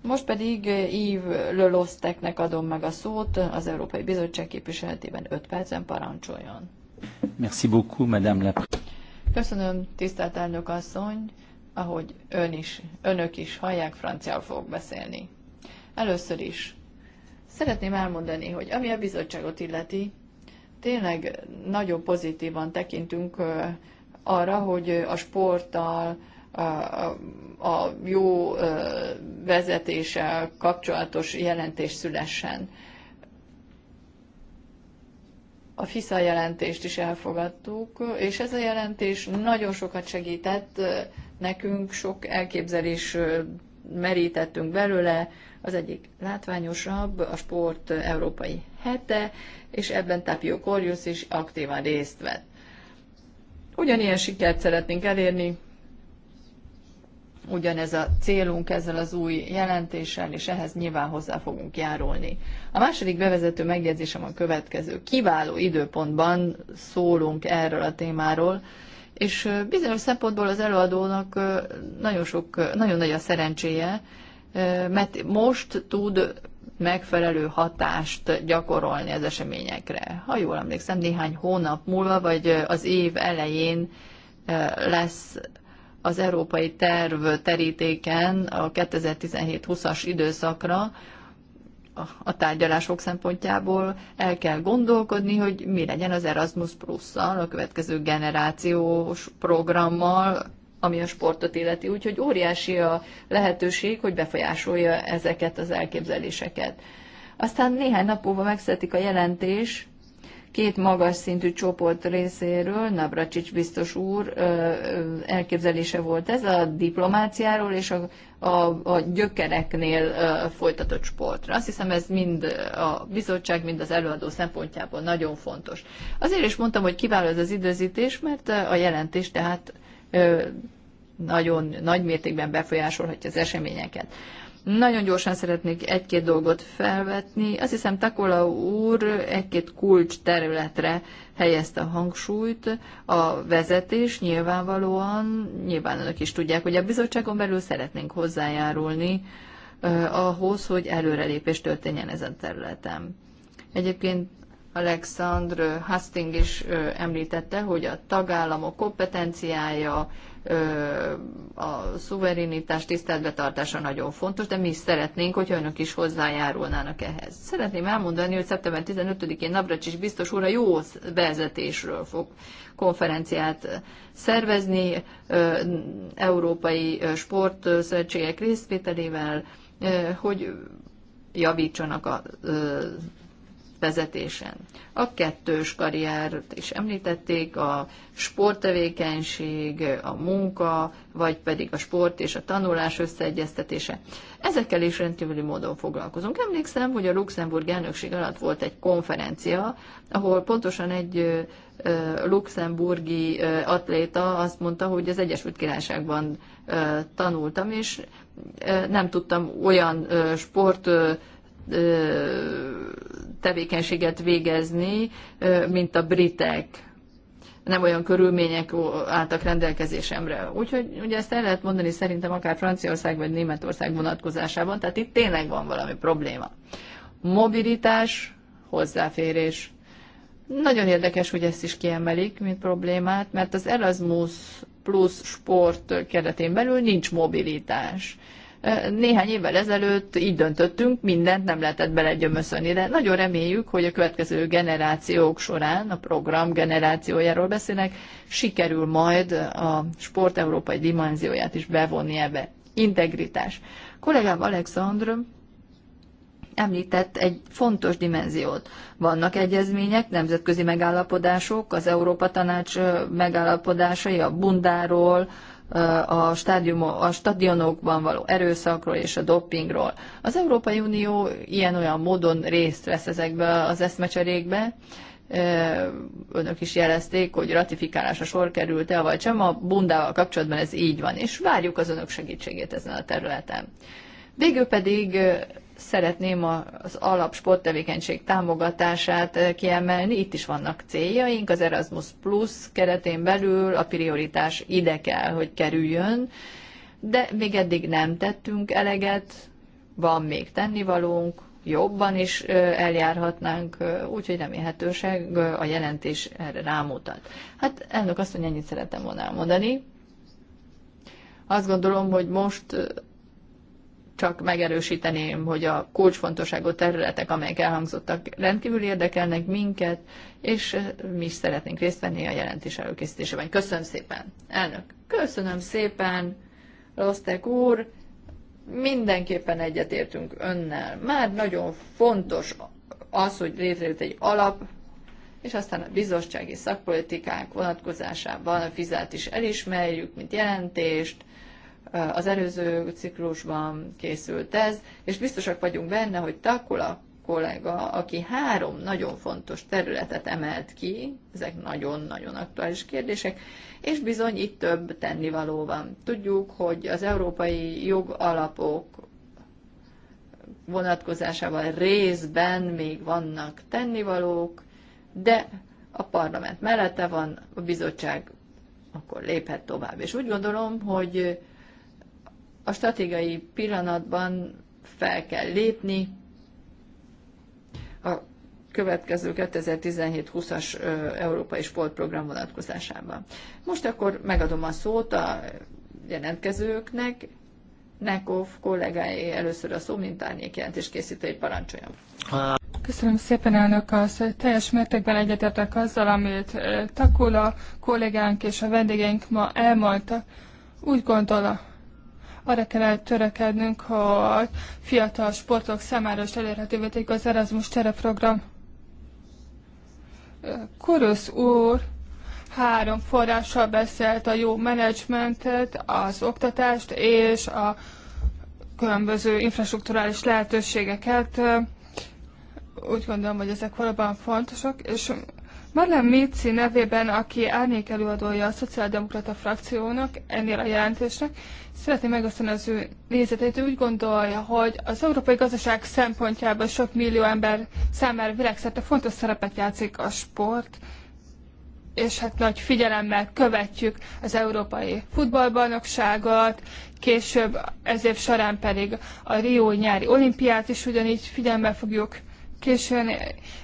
Speaker 1: Most pedig Yves Löloszteknek adom meg a szót, az Európai Bizottság képviseletében 5 percen parancsoljon.
Speaker 6: Merci beaucoup, Madame la
Speaker 1: Köszönöm, tisztelt elnök asszony, ahogy ön is, önök is hallják, franciául fogok beszélni. Először is szeretném elmondani, hogy ami a bizottságot illeti, tényleg nagyon pozitívan tekintünk arra, hogy a sporttal, a, a jó vezetéssel kapcsolatos jelentés szülessen. A fisa jelentést is elfogadtuk, és ez a jelentés nagyon sokat segített nekünk, sok elképzelés merítettünk belőle, az egyik látványosabb a sport európai hete, és ebben Tapio Korjusz is aktívan részt vett. Ugyanilyen sikert szeretnénk elérni, ugyanez a célunk ezzel az új jelentéssel, és ehhez nyilván hozzá fogunk járulni. A második bevezető megjegyzésem a következő. Kiváló időpontban szólunk erről a témáról, és bizonyos szempontból az előadónak nagyon, sok, nagyon nagy a szerencséje, mert most tud megfelelő hatást gyakorolni az eseményekre. Ha jól emlékszem, néhány hónap múlva, vagy az év elején eh, lesz az európai terv terítéken a 2017-20-as időszakra a tárgyalások szempontjából el kell gondolkodni, hogy mi legyen az Erasmus Plus-szal, a következő generációs programmal, ami a sportot illeti. Úgyhogy óriási a lehetőség, hogy befolyásolja ezeket az elképzeléseket. Aztán néhány nap múlva megszületik a jelentés két magas szintű csoport részéről, Navracsics biztos úr elképzelése volt ez a diplomáciáról és a, a, a gyökereknél folytatott sportra. Azt hiszem ez mind a bizottság, mind az előadó szempontjából nagyon fontos. Azért is mondtam, hogy kiváló ez az időzítés, mert a jelentés tehát nagyon nagy mértékben befolyásolhatja az eseményeket. Nagyon gyorsan szeretnék egy-két dolgot felvetni. Azt hiszem, Takola úr egy-két kulcs területre helyezte a hangsúlyt. A vezetés nyilvánvalóan, nyilván önök is tudják, hogy a bizottságon belül szeretnénk hozzájárulni ahhoz, hogy előrelépés történjen ezen területen. Egyébként Alexandr Hastings is említette, hogy a tagállamok kompetenciája a szuverenitás tiszteletbetartása nagyon fontos, de mi is szeretnénk, hogy önök is hozzájárulnának ehhez. Szeretném elmondani, hogy szeptember 15-én is biztos úr a jó vezetésről fog konferenciát szervezni európai Szövetségek részvételével, hogy javítsanak a vezetésen. A kettős karriert is említették, a sporttevékenység, a munka, vagy pedig a sport és a tanulás összeegyeztetése. Ezekkel is rendkívüli módon foglalkozunk. Emlékszem, hogy a Luxemburg elnökség alatt volt egy konferencia, ahol pontosan egy luxemburgi atléta azt mondta, hogy az Egyesült Királyságban tanultam, és nem tudtam olyan sport tevékenységet végezni, mint a britek. Nem olyan körülmények álltak rendelkezésemre. Úgyhogy ugye ezt el lehet mondani szerintem akár Franciaország vagy Németország vonatkozásában, tehát itt tényleg van valami probléma. Mobilitás, hozzáférés. Nagyon érdekes, hogy ezt is kiemelik, mint problémát, mert az Erasmus plusz sport keretén belül nincs mobilitás. Néhány évvel ezelőtt így döntöttünk, mindent nem lehetett belegyömöszönni, de nagyon reméljük, hogy a következő generációk során, a program generációjáról beszélnek, sikerül majd a sport európai dimenzióját is bevonni ebbe. Integritás. Kollégám Alexandr említett egy fontos dimenziót. Vannak egyezmények, nemzetközi megállapodások, az Európa Tanács megállapodásai a bundáról, a, stádium, a stadionokban való erőszakról és a doppingról. Az Európai Unió ilyen-olyan módon részt vesz ezekbe az eszmecserékbe, önök is jelezték, hogy ratifikálása sor került el, vagy sem, a bundával kapcsolatban ez így van, és várjuk az önök segítségét ezen a területen. Végül pedig szeretném az alapsporttevékenység támogatását eh, kiemelni. Itt is vannak céljaink, az Erasmus Plus keretén belül a prioritás ide kell, hogy kerüljön, de még eddig nem tettünk eleget, van még tennivalónk, jobban is eh, eljárhatnánk, eh, úgyhogy remélhetőség a jelentés erre rámutat. Hát elnök azt, hogy ennyit szerettem volna elmondani. Azt gondolom, hogy most csak megerősíteném, hogy a kulcsfontosságú területek, amelyek elhangzottak, rendkívül érdekelnek minket, és eh, mi is szeretnénk részt venni a jelentés előkészítésében. Köszönöm szépen, elnök! Köszönöm szépen, Rostek úr! Mindenképpen egyetértünk önnel. Már nagyon fontos az, hogy létrejött egy alap, és aztán a bizottsági szakpolitikák vonatkozásában a fizát is elismerjük, mint jelentést, az előző ciklusban készült ez, és biztosak vagyunk benne, hogy Takula kollega, aki három nagyon fontos területet emelt ki, ezek nagyon-nagyon aktuális kérdések, és bizony itt több tennivaló van. Tudjuk, hogy az európai jogalapok vonatkozásával részben még vannak tennivalók, de a parlament mellette van, a bizottság akkor léphet tovább. És úgy gondolom, hogy a stratégiai pillanatban fel kell lépni, a következő 2017-20-as európai sportprogram vonatkozásában. Most akkor megadom a szót a jelentkezőknek. Nekov kollégái először a szó,
Speaker 4: mint árnyék jelentéskészítői parancsoljon. Köszönöm szépen, elnök asszony. Teljes mértékben egyetetek azzal, amit Takula kollégánk és a vendégeink ma elmondtak. Úgy gondolom, arra kellene törekednünk, hogy fiatal sportok számára is elérhetővé tegyük az Erasmus csereprogram. Kurusz úr három forrással beszélt a jó menedzsmentet, az oktatást és a különböző infrastruktúrális lehetőségeket. Úgy gondolom, hogy ezek valóban fontosak, és Marlen Mici nevében, aki árnyék előadója a Szociáldemokrata frakciónak, ennél a jelentésnek, szeretném megosztani az ő nézeteit. Ő úgy gondolja, hogy az európai gazdaság szempontjából sok millió ember számára világszerte fontos szerepet játszik a sport, és hát nagy figyelemmel követjük az európai futballbajnokságot, később ez év során pedig a Rio nyári olimpiát is ugyanígy figyelemmel fogjuk későn.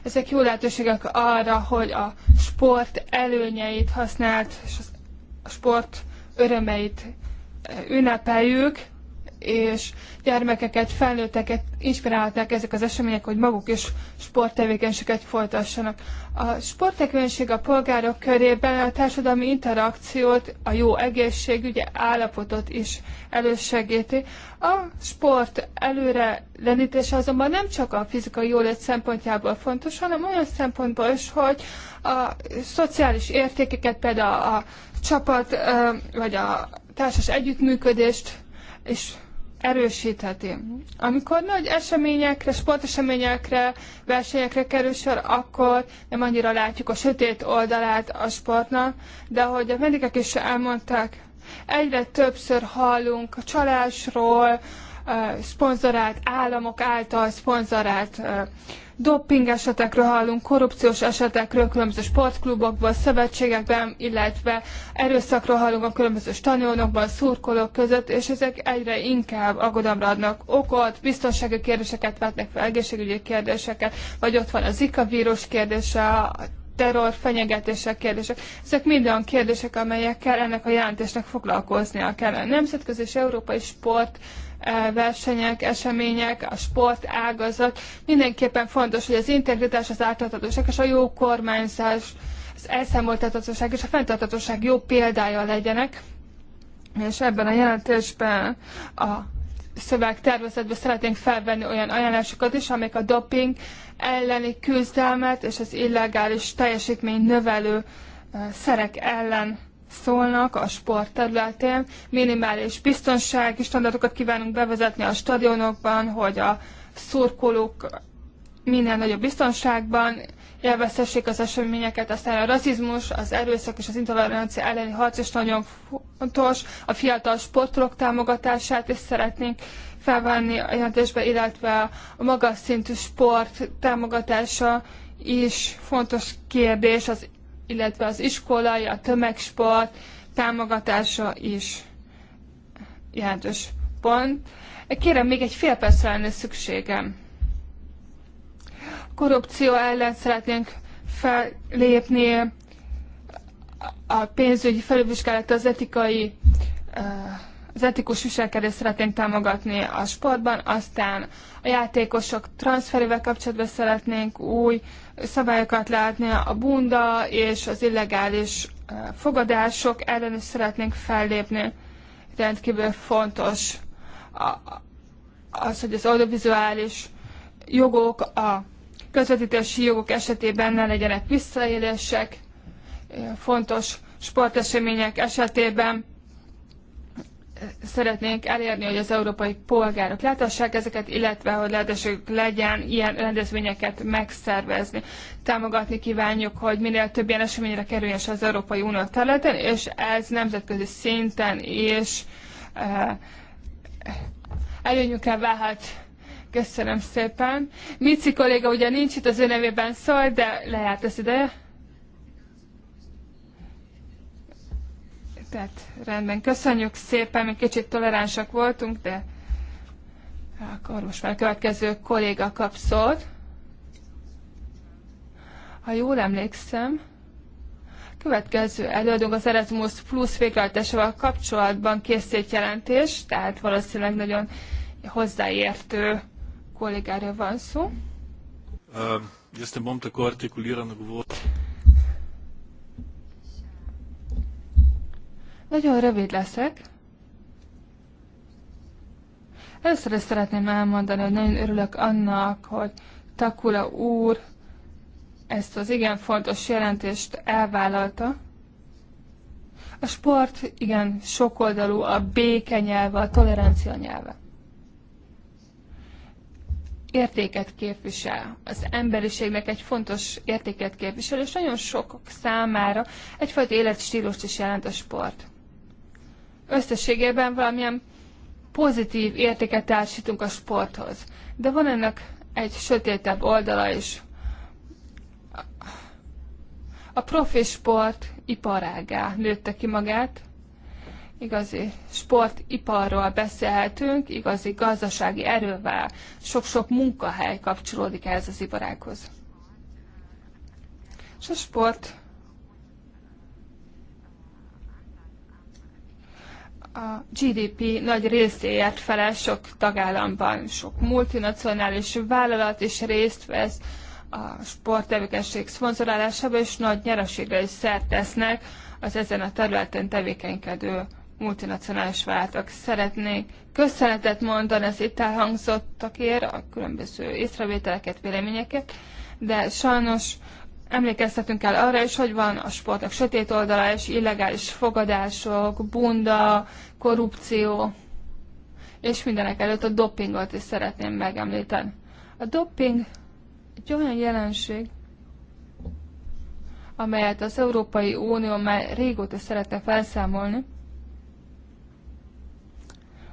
Speaker 4: Ezek jó lehetőségek arra, hogy a sport előnyeit használt, és a sport örömeit ünnepeljük, és gyermekeket, felnőtteket inspirálták ezek az események, hogy maguk is sporttevékenységet folytassanak. A sporttevékenység a polgárok körében a társadalmi interakciót, a jó egészségügyi állapotot is elősegíti. A sport előre lenítése azonban nem csak a fizikai jólét szempontjából fontos, hanem olyan szempontból is, hogy a szociális értékeket, például a csapat vagy a társas együttműködést és erősítheti. Amikor nagy eseményekre, sporteseményekre, versenyekre kerül sor, akkor nem annyira látjuk a sötét oldalát a sportnak, de ahogy a vendégek is elmondták, egyre többször hallunk a csalásról, szponzorált, államok által szponzorált dopping esetekről hallunk, korrupciós esetekről, különböző sportklubokban, szövetségekben, illetve erőszakról hallunk a különböző stadionokban, szurkolók között, és ezek egyre inkább aggodalomra adnak okot, biztonsági kérdéseket vetnek fel, egészségügyi kérdéseket, vagy ott van a Zika vírus kérdése, a terror, fenyegetések, kérdések. Ezek mind olyan kérdések, amelyekkel ennek a jelentésnek foglalkoznia kell. A nemzetközi és európai sport E, versenyek, események, a sportágazat. Mindenképpen fontos, hogy az integritás, az átláthatóság és a jó kormányzás, az elszámoltathatóság és a fenntarthatóság jó példája legyenek. És ebben a jelentésben a szövegtervezetben szeretnénk felvenni olyan ajánlásokat is, amik a doping elleni küzdelmet és az illegális teljesítmény növelő e, szerek ellen szólnak a sport területén. Minimális biztonsági standardokat kívánunk bevezetni a stadionokban, hogy a szurkolók minél nagyobb biztonságban élvezhessék az eseményeket, aztán a rasszizmus, az erőszak és az intolerancia elleni harc is nagyon fontos. A fiatal sportolók támogatását is szeretnénk felvenni a jelentésbe, illetve a magas szintű sport támogatása is fontos kérdés az illetve az iskolai, a tömegsport támogatása is jelentős pont. Kérem, még egy fél percre lenne szükségem. Korrupció ellen szeretnénk fellépni, a pénzügyi felülvizsgálat az etikai eh, az etikus viselkedést szeretnénk támogatni a sportban, aztán a játékosok transferével kapcsolatban szeretnénk új szabályokat látni, a bunda és az illegális eh, fogadások ellen is szeretnénk fellépni. Rendkívül fontos az, hogy az audiovizuális jogok, a közvetítési jogok esetében ne legyenek visszaélések, eh, fontos sportesemények esetében szeretnénk elérni, hogy az európai polgárok láthassák ezeket, illetve hogy lehetőségük legyen ilyen rendezvényeket megszervezni. Támogatni kívánjuk, hogy minél több ilyen eseményre kerüljön az Európai Unió területen, és ez nemzetközi szinten is e, eh, előnyükre válhat. Köszönöm szépen. Mici kolléga ugye nincs itt, az ő nevében szól, de lejárt az ideje. Tehát rendben, köszönjük szépen, mi kicsit toleránsak voltunk, de akkor most már a következő kolléga kap szót. Ha jól emlékszem, következő előadónk az Erasmus Plus végrehajtásával kapcsolatban készít jelentés, tehát valószínűleg nagyon hozzáértő kollégára van szó.
Speaker 2: Uh, este bom tako artikuliran
Speaker 4: Nagyon rövid leszek. Először is szeretném elmondani, hogy nagyon örülök annak, hogy Takula úr ezt az igen fontos jelentést elvállalta. A sport igen sokoldalú, a béke nyelve, a tolerancia nyelve. Értéket képvisel, az emberiségnek egy fontos értéket képvisel, és nagyon sokak számára egyfajta életstílust is jelent a sport összességében valamilyen pozitív értéket társítunk a sporthoz. De van ennek egy sötétebb oldala is. A profi sport iparágá nőtte ki magát, igazi sportiparról beszélhetünk, igazi gazdasági erővel, sok-sok munkahely kapcsolódik ehhez az iparághoz. És a sport a GDP nagy részéért felel sok tagállamban, sok multinacionális vállalat is részt vesz a sporttevékenység szponzorálásába, és nagy nyereségre is szert tesznek az ezen a területen tevékenykedő multinacionális váltak. Szeretnék köszönetet mondani az itt elhangzottakért, a különböző észrevételeket, véleményeket, de sajnos Emlékeztetünk el arra is, hogy van a sportnak sötét oldala és illegális fogadások, bunda, korrupció, és mindenek előtt a dopingot is szeretném megemlíteni. A doping egy olyan jelenség, amelyet az Európai Unió már régóta szeretne felszámolni,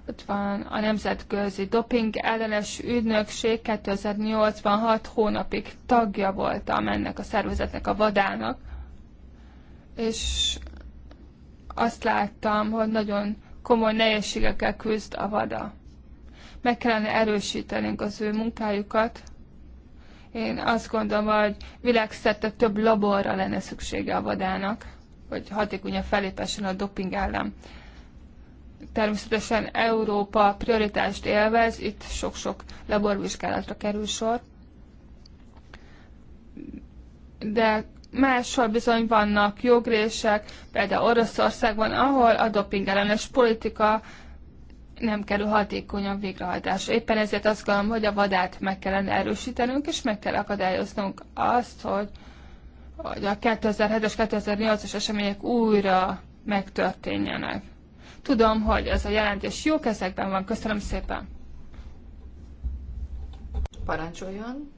Speaker 4: ott van a Nemzetközi Doping ellenes ügynökség, 2086 hónapig tagja voltam ennek a szervezetnek, a vadának, és azt láttam, hogy nagyon komoly nehézségekkel küzd a vada. Meg kellene erősítenünk az ő munkájukat. Én azt gondolom, hogy világszerte több laborra lenne szüksége a vadának, hogy hatékonyan felépessen a doping ellen természetesen Európa prioritást élvez, itt sok-sok laborvizsgálatra kerül sor. De máshol bizony vannak jogrések, például Oroszországban, ahol a dopingellenes politika nem kerül hatékonyan végrehajtásra. Éppen ezért azt gondolom, hogy a vadát meg kellene erősítenünk, és meg kell akadályoznunk azt, hogy, hogy a 2007-es, 2008-as események újra megtörténjenek. Tudom, hogy ez a jelentés jó kezekben van. Köszönöm szépen.
Speaker 1: Parancsoljon.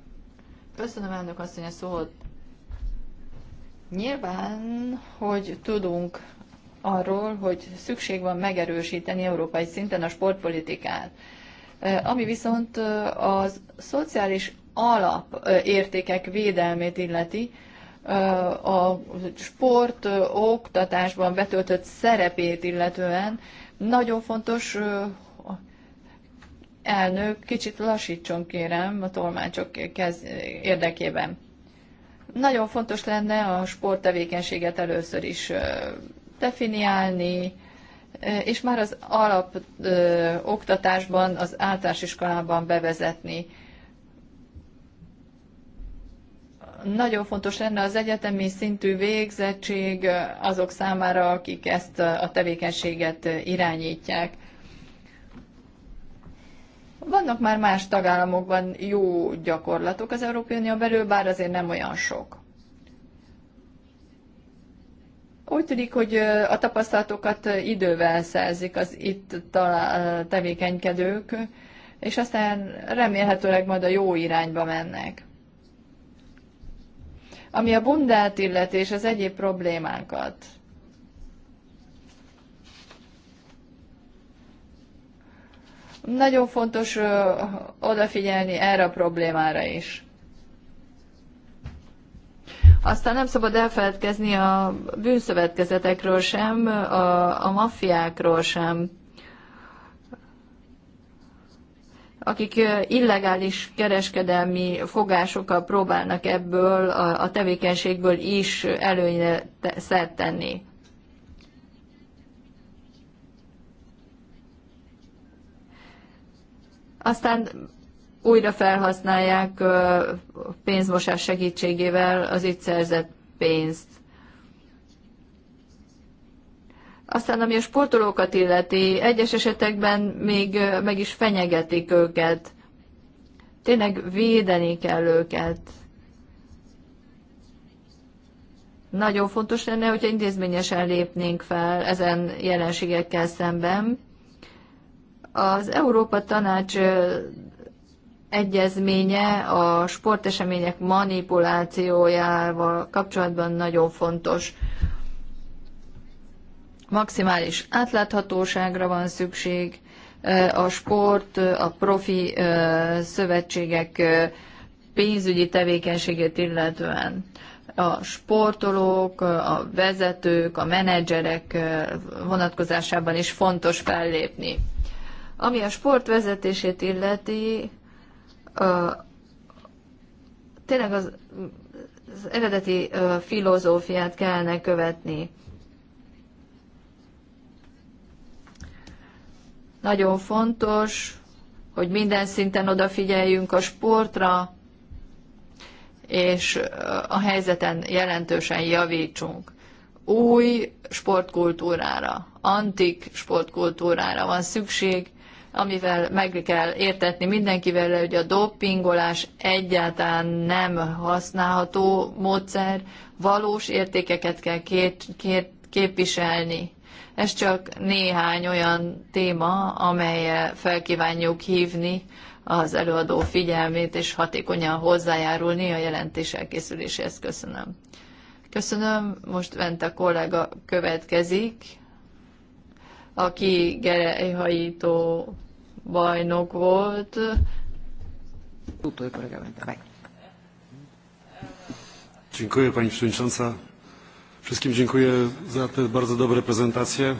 Speaker 1: Köszönöm elnök asszony a szót. Nyilván, hogy tudunk arról, hogy szükség van megerősíteni európai szinten a sportpolitikát. E, ami viszont e, a szociális alapértékek e, védelmét illeti, a sport, oktatásban betöltött szerepét illetően nagyon fontos, elnök, kicsit lassítson kérem a tolmácsok kez, érdekében. Nagyon fontos lenne a sporttevékenységet először is definiálni, és már az alap oktatásban, az általános iskolában bevezetni. nagyon fontos lenne az egyetemi szintű végzettség azok számára, akik ezt a tevékenységet irányítják. Vannak már más tagállamokban jó gyakorlatok az Európai Unió belül, bár azért nem olyan sok. Úgy tűnik, hogy a tapasztalatokat idővel szerzik az itt tevékenykedők, és aztán remélhetőleg majd a jó irányba mennek ami a bundát illeti és az egyéb problémánkat. Nagyon fontos ö, odafigyelni erre a problémára is. Aztán nem szabad elfeledkezni a bűnszövetkezetekről sem, a, a maffiákról sem. akik illegális kereskedelmi fogásokkal próbálnak ebből a tevékenységből is előnyre szert tenni. Aztán újra felhasználják pénzmosás segítségével az itt szerzett pénzt. Aztán ami a sportolókat illeti, egyes esetekben még meg is fenyegetik őket. Tényleg védeni kell őket. Nagyon fontos lenne, hogyha intézményesen lépnénk fel ezen jelenségekkel szemben. Az Európa Tanács egyezménye a sportesemények manipulációjával kapcsolatban nagyon fontos maximális átláthatóságra van szükség, a sport, a profi szövetségek pénzügyi tevékenységét illetően a sportolók, a vezetők, a menedzserek vonatkozásában is fontos fellépni. Ami a sport vezetését illeti, tényleg az, az eredeti filozófiát kellene követni. Nagyon fontos, hogy minden szinten odafigyeljünk a sportra, és a helyzeten jelentősen javítsunk. Új sportkultúrára, antik sportkultúrára van szükség, amivel meg kell értetni mindenkivel, hogy a dopingolás egyáltalán nem használható módszer, valós értékeket kell két, két, képviselni. Ez csak néhány olyan téma, amelyre felkívánjuk hívni az előadó figyelmét, és hatékonyan hozzájárulni a jelentés elkészüléséhez. Köszönöm. Köszönöm. Most Vente kollega következik, aki gerejhajító bajnok volt.
Speaker 3: Dziękuję Pani Przewodnicząca. Wszystkim dziękuję za te bardzo dobre prezentacje.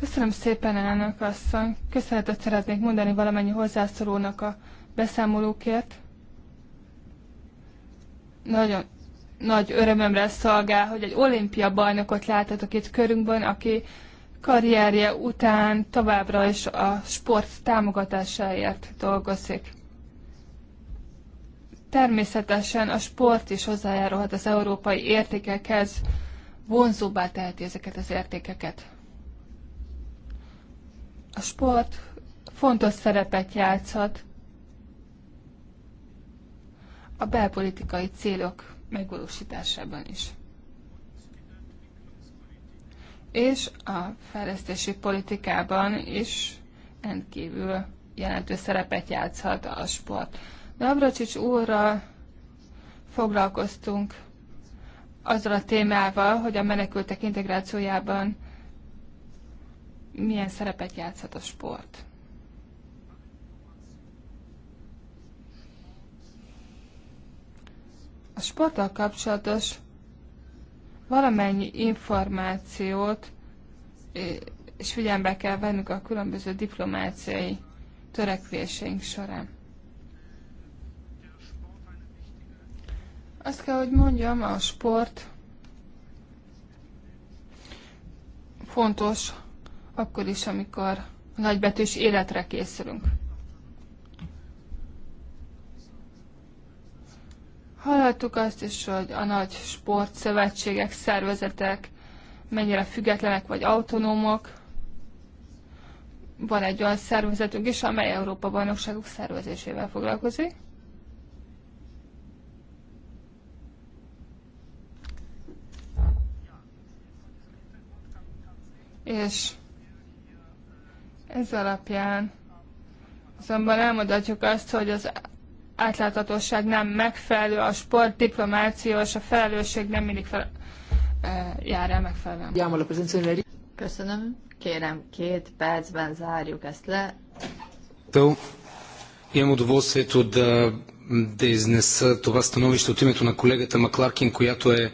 Speaker 4: Köszönöm szépen, elnök asszony. Köszönetet szeretnék mondani valamennyi hozzászorulnak a beszámolókért. Nagyon nagy örömömre szolgál, hogy egy olimpia bajnokot láthatok itt körünkben, aki karrierje után továbbra is a sport támogatásáért dolgozik. Természetesen a sport is hozzájárulhat az európai értékekhez, vonzóbbá teheti ezeket az értékeket. A sport fontos szerepet játszhat a belpolitikai célok megvalósításában is. És a fejlesztési politikában is rendkívül jelentős szerepet játszhat a sport. Navracsics úrral foglalkoztunk azzal a témával, hogy a menekültek integrációjában milyen szerepet játszhat a sport. A sporttal kapcsolatos valamennyi információt és figyelembe kell vennünk a különböző diplomáciai törekvéseink során. Azt kell, hogy mondjam, a sport fontos akkor is, amikor a nagybetűs életre készülünk. Hallhattuk azt is, hogy a nagy sportszövetségek, szervezetek mennyire függetlenek vagy autonómok. Van egy olyan szervezetünk is, amely Európa bajnokságok szervezésével foglalkozik. és ez alapján azonban elmondhatjuk azt, hogy az átláthatóság nem megfelelő, a sport diplomáció és a felelősség nem mindig fel, e, jár el megfelelően. Köszönöm. Kérem, két
Speaker 1: percben zárjuk ezt le.
Speaker 6: Então, имам удоволствието да, да изнеса това становище от името на колегата Макларкин, която е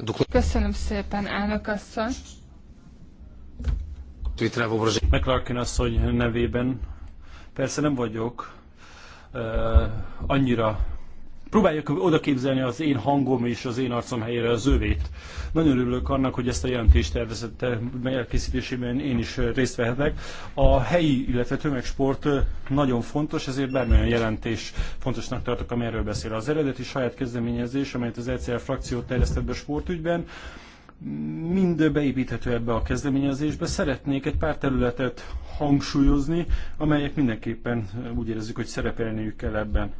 Speaker 6: доклад...
Speaker 4: Köszönöm szépen, elnök asszony.
Speaker 2: McClarkin asszony nevében persze nem vagyok uh, annyira próbáljuk oda képzelni az én hangom és az én arcom helyére az övét. Nagyon örülök annak, hogy ezt a jelentést tervezett elkészítésében én is részt vehetek. A helyi, illetve tömegsport nagyon fontos, ezért bármilyen jelentés fontosnak tartok, ami erről beszél. Az eredeti saját kezdeményezés, amelyet az ECR frakció terjesztett be sportügyben, mind beépíthető ebbe a kezdeményezésbe. Szeretnék egy pár területet hangsúlyozni, amelyek mindenképpen úgy érezzük, hogy szerepelniük kell ebben.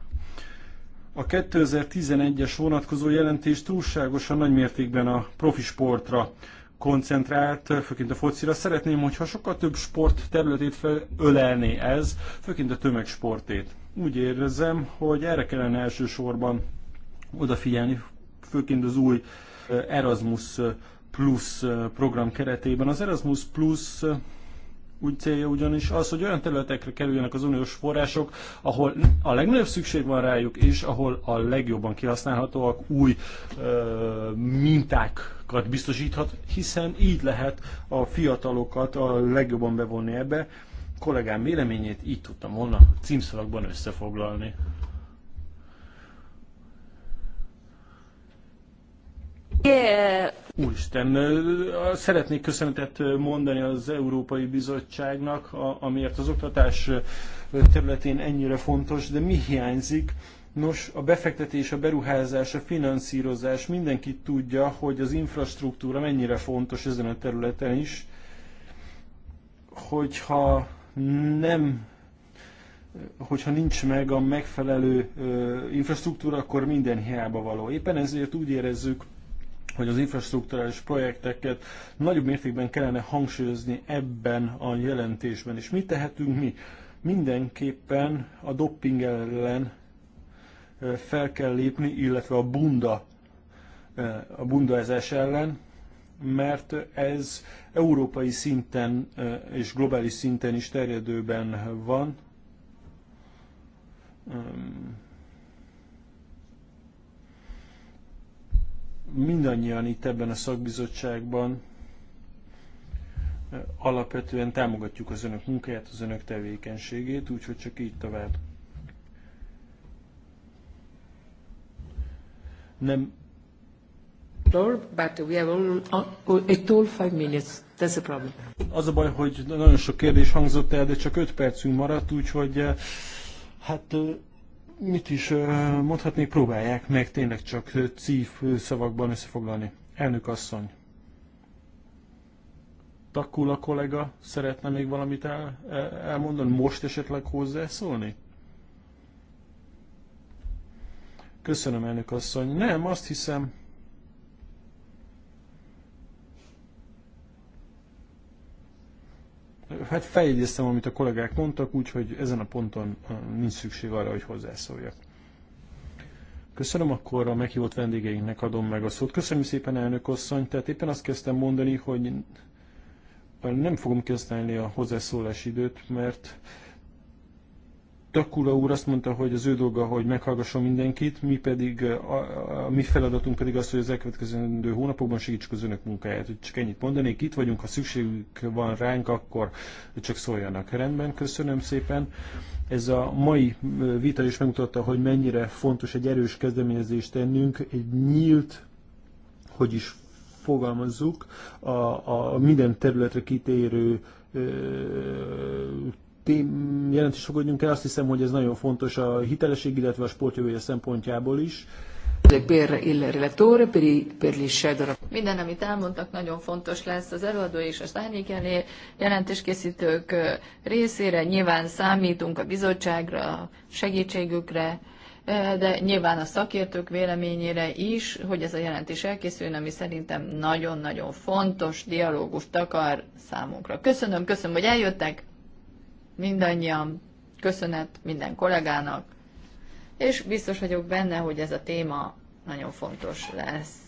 Speaker 2: A 2011-es vonatkozó jelentés túlságosan nagy mértékben a profi sportra koncentrált, főként a focira. Szeretném, hogyha sokkal több sport területét felölelné ez, főként a tömegsportét. Úgy érzem, hogy erre kellene elsősorban odafigyelni, főként az új uh, Erasmus Plus program keretében. Az Erasmus Plus úgy célja ugyanis az, hogy olyan területekre kerüljenek az uniós források, ahol a legnagyobb szükség van rájuk, és ahol a legjobban kihasználhatóak új ö, mintákat biztosíthat, hiszen így lehet a fiatalokat a legjobban bevonni ebbe. A kollégám véleményét így tudtam volna címszalagban összefoglalni.
Speaker 7: Yeah.
Speaker 2: Úristen, szeretnék köszönetet mondani az Európai Bizottságnak, amiért az oktatás területén ennyire fontos, de mi hiányzik? Nos, a befektetés, a beruházás, a finanszírozás, mindenki tudja, hogy az infrastruktúra mennyire fontos ezen a területen is, hogyha nem hogyha nincs meg a megfelelő infrastruktúra, akkor minden hiába való. Éppen ezért úgy érezzük, hogy az infrastruktúrális projekteket nagyobb mértékben kellene hangsúlyozni ebben a jelentésben. És mit tehetünk mi? Mindenképpen a dopping ellen fel kell lépni, illetve a bunda, a bundaezés ellen, mert ez európai szinten és globális szinten is terjedőben van. mindannyian itt ebben a szakbizottságban eh, alapvetően támogatjuk az önök munkáját, az önök tevékenységét, úgyhogy csak így tovább. Nem. But we have all oh, five minutes. That's a problem. Az a baj, hogy nagyon sok kérdés hangzott el, de csak öt percünk maradt, úgyhogy eh, hát eh, mit is mondhatnék, próbálják meg tényleg csak cív szavakban összefoglalni. Elnök asszony. Takula kollega szeretne még valamit el, e, elmondani, most esetleg hozzászólni? Köszönöm, elnök asszony. Nem, azt hiszem, Hát feljegyeztem, amit a kollégák mondtak, úgyhogy ezen a ponton nincs szükség arra, hogy hozzászóljak. Köszönöm, akkor a meghívott vendégeinknek adom meg a szót. Köszönöm szépen, elnök asszony. Tehát éppen azt kezdtem mondani, hogy nem fogom kezdeni a hozzászólás időt, mert Takula úr azt mondta, hogy az ő dolga, hogy meghallgasson mindenkit, mi pedig, a, a mi feladatunk pedig az, hogy az elkövetkező hónapokban segítsük az önök munkáját. Úgy csak ennyit mondanék, itt vagyunk, ha szükségük van ránk, akkor csak szóljanak. Rendben, köszönöm szépen. Ez a mai vita is megmutatta, hogy mennyire fontos egy erős kezdeményezést tennünk, egy nyílt, hogy is fogalmazzuk, a, a minden területre kitérő jelentés fogadjunk el, azt hiszem, hogy ez nagyon fontos a hitelesség, illetve a sportjövője szempontjából is.
Speaker 1: Minden, amit elmondtak, nagyon fontos lesz az előadó és a szárnyékelé jelentéskészítők részére. Nyilván számítunk a bizottságra, segítségükre, de nyilván a szakértők véleményére is, hogy ez a jelentés elkészüljön, ami szerintem nagyon-nagyon fontos dialógust akar számunkra. Köszönöm, köszönöm, hogy eljöttek, mindannyian, köszönet minden kollégának, és biztos vagyok benne, hogy ez a téma nagyon fontos lesz.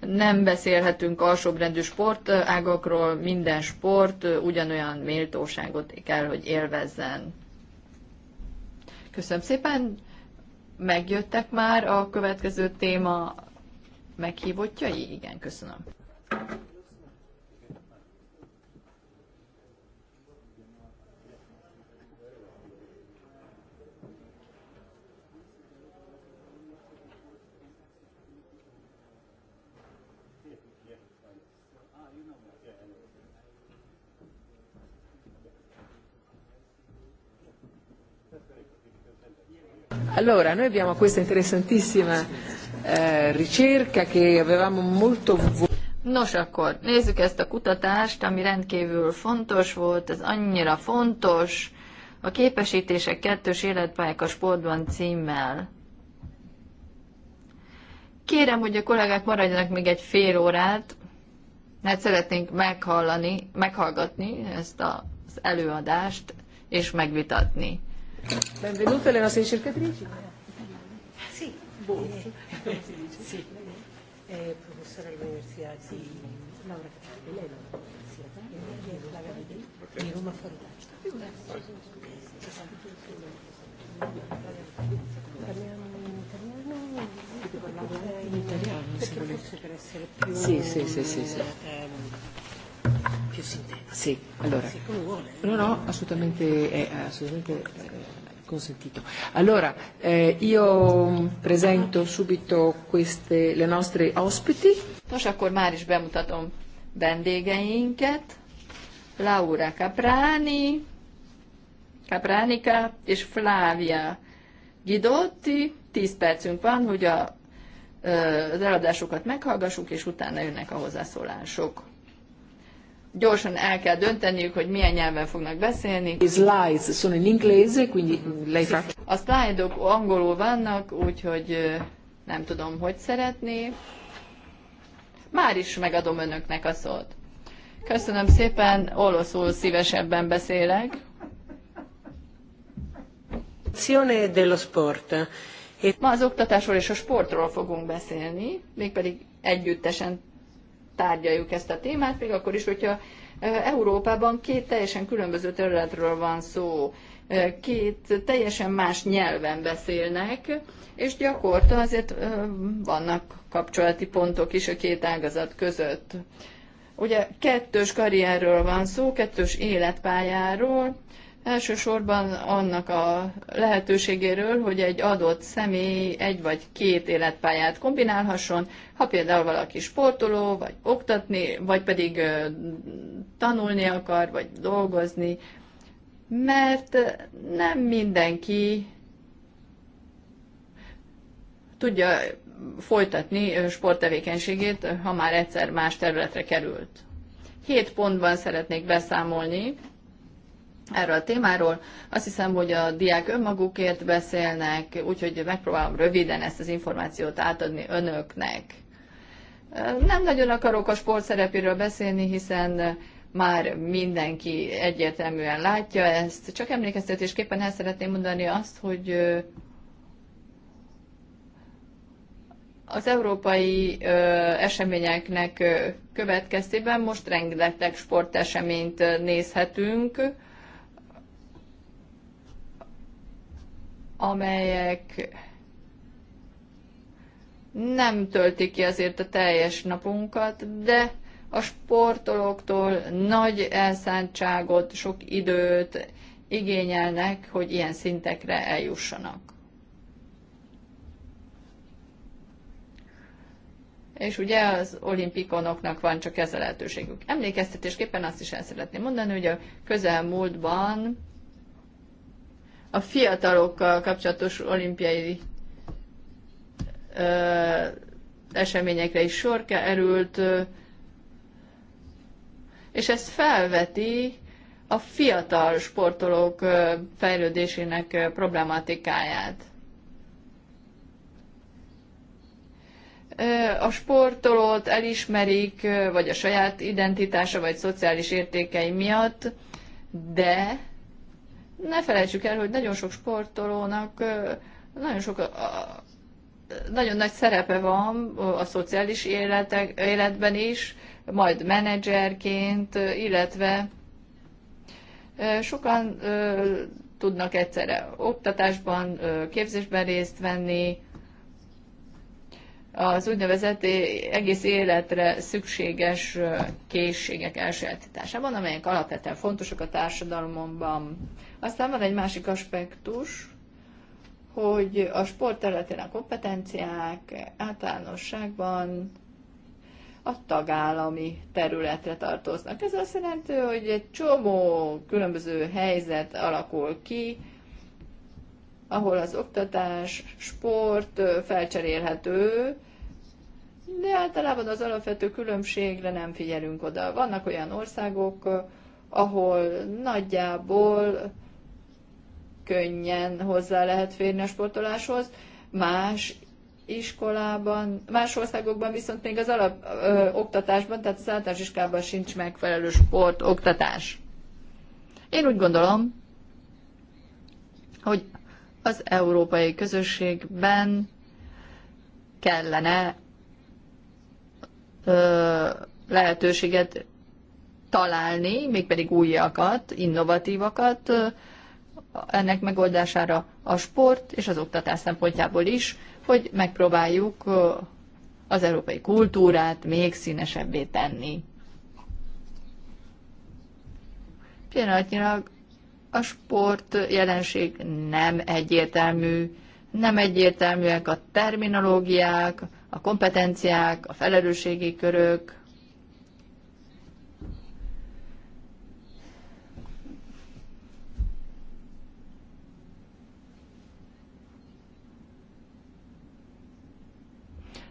Speaker 1: Nem beszélhetünk alsóbrendű sportágakról, minden sport ugyanolyan méltóságot kell, hogy élvezzen. Köszönöm szépen, megjöttek már a következő téma meghívottjai? Igen, köszönöm.
Speaker 3: Allora, noi abbiamo questa interessantissima
Speaker 1: eh, ricerca che avevamo molto... Nos, akkor nézzük ezt a kutatást, ami rendkívül fontos volt, ez annyira fontos, a képesítések kettős életpályák a sportban címmel. Kérem, hogy a kollégák maradjanak még egy fél órát, mert szeretnénk meghallani, meghallgatni ezt az előadást és megvitatni.
Speaker 7: Benvenute le nostre ricercatrici. Sì, sì.
Speaker 6: È professore all'Università di Laura lei l'Università eh? di Roma Parliamo
Speaker 5: in italiano eh, per essere più
Speaker 6: sì, sì, sì, sì, sì. Ehm,
Speaker 4: più sintetico. Sì,
Speaker 1: allora. Sì,
Speaker 6: come vuole.
Speaker 4: No, no, assolutamente, è, assolutamente eh,
Speaker 1: consentito. Allora, eh, io presento subito
Speaker 7: queste, le nostre ospiti.
Speaker 1: Nos, akkor már is bemutatom vendégeinket. Laura Caprani, Capranica és Flávia Gidotti. Tíz percünk van, hogy a, az eladásokat meghallgassuk, és utána jönnek a hozzászólások gyorsan el kell dönteniük, hogy milyen nyelven fognak beszélni. Slides sono in inglese, quindi lei fa... A szlájdok -ok angolul vannak, úgyhogy nem tudom, hogy szeretné. Már is megadom önöknek a szót. Köszönöm szépen, olaszul szívesebben beszélek. dello sport. Ma az oktatásról és a sportról fogunk beszélni, mégpedig együttesen tárgyaljuk ezt a témát, még akkor is, hogyha e, Európában két teljesen különböző területről van szó, e, két teljesen más nyelven beszélnek, és gyakorta azért e, vannak kapcsolati pontok is a két ágazat között. Ugye kettős karrierről van szó, kettős életpályáról, Elsősorban annak a lehetőségéről, hogy egy adott személy egy vagy két életpályát kombinálhasson, ha például valaki sportoló, vagy oktatni, vagy pedig tanulni akar, vagy dolgozni, mert nem mindenki tudja folytatni sporttevékenységét, ha már egyszer más területre került. Hét pontban szeretnék beszámolni erről a témáról. Azt hiszem, hogy a diák önmagukért beszélnek, úgyhogy megpróbálom röviden ezt az információt átadni önöknek. Nem nagyon akarok a sport szerepéről beszélni, hiszen már mindenki egyértelműen látja ezt. Csak emlékeztetésképpen el szeretném mondani azt, hogy az európai eseményeknek következtében most rengeteg sporteseményt nézhetünk, amelyek nem töltik ki azért a teljes napunkat, de a sportolóktól nagy elszántságot, sok időt igényelnek, hogy ilyen szintekre eljussanak. És ugye az olimpikonoknak van csak ez a lehetőségük. Emlékeztetésképpen azt is el szeretném mondani, hogy a közelmúltban a fiatalokkal kapcsolatos olimpiai ö, eseményekre is sor került, ö, és ez felveti a fiatal sportolók ö, fejlődésének ö, problematikáját. a sportolót elismerik, vagy a saját identitása, vagy szociális értékei miatt, de ne felejtsük el, hogy nagyon sok sportolónak nagyon sok nagyon nagy szerepe van a szociális életek, életben is, majd menedzserként, illetve sokan tudnak egyszerre oktatásban, képzésben részt venni, az úgynevezett egész életre szükséges készségek elsajátításában, amelyek alapvetően fontosak a társadalomban. Aztán van egy másik aspektus, hogy a sport területén a kompetenciák általánosságban a tagállami területre tartoznak. Ez azt jelenti, hogy egy csomó különböző helyzet alakul ki, ahol az oktatás, sport felcserélhető, de általában az alapvető különbségre nem figyelünk oda. Vannak olyan országok, ahol nagyjából könnyen hozzá lehet férni a sportoláshoz, más iskolában, más országokban viszont még az alap ö, oktatásban, tehát az általános iskolában sincs megfelelő sport oktatás. Én úgy gondolom, hogy az európai közösségben kellene lehetőséget találni, mégpedig újakat, innovatívakat ennek megoldására a sport és az oktatás szempontjából is, hogy megpróbáljuk az európai kultúrát még színesebbé tenni. Pillanatnyilag a sport jelenség nem egyértelmű, nem egyértelműek a terminológiák, a kompetenciák, a felelősségi körök,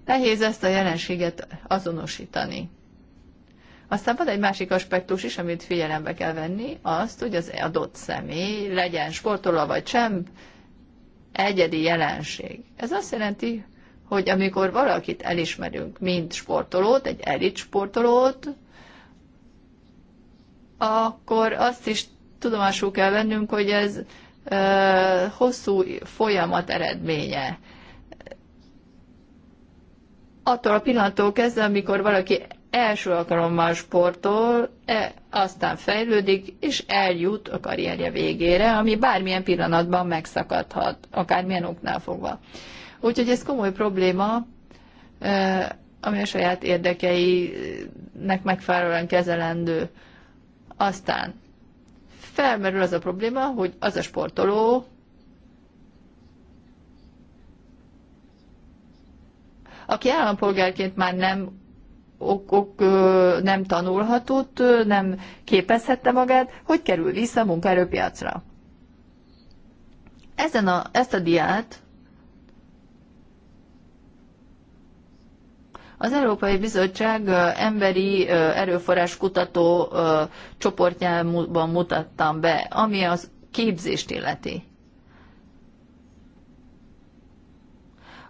Speaker 1: Nehéz ezt a jelenséget azonosítani. Aztán van egy másik aspektus is, amit figyelembe kell venni, azt, hogy az adott személy legyen sportoló vagy sem, egyedi jelenség. Ez azt jelenti, hogy amikor valakit elismerünk, mint sportolót, egy elit sportolót, akkor azt is tudomásul kell vennünk, hogy ez ö, hosszú folyamat eredménye. Attól a pillanattól kezdve, amikor valaki első alkalommal sportol, e, aztán fejlődik, és eljut a karrierje végére, ami bármilyen pillanatban megszakadhat, akármilyen oknál fogva. Ö, Úgyhogy ez komoly probléma, ami a saját érdekeinek megfelelően kezelendő. Aztán felmerül az a probléma, hogy az a sportoló, aki állampolgárként már nem ok, ok, nem tanulhatott, nem képezhette magát, hogy kerül vissza a munkaerőpiacra. Ezen a, ezt a diát Az Európai Bizottság emberi erőforrás kutató csoportjában mutattam be, ami az képzést illeti.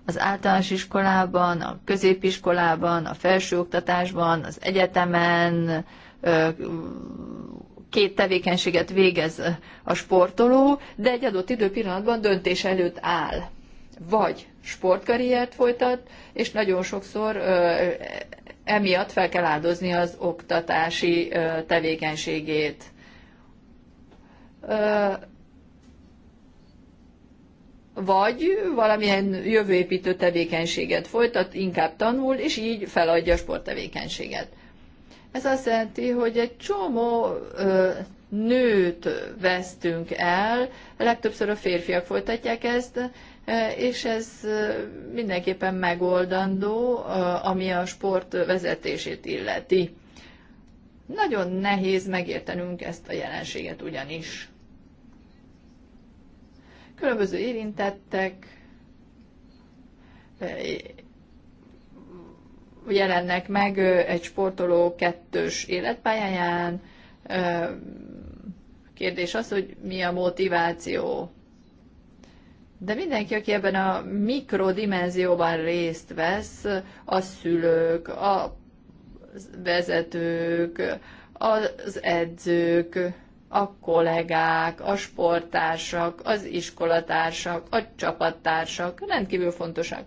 Speaker 1: Az általános iskolában, a középiskolában, a felsőoktatásban, az egyetemen két tevékenységet végez a sportoló, de egy adott időpillanatban döntés előtt áll. Vagy sportkarriert folytat, és nagyon sokszor emiatt fel kell áldozni az oktatási tevékenységét. Vagy valamilyen jövőépítő tevékenységet folytat, inkább tanul, és így feladja a sporttevékenységet. Ez azt jelenti, hogy egy csomó ö, nőt vesztünk el, legtöbbször a férfiak folytatják ezt, E, és ez e, mindenképpen megoldandó, e, ami a sport vezetését illeti. Nagyon nehéz megértenünk ezt a jelenséget ugyanis. Különböző érintettek jelennek meg egy sportoló kettős életpályáján. Kérdés az, hogy mi a motiváció de mindenki, aki ebben a mikrodimenzióban részt vesz, a szülők, a vezetők, az edzők, a kollégák, a sporttársak, az iskolatársak, a csapattársak rendkívül fontosak.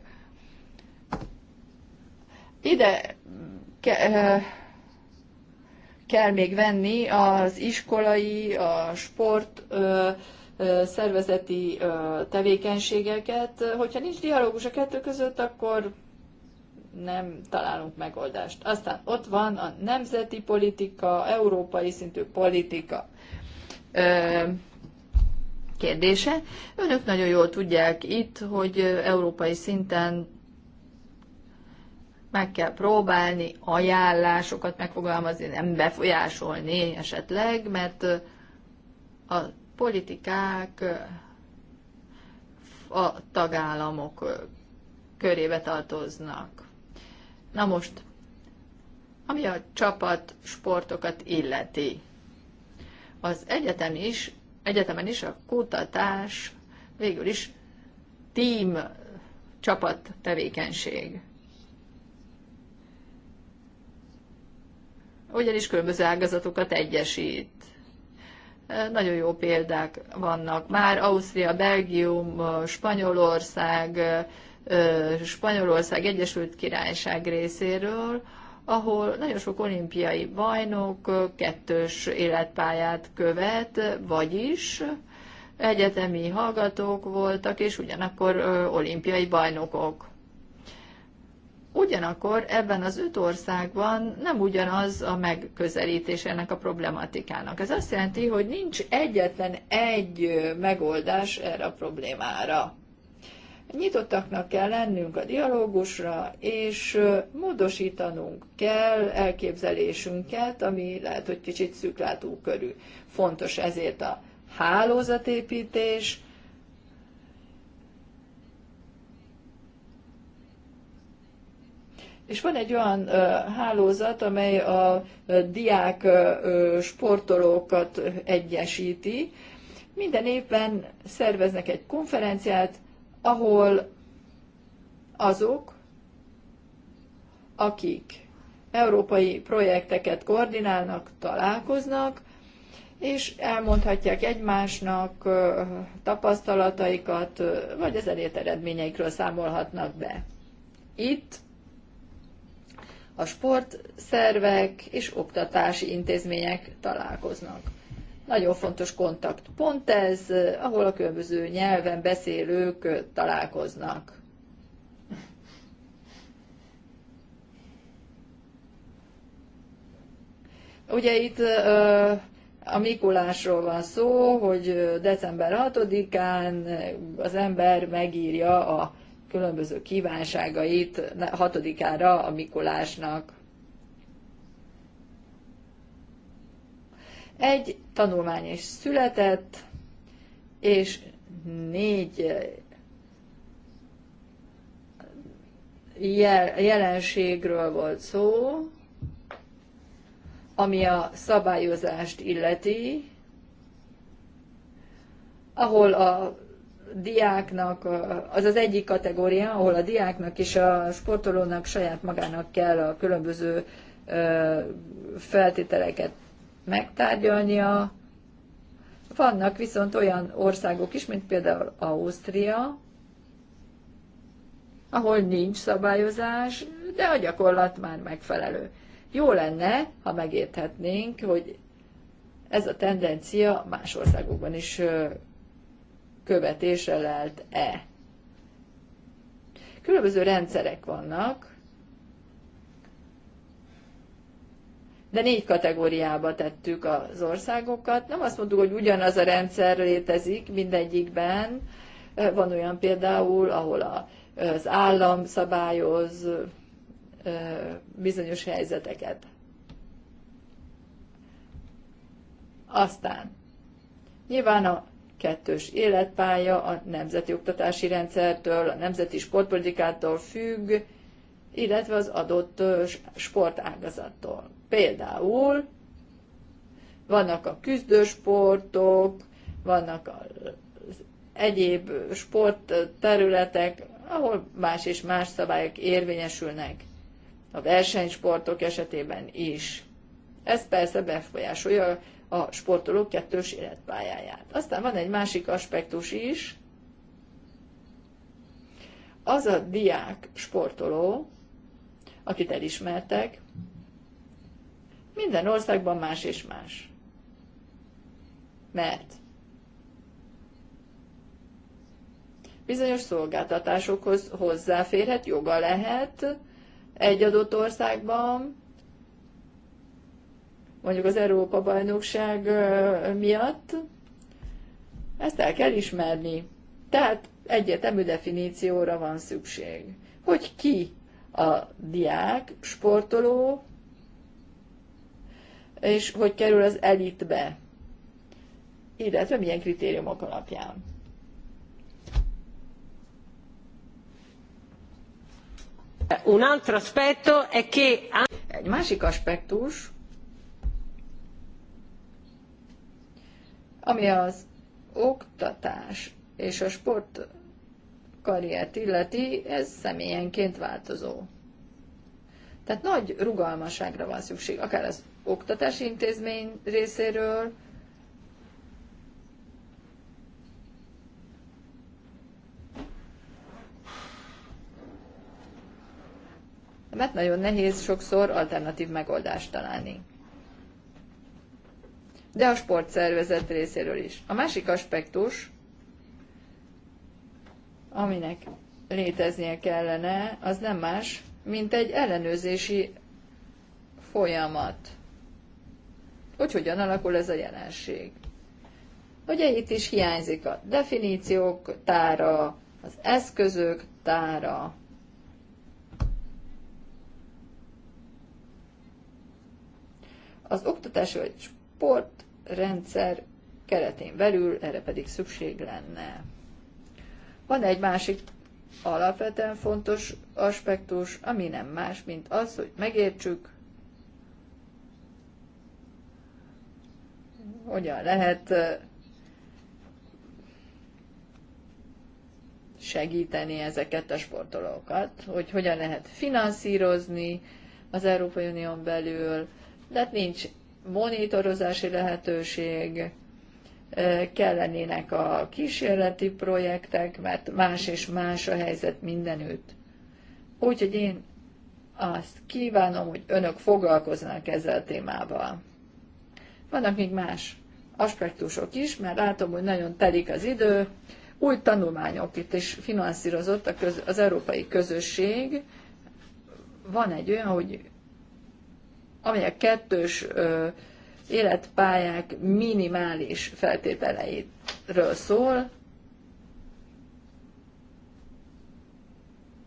Speaker 1: Ide ke- eh, kell még venni az iskolai, a sport, eh, szervezeti tevékenységeket. Hogyha nincs dialógus a kettő között, akkor nem találunk megoldást. Aztán ott van a nemzeti politika, európai szintű politika kérdése. Önök nagyon jól tudják itt, hogy európai szinten meg kell próbálni ajánlásokat megfogalmazni, nem befolyásolni esetleg, mert a politikák a tagállamok körébe tartoznak. Na most, ami a csapat sportokat illeti, az egyetem is, egyetemen is a kutatás végül is team csapat tevékenység. Ugyanis különböző ágazatokat egyesít. Nagyon jó példák vannak. Már Ausztria, Belgium, Spanyolország, Spanyolország Egyesült Királyság részéről, ahol nagyon sok olimpiai bajnok kettős életpályát követ, vagyis egyetemi hallgatók voltak, és ugyanakkor olimpiai bajnokok. Ugyanakkor ebben az öt országban nem ugyanaz a megközelítés ennek a problematikának. Ez azt jelenti, hogy nincs egyetlen egy megoldás erre a problémára. Nyitottaknak kell lennünk a dialógusra, és módosítanunk kell elképzelésünket, ami lehet, hogy kicsit szűklátú körül. Fontos ezért a hálózatépítés, És van egy olyan hálózat, amely a diák sportolókat egyesíti. Minden évben szerveznek egy konferenciát, ahol azok, akik európai projekteket koordinálnak, találkoznak, és elmondhatják egymásnak tapasztalataikat, vagy az elért eredményeikről számolhatnak be. Itt a sportszervek és oktatási intézmények találkoznak. Nagyon fontos kontaktpont ez, ahol a különböző nyelven beszélők találkoznak. Ugye itt a Mikulásról van szó, hogy december 6-án az ember megírja a különböző kívánságait hatodikára a Mikulásnak. Egy tanulmány is született, és négy jelenségről volt szó, ami a szabályozást illeti, ahol a diáknak, az az egyik kategória, ahol a diáknak és a sportolónak saját magának kell a különböző feltételeket megtárgyalnia. Vannak viszont olyan országok is, mint például Ausztria, ahol nincs szabályozás, de a gyakorlat már megfelelő. Jó lenne, ha megérthetnénk, hogy ez a tendencia más országokban is követésre lelt-e. Különböző rendszerek vannak, de négy kategóriába tettük az országokat. Nem azt mondtuk, hogy ugyanaz a rendszer létezik mindegyikben. Van olyan például, ahol az állam szabályoz bizonyos helyzeteket. Aztán nyilván a kettős életpálya a nemzeti oktatási rendszertől, a nemzeti sportpolitikától függ, illetve az adott sportágazattól. Például vannak a küzdősportok, vannak az egyéb sportterületek, ahol más és más szabályok érvényesülnek a versenysportok esetében is. Ez persze befolyásolja a sportolók kettős életpályáját. Aztán van egy másik aspektus is, az a diák sportoló, akit elismertek, minden országban más és más. Mert bizonyos szolgáltatásokhoz hozzáférhet, joga lehet egy adott országban, mondjuk az Európa-bajnokság miatt, ezt el kell ismerni. Tehát egyetemű definícióra van szükség, hogy ki a diák, sportoló, és hogy kerül az elitbe, illetve milyen kritériumok alapján. Un altro aspetto è che... Egy másik aspektus, Ami az oktatás és a sport karriert illeti, ez személyenként változó. Tehát nagy rugalmaságra van szükség, akár az oktatási intézmény részéről, mert nagyon nehéz sokszor alternatív megoldást találni de a sportszervezet részéről is. A másik aspektus, aminek léteznie kellene, az nem más, mint egy ellenőrzési folyamat. Hogy hogyan alakul ez a jelenség. Ugye itt is hiányzik a definíciók tára, az eszközök tára, az oktatás vagy sport rendszer keretén belül erre pedig szükség lenne. Van egy másik alapvetően fontos aspektus, ami nem más, mint az, hogy megértsük, hogyan lehet segíteni ezeket a sportolókat, hogy hogyan lehet finanszírozni az Európai Unión belül, de hát nincs monitorozási lehetőség, kellenének a kísérleti projektek, mert más és más a helyzet mindenütt. Úgyhogy én azt kívánom, hogy önök foglalkoznak ezzel a témával. Vannak még más aspektusok is, mert látom, hogy nagyon telik az idő. Új tanulmányok itt is finanszírozott az európai közösség. Van egy olyan, hogy amelyek kettős életpályák minimális feltételeiről szól.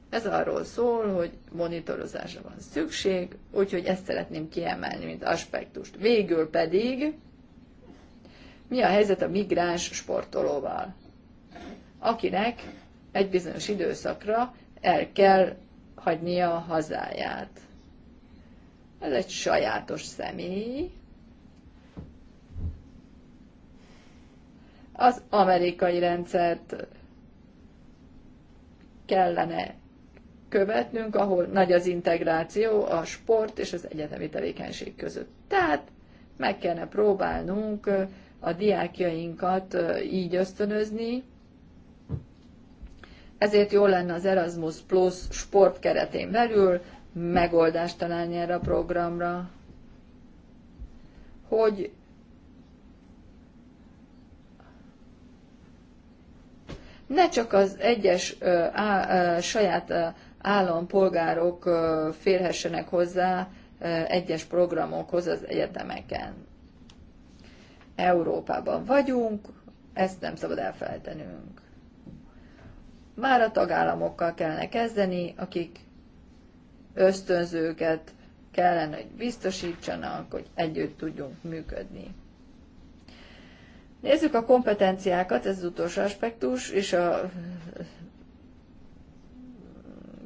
Speaker 1: Ez arról szól, hogy monitorozásra van szükség, úgyhogy ezt szeretném kiemelni, mint aspektust. Végül pedig, mi a helyzet a migráns sportolóval, akinek egy bizonyos időszakra el kell hagynia a hazáját. Ez egy sajátos személy. Az amerikai rendszert kellene követnünk, ahol nagy az integráció a sport és az egyetemi tevékenység között. Tehát meg kellene próbálnunk a diákjainkat így ösztönözni, ezért jó lenne az Erasmus Plus sport keretén belül megoldást találni erre a programra, hogy ne csak az egyes ö, á, ö, saját ö, állampolgárok ö, férhessenek hozzá ö, egyes programokhoz az egyetemeken. Európában vagyunk, ezt nem szabad elfeltenünk. Már a tagállamokkal kellene kezdeni, akik ösztönzőket kellene, hogy biztosítsanak, hogy együtt tudjunk működni. Nézzük a kompetenciákat, ez az utolsó aspektus, és a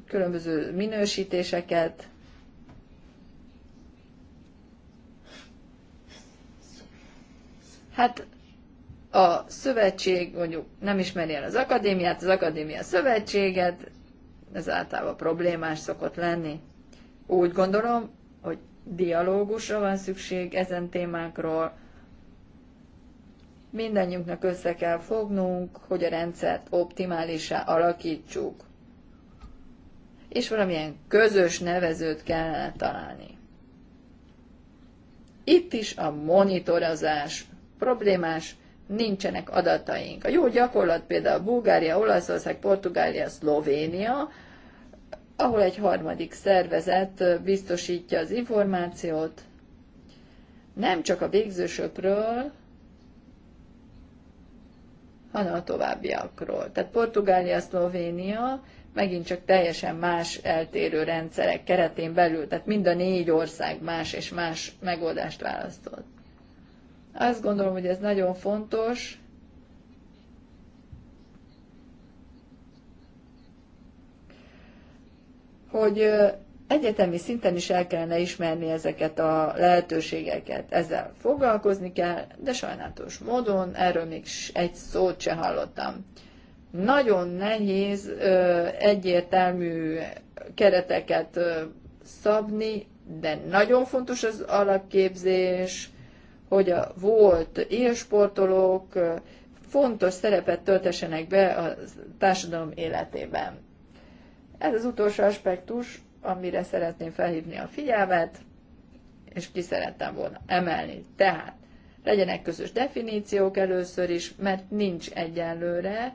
Speaker 1: különböző minősítéseket. Hát a szövetség mondjuk nem ismeri el az akadémiát, az akadémia szövetséget, ez általában problémás szokott lenni. Úgy gondolom, hogy dialógusra van szükség ezen témákról, Mindennyiunknak össze kell fognunk, hogy a rendszert optimálisá alakítsuk. És valamilyen közös nevezőt kellene találni. Itt is a monitorozás problémás, nincsenek adataink. A jó gyakorlat például Bulgária, Olaszország, Portugália, Szlovénia, ahol egy harmadik szervezet biztosítja az információt, nem csak a végzősökről, hanem a továbbiakról. Tehát Portugália, Szlovénia megint csak teljesen más eltérő rendszerek keretén belül, tehát mind a négy ország más és más megoldást választott. Azt gondolom, hogy ez nagyon fontos, hogy egyetemi szinten is el kellene ismerni ezeket a lehetőségeket. Ezzel foglalkozni kell, de sajnálatos módon erről még egy szót se hallottam. Nagyon nehéz egyértelmű kereteket szabni, de nagyon fontos az alapképzés, hogy a volt élsportolók fontos szerepet töltessenek be a társadalom életében. Ez az utolsó aspektus, amire szeretném felhívni a figyelmet, és ki szerettem volna emelni. Tehát legyenek közös definíciók először is, mert nincs egyenlőre.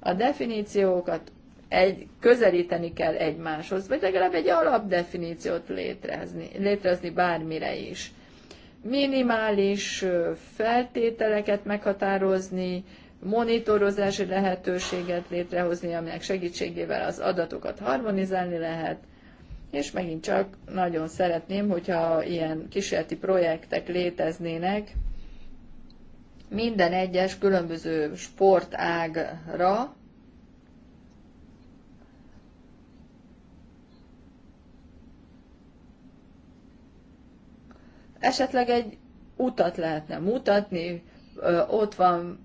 Speaker 1: A definíciókat egy, közelíteni kell egymáshoz, vagy legalább egy alapdefiníciót létrehozni, létrehozni bármire is. Minimális feltételeket meghatározni, monitorozási lehetőséget létrehozni, aminek segítségével az adatokat harmonizálni lehet, és megint csak nagyon szeretném, hogyha ilyen kísérleti projektek léteznének minden egyes különböző sportágra, esetleg egy utat lehetne mutatni, ott van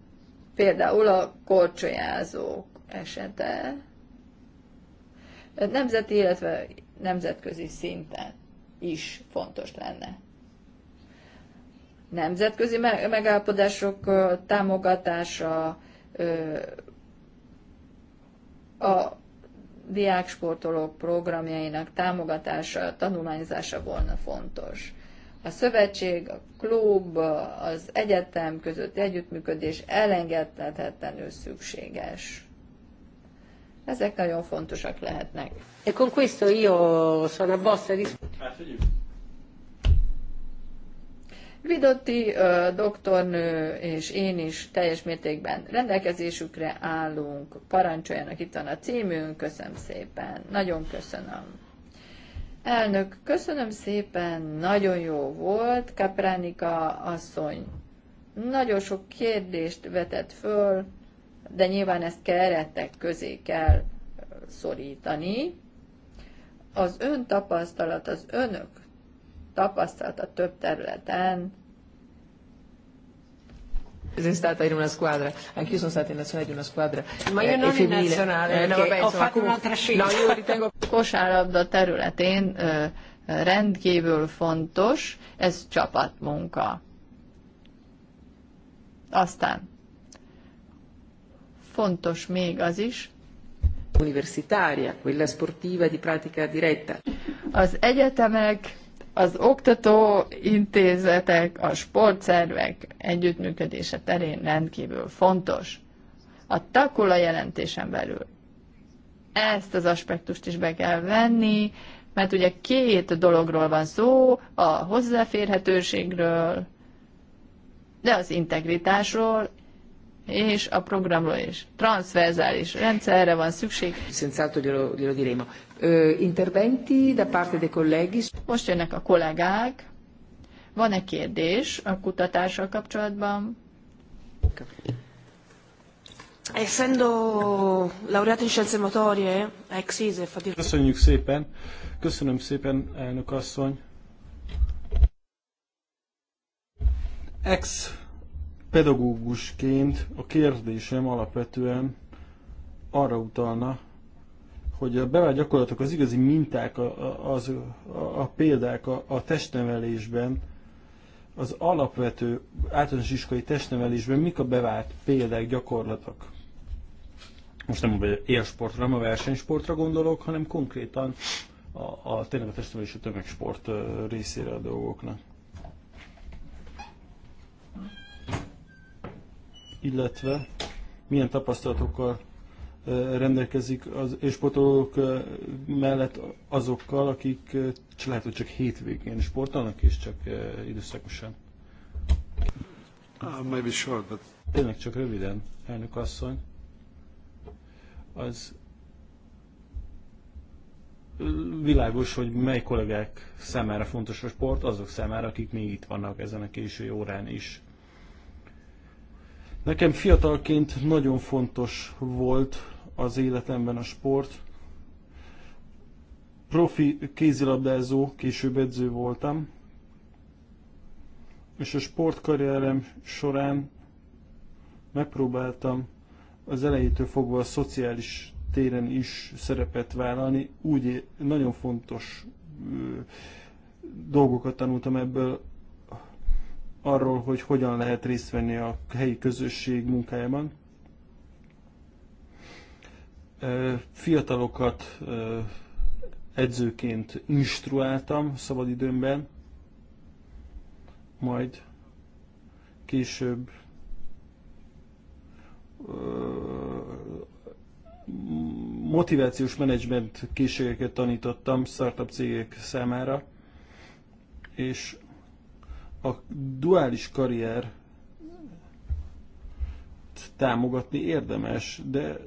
Speaker 1: Például a korcsolyázók esete nemzeti, illetve nemzetközi szinten is fontos lenne. Nemzetközi megállapodások támogatása, a diáksportolók programjainak támogatása, tanulmányozása volna fontos a szövetség, a klub, az egyetem közötti együttműködés elengedhetetlenül szükséges. Ezek nagyon fontosak lehetnek.
Speaker 6: E con questo io sono
Speaker 1: a vostra Vidotti doktornő és én is teljes mértékben rendelkezésükre állunk. Parancsoljanak itt van a címünk, köszönöm szépen. Nagyon köszönöm. Elnök, köszönöm szépen, nagyon jó volt, Kapránika asszony. Nagyon sok kérdést vetett föl, de nyilván ezt keretek közé kell szorítani. Az ön tapasztalat, az önök tapasztalata több területen
Speaker 7: Sono stata in una squadra, anch'io sono stata in nazionale di una squadra Ma io eh, non femminile. in nazionale, eh, no, vabbè, ho insomma, fatto un'altra scelta. No, io
Speaker 1: ritengo... *laughs* Kosárlabda területén uh, rendkívül fontos, ez csapatmunka. Aztán fontos még az is, Universitária, quella sportiva di pratica diretta. Az egyetemek az oktató intézetek, a sportszervek együttműködése terén rendkívül fontos. A takula jelentésen belül ezt az aspektust is be kell venni, mert ugye két dologról van szó, a hozzáférhetőségről, de az integritásról és a programról is. Transverzális rendszerre van szükség. Senz'altro glielo, glielo diremo interventi da parte dei colleghi. Most jönnek a kollégák. Van-e kérdés a kutatással
Speaker 7: kapcsolatban? Essendo laureato in scienze motorie, ex ISE, Köszönjük
Speaker 2: szépen, köszönöm szépen, elnök asszony. Ex pedagógusként a kérdésem alapvetően arra utalna, hogy a bevált gyakorlatok, az igazi minták, a, az, a, a példák a, a testnevelésben, az alapvető általános iskolai testnevelésben mik a bevált példák, gyakorlatok? Most nem a élsportra, nem a versenysportra gondolok, hanem konkrétan a, a tényleg a testnevelés a tömegsport részére a dolgoknak. Illetve milyen tapasztalatokkal rendelkezik az sportolók mellett azokkal, akik lehet, hogy csak hétvégén sportolnak, és csak időszakosan. Uh, maybe short, but... Tényleg csak röviden, elnök asszony. Az világos, hogy mely kollégák számára fontos a sport, azok számára, akik még itt vannak ezen a késő órán is. Nekem fiatalként nagyon fontos volt az életemben a sport. Profi kézilabdázó, később edző voltam, és a sportkarrierem során megpróbáltam az elejétől fogva a szociális téren is szerepet vállalni. Úgy nagyon fontos dolgokat tanultam ebből arról, hogy hogyan lehet részt venni a helyi közösség munkájában. Fiatalokat edzőként instruáltam szabadidőmben, majd később motivációs menedzsment készségeket tanítottam startup cégek számára, és a duális karrier támogatni érdemes, de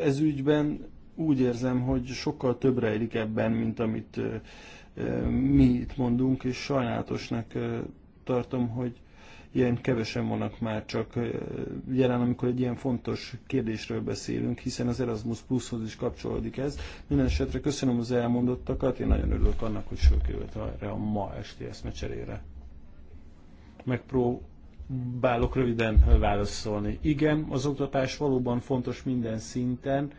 Speaker 2: ez ügyben úgy érzem, hogy sokkal több rejlik ebben, mint amit eh, mi itt mondunk, és sajnálatosnak eh, tartom, hogy ilyen kevesen vannak már csak jelen, amikor egy ilyen fontos kérdésről beszélünk, hiszen az Erasmus Plushoz is kapcsolódik ez. Minden esetre köszönöm az elmondottakat, én nagyon örülök annak, hogy sok került erre a ma esti eszmecserére. Megpró bálok röviden válaszolni. Igen, az oktatás valóban fontos minden szinten,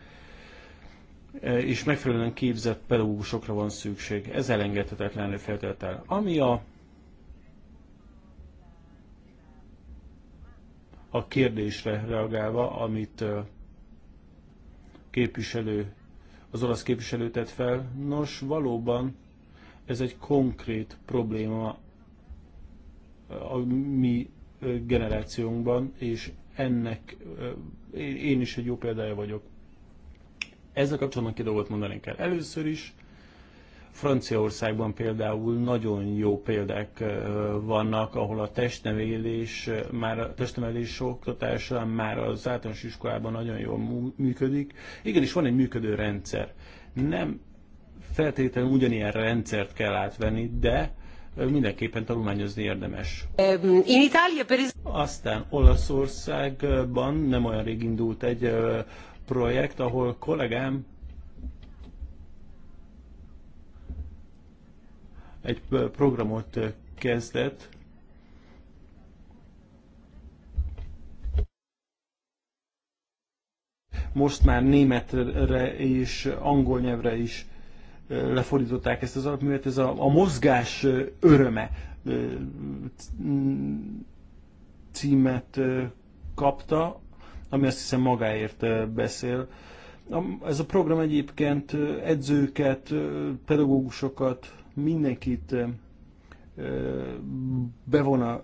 Speaker 2: és megfelelően képzett pedagógusokra van szükség. Ez elengedhetetlenül feltétel. Ami a a kérdésre reagálva, amit képviselő, az olasz képviselő tett fel. Nos, valóban ez egy konkrét probléma a mi generációnkban, és ennek én is egy jó példája vagyok. Ezzel kapcsolatban két dolgot mondanék el. Először is Franciaországban például nagyon jó példák vannak, ahol a testnevelés, már a testnevelés oktatása már az általános iskolában nagyon jól működik. Igenis van egy működő rendszer. Nem feltétlenül ugyanilyen rendszert kell átvenni, de mindenképpen tanulmányozni érdemes.
Speaker 6: In Italia, per
Speaker 2: Aztán Olaszországban nem olyan rég indult egy projekt, ahol kollégám egy programot kezdett, most már németre és angol nyelvre is lefordították ezt az alapművet, ez a, a mozgás öröme címet kapta, ami azt hiszem magáért beszél. Ez a program egyébként edzőket, pedagógusokat mindenkit bevon a,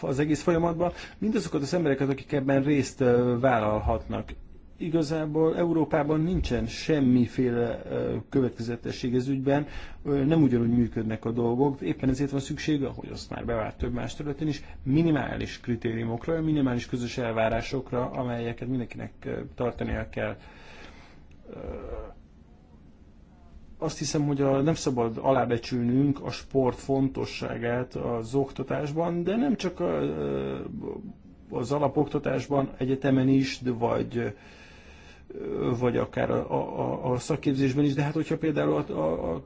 Speaker 2: az egész folyamatba, mindazokat az embereket, akik ebben részt vállalhatnak. Igazából Európában nincsen semmiféle következetesség ez ügyben, nem ugyanúgy működnek a dolgok, éppen ezért van szüksége, ahogy azt már bevált több más területen is, minimális kritériumokra, minimális közös elvárásokra, amelyeket mindenkinek tartania kell azt hiszem, hogy a, nem szabad alábecsülnünk a sport fontosságát az oktatásban, de nem csak a, az alapoktatásban, egyetemen is, de vagy vagy akár a, a, a szakképzésben is, de hát hogyha például a, a, a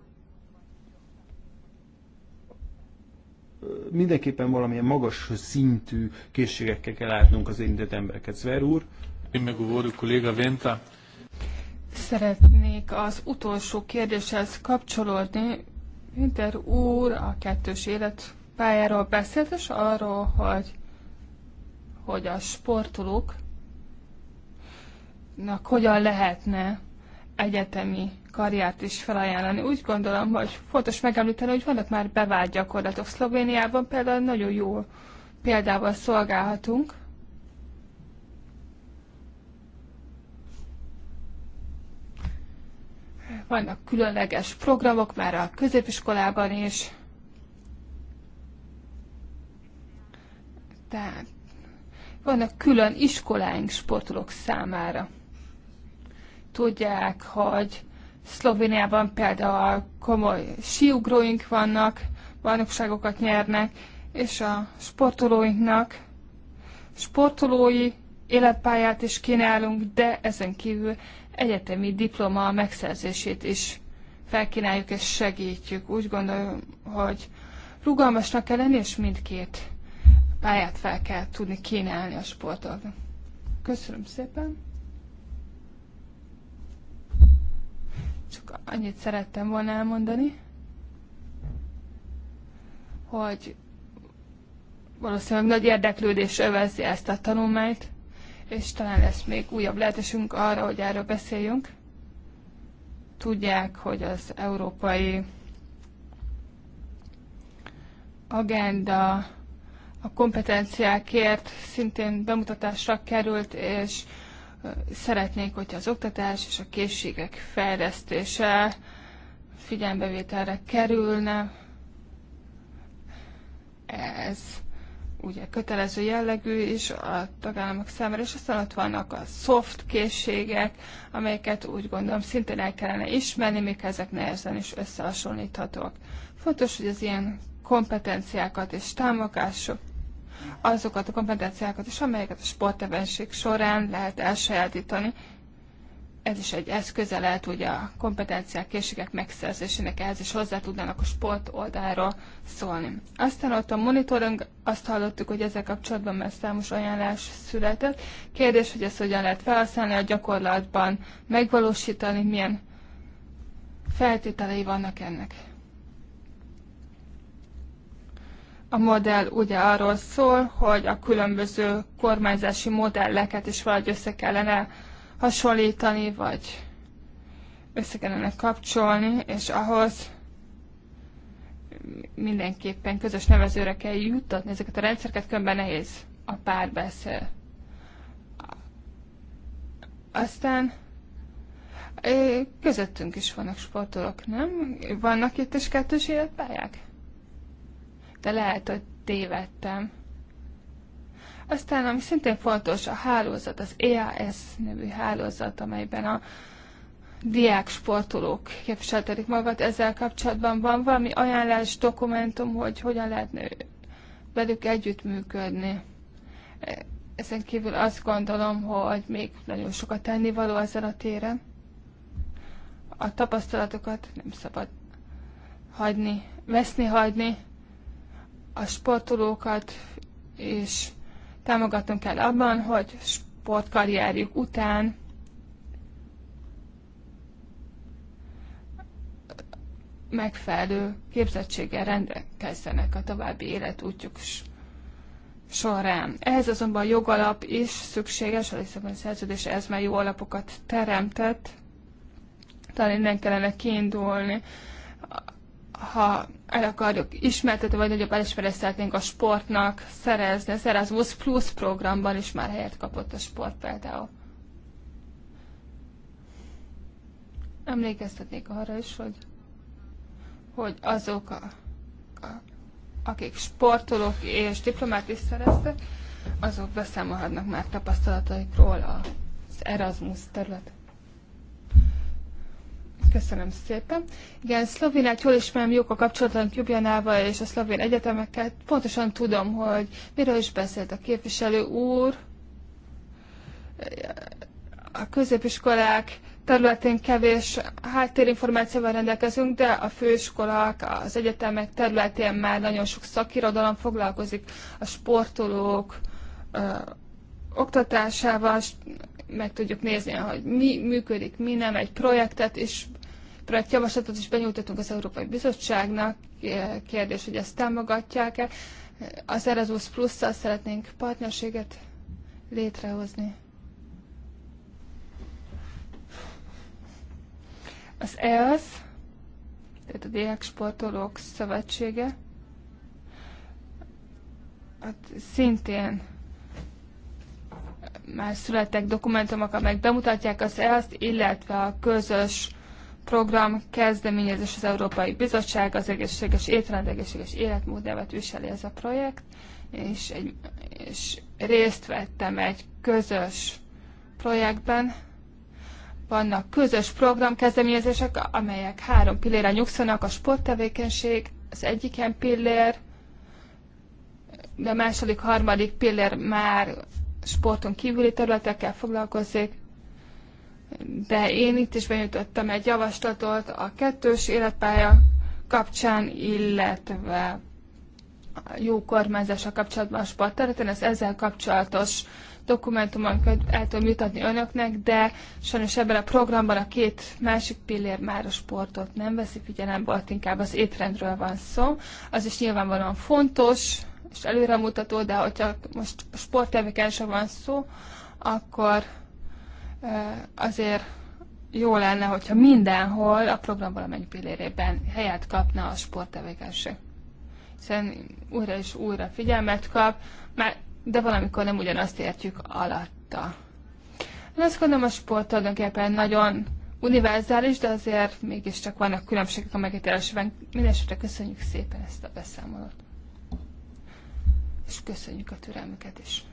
Speaker 2: mindenképpen valamilyen magas szintű készségekkel kell látnunk az érintett embereket. Zver úr. Én a kolléga Venta.
Speaker 4: Szeretnék az utolsó kérdéshez kapcsolódni. Winter úr a kettős életpályáról beszélt, és arról, hogy, hogy a sportolóknak hogyan lehetne egyetemi karriert is felajánlani. Úgy gondolom, hogy fontos megemlíteni, hogy vannak már bevált gyakorlatok. Szlovéniában például nagyon jó példával szolgálhatunk, Vannak különleges programok már a középiskolában is. Tehát vannak külön iskoláink sportolók számára. Tudják, hogy Szlovéniában például komoly síugróink vannak, bajnokságokat nyernek, és a sportolóinknak sportolói életpályát is kínálunk, de ezen kívül egyetemi diploma megszerzését is felkínáljuk és segítjük. Úgy gondolom, hogy rugalmasnak kell lenni, és mindkét pályát fel kell tudni kínálni a sportolóknak. Köszönöm szépen! Csak annyit szerettem volna elmondani, hogy valószínűleg nagy érdeklődés övezi ezt a tanulmányt, és talán lesz még újabb lehetőségünk arra, hogy erről beszéljünk. Tudják, hogy az európai agenda a kompetenciákért szintén bemutatásra került, és szeretnék, hogyha az oktatás és a készségek fejlesztése figyelembevételre kerülne. Ez ugye kötelező jellegű is a tagállamok számára, és aztán ott vannak a soft készségek, amelyeket úgy gondolom szintén el kellene ismerni, még ezek nehezen is összehasonlíthatók. Fontos, hogy az ilyen kompetenciákat és támogassuk, azokat a kompetenciákat is, amelyeket a sportevenség során lehet elsajátítani, ez is egy eszköze lehet, hogy a kompetenciák, készségek megszerzésének ehhez is hozzá tudnának a sport oldalról szólni. Aztán ott a monitoring, azt hallottuk, hogy ezzel kapcsolatban már számos ajánlás született. Kérdés, hogy ezt hogyan lehet felhasználni a gyakorlatban, megvalósítani, milyen feltételei vannak ennek. A modell ugye arról szól, hogy a különböző kormányzási modelleket is valahogy össze kellene hasonlítani, vagy össze kellene kapcsolni, és ahhoz mindenképpen közös nevezőre kell juttatni ezeket a rendszereket, különben nehéz a párbeszél. Aztán közöttünk is vannak sportolók, nem? Vannak itt is kettős életpályák? De lehet, hogy tévedtem. Aztán, ami szintén fontos, a hálózat, az EAS nevű hálózat, amelyben a diák sportolók képviseltetik magat. Ezzel kapcsolatban van valami ajánlás, dokumentum, hogy hogyan lehetne velük együttműködni. Ezen kívül azt gondolom, hogy még nagyon sokat való ezzel a téren. A tapasztalatokat nem szabad hagyni, veszni hagyni, a sportolókat és támogatnunk kell abban, hogy sportkarrierjük után megfelelő képzettséggel rendelkezzenek a további életútjuk során. Ehhez azonban jogalap is szükséges, a Lisszaboni szerződés ez már jó alapokat teremtett, talán innen kellene kiindulni, ha el akarjuk ismertetni, vagy nagyobb elismerést szeretnénk a sportnak szerezni, az Erasmus Plus programban is már helyet kapott a sport például. Emlékeztetnék arra is, hogy, hogy azok, a, a, akik sportolók és diplomát is szereztek, azok beszámolhatnak már tapasztalataikról az Erasmus területen. Köszönöm szépen. Igen, Szlovénát jól ismerem, jók a kapcsolatok Jubjanával és a szlovén egyetemekkel. Pontosan tudom, hogy miről is beszélt a képviselő úr. A középiskolák területén kevés háttérinformációval rendelkezünk, de a főiskolák, az egyetemek területén már nagyon sok szakirodalom foglalkozik a sportolók ö, oktatásával, meg tudjuk nézni, hogy mi működik, mi nem, egy projektet is projektjavaslatot is benyújtottunk az Európai Bizottságnak, kérdés, hogy ezt támogatják-e. Az Erasmus Plus-szal szeretnénk partnerséget létrehozni. Az EASZ, tehát a Diák Sportolók Szövetsége, hát szintén már születtek dokumentumok, amelyek bemutatják az EASZ-t, illetve a közös program kezdeményezés az Európai Bizottság, az egészséges étrend, egészséges életmód nevet viseli ez a projekt, és, egy, és részt vettem egy közös projektben. Vannak közös programkezdeményezések, amelyek három pillére nyugszanak, a sporttevékenység, az egyik ilyen pillér, de a második, harmadik pillér már sporton kívüli területekkel foglalkozik, de én itt is benyújtottam egy javaslatot a kettős életpálya kapcsán, illetve a jó kormányzása kapcsolatban a sportterületen, ez ezzel kapcsolatos dokumentumokat el tudom jutatni önöknek, de sajnos ebben a programban a két másik pillér már a sportot nem veszi figyelembe, ott inkább az étrendről van szó. Az is nyilvánvalóan fontos és előremutató, de hogyha most sporttevékenység van szó, akkor azért jó lenne, hogyha mindenhol a program valamennyi pillérében helyet kapna a sporttevékenység. Hiszen újra és újra figyelmet kap, mert de valamikor nem ugyanazt értjük alatta. Én azt gondolom, a sport tulajdonképpen nagyon univerzális, de azért mégiscsak vannak különbségek a megítélésben. Mindenesetre köszönjük szépen ezt a beszámolót. És köszönjük a türelmüket is.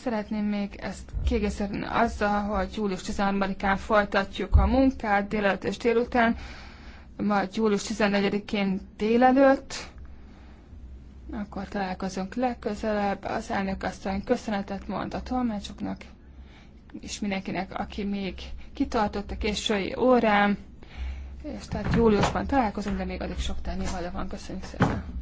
Speaker 4: Szeretném még ezt kiegészíteni azzal, hogy július 13-án folytatjuk a munkát délelőtt és délután, majd július 14-én délelőtt, akkor találkozunk legközelebb. Az elnök aztán köszönetet mond a tolmácsoknak, és mindenkinek, aki még kitartott a késői órám, és tehát júliusban találkozunk, de még addig sok tennivaló van. Köszönjük szépen!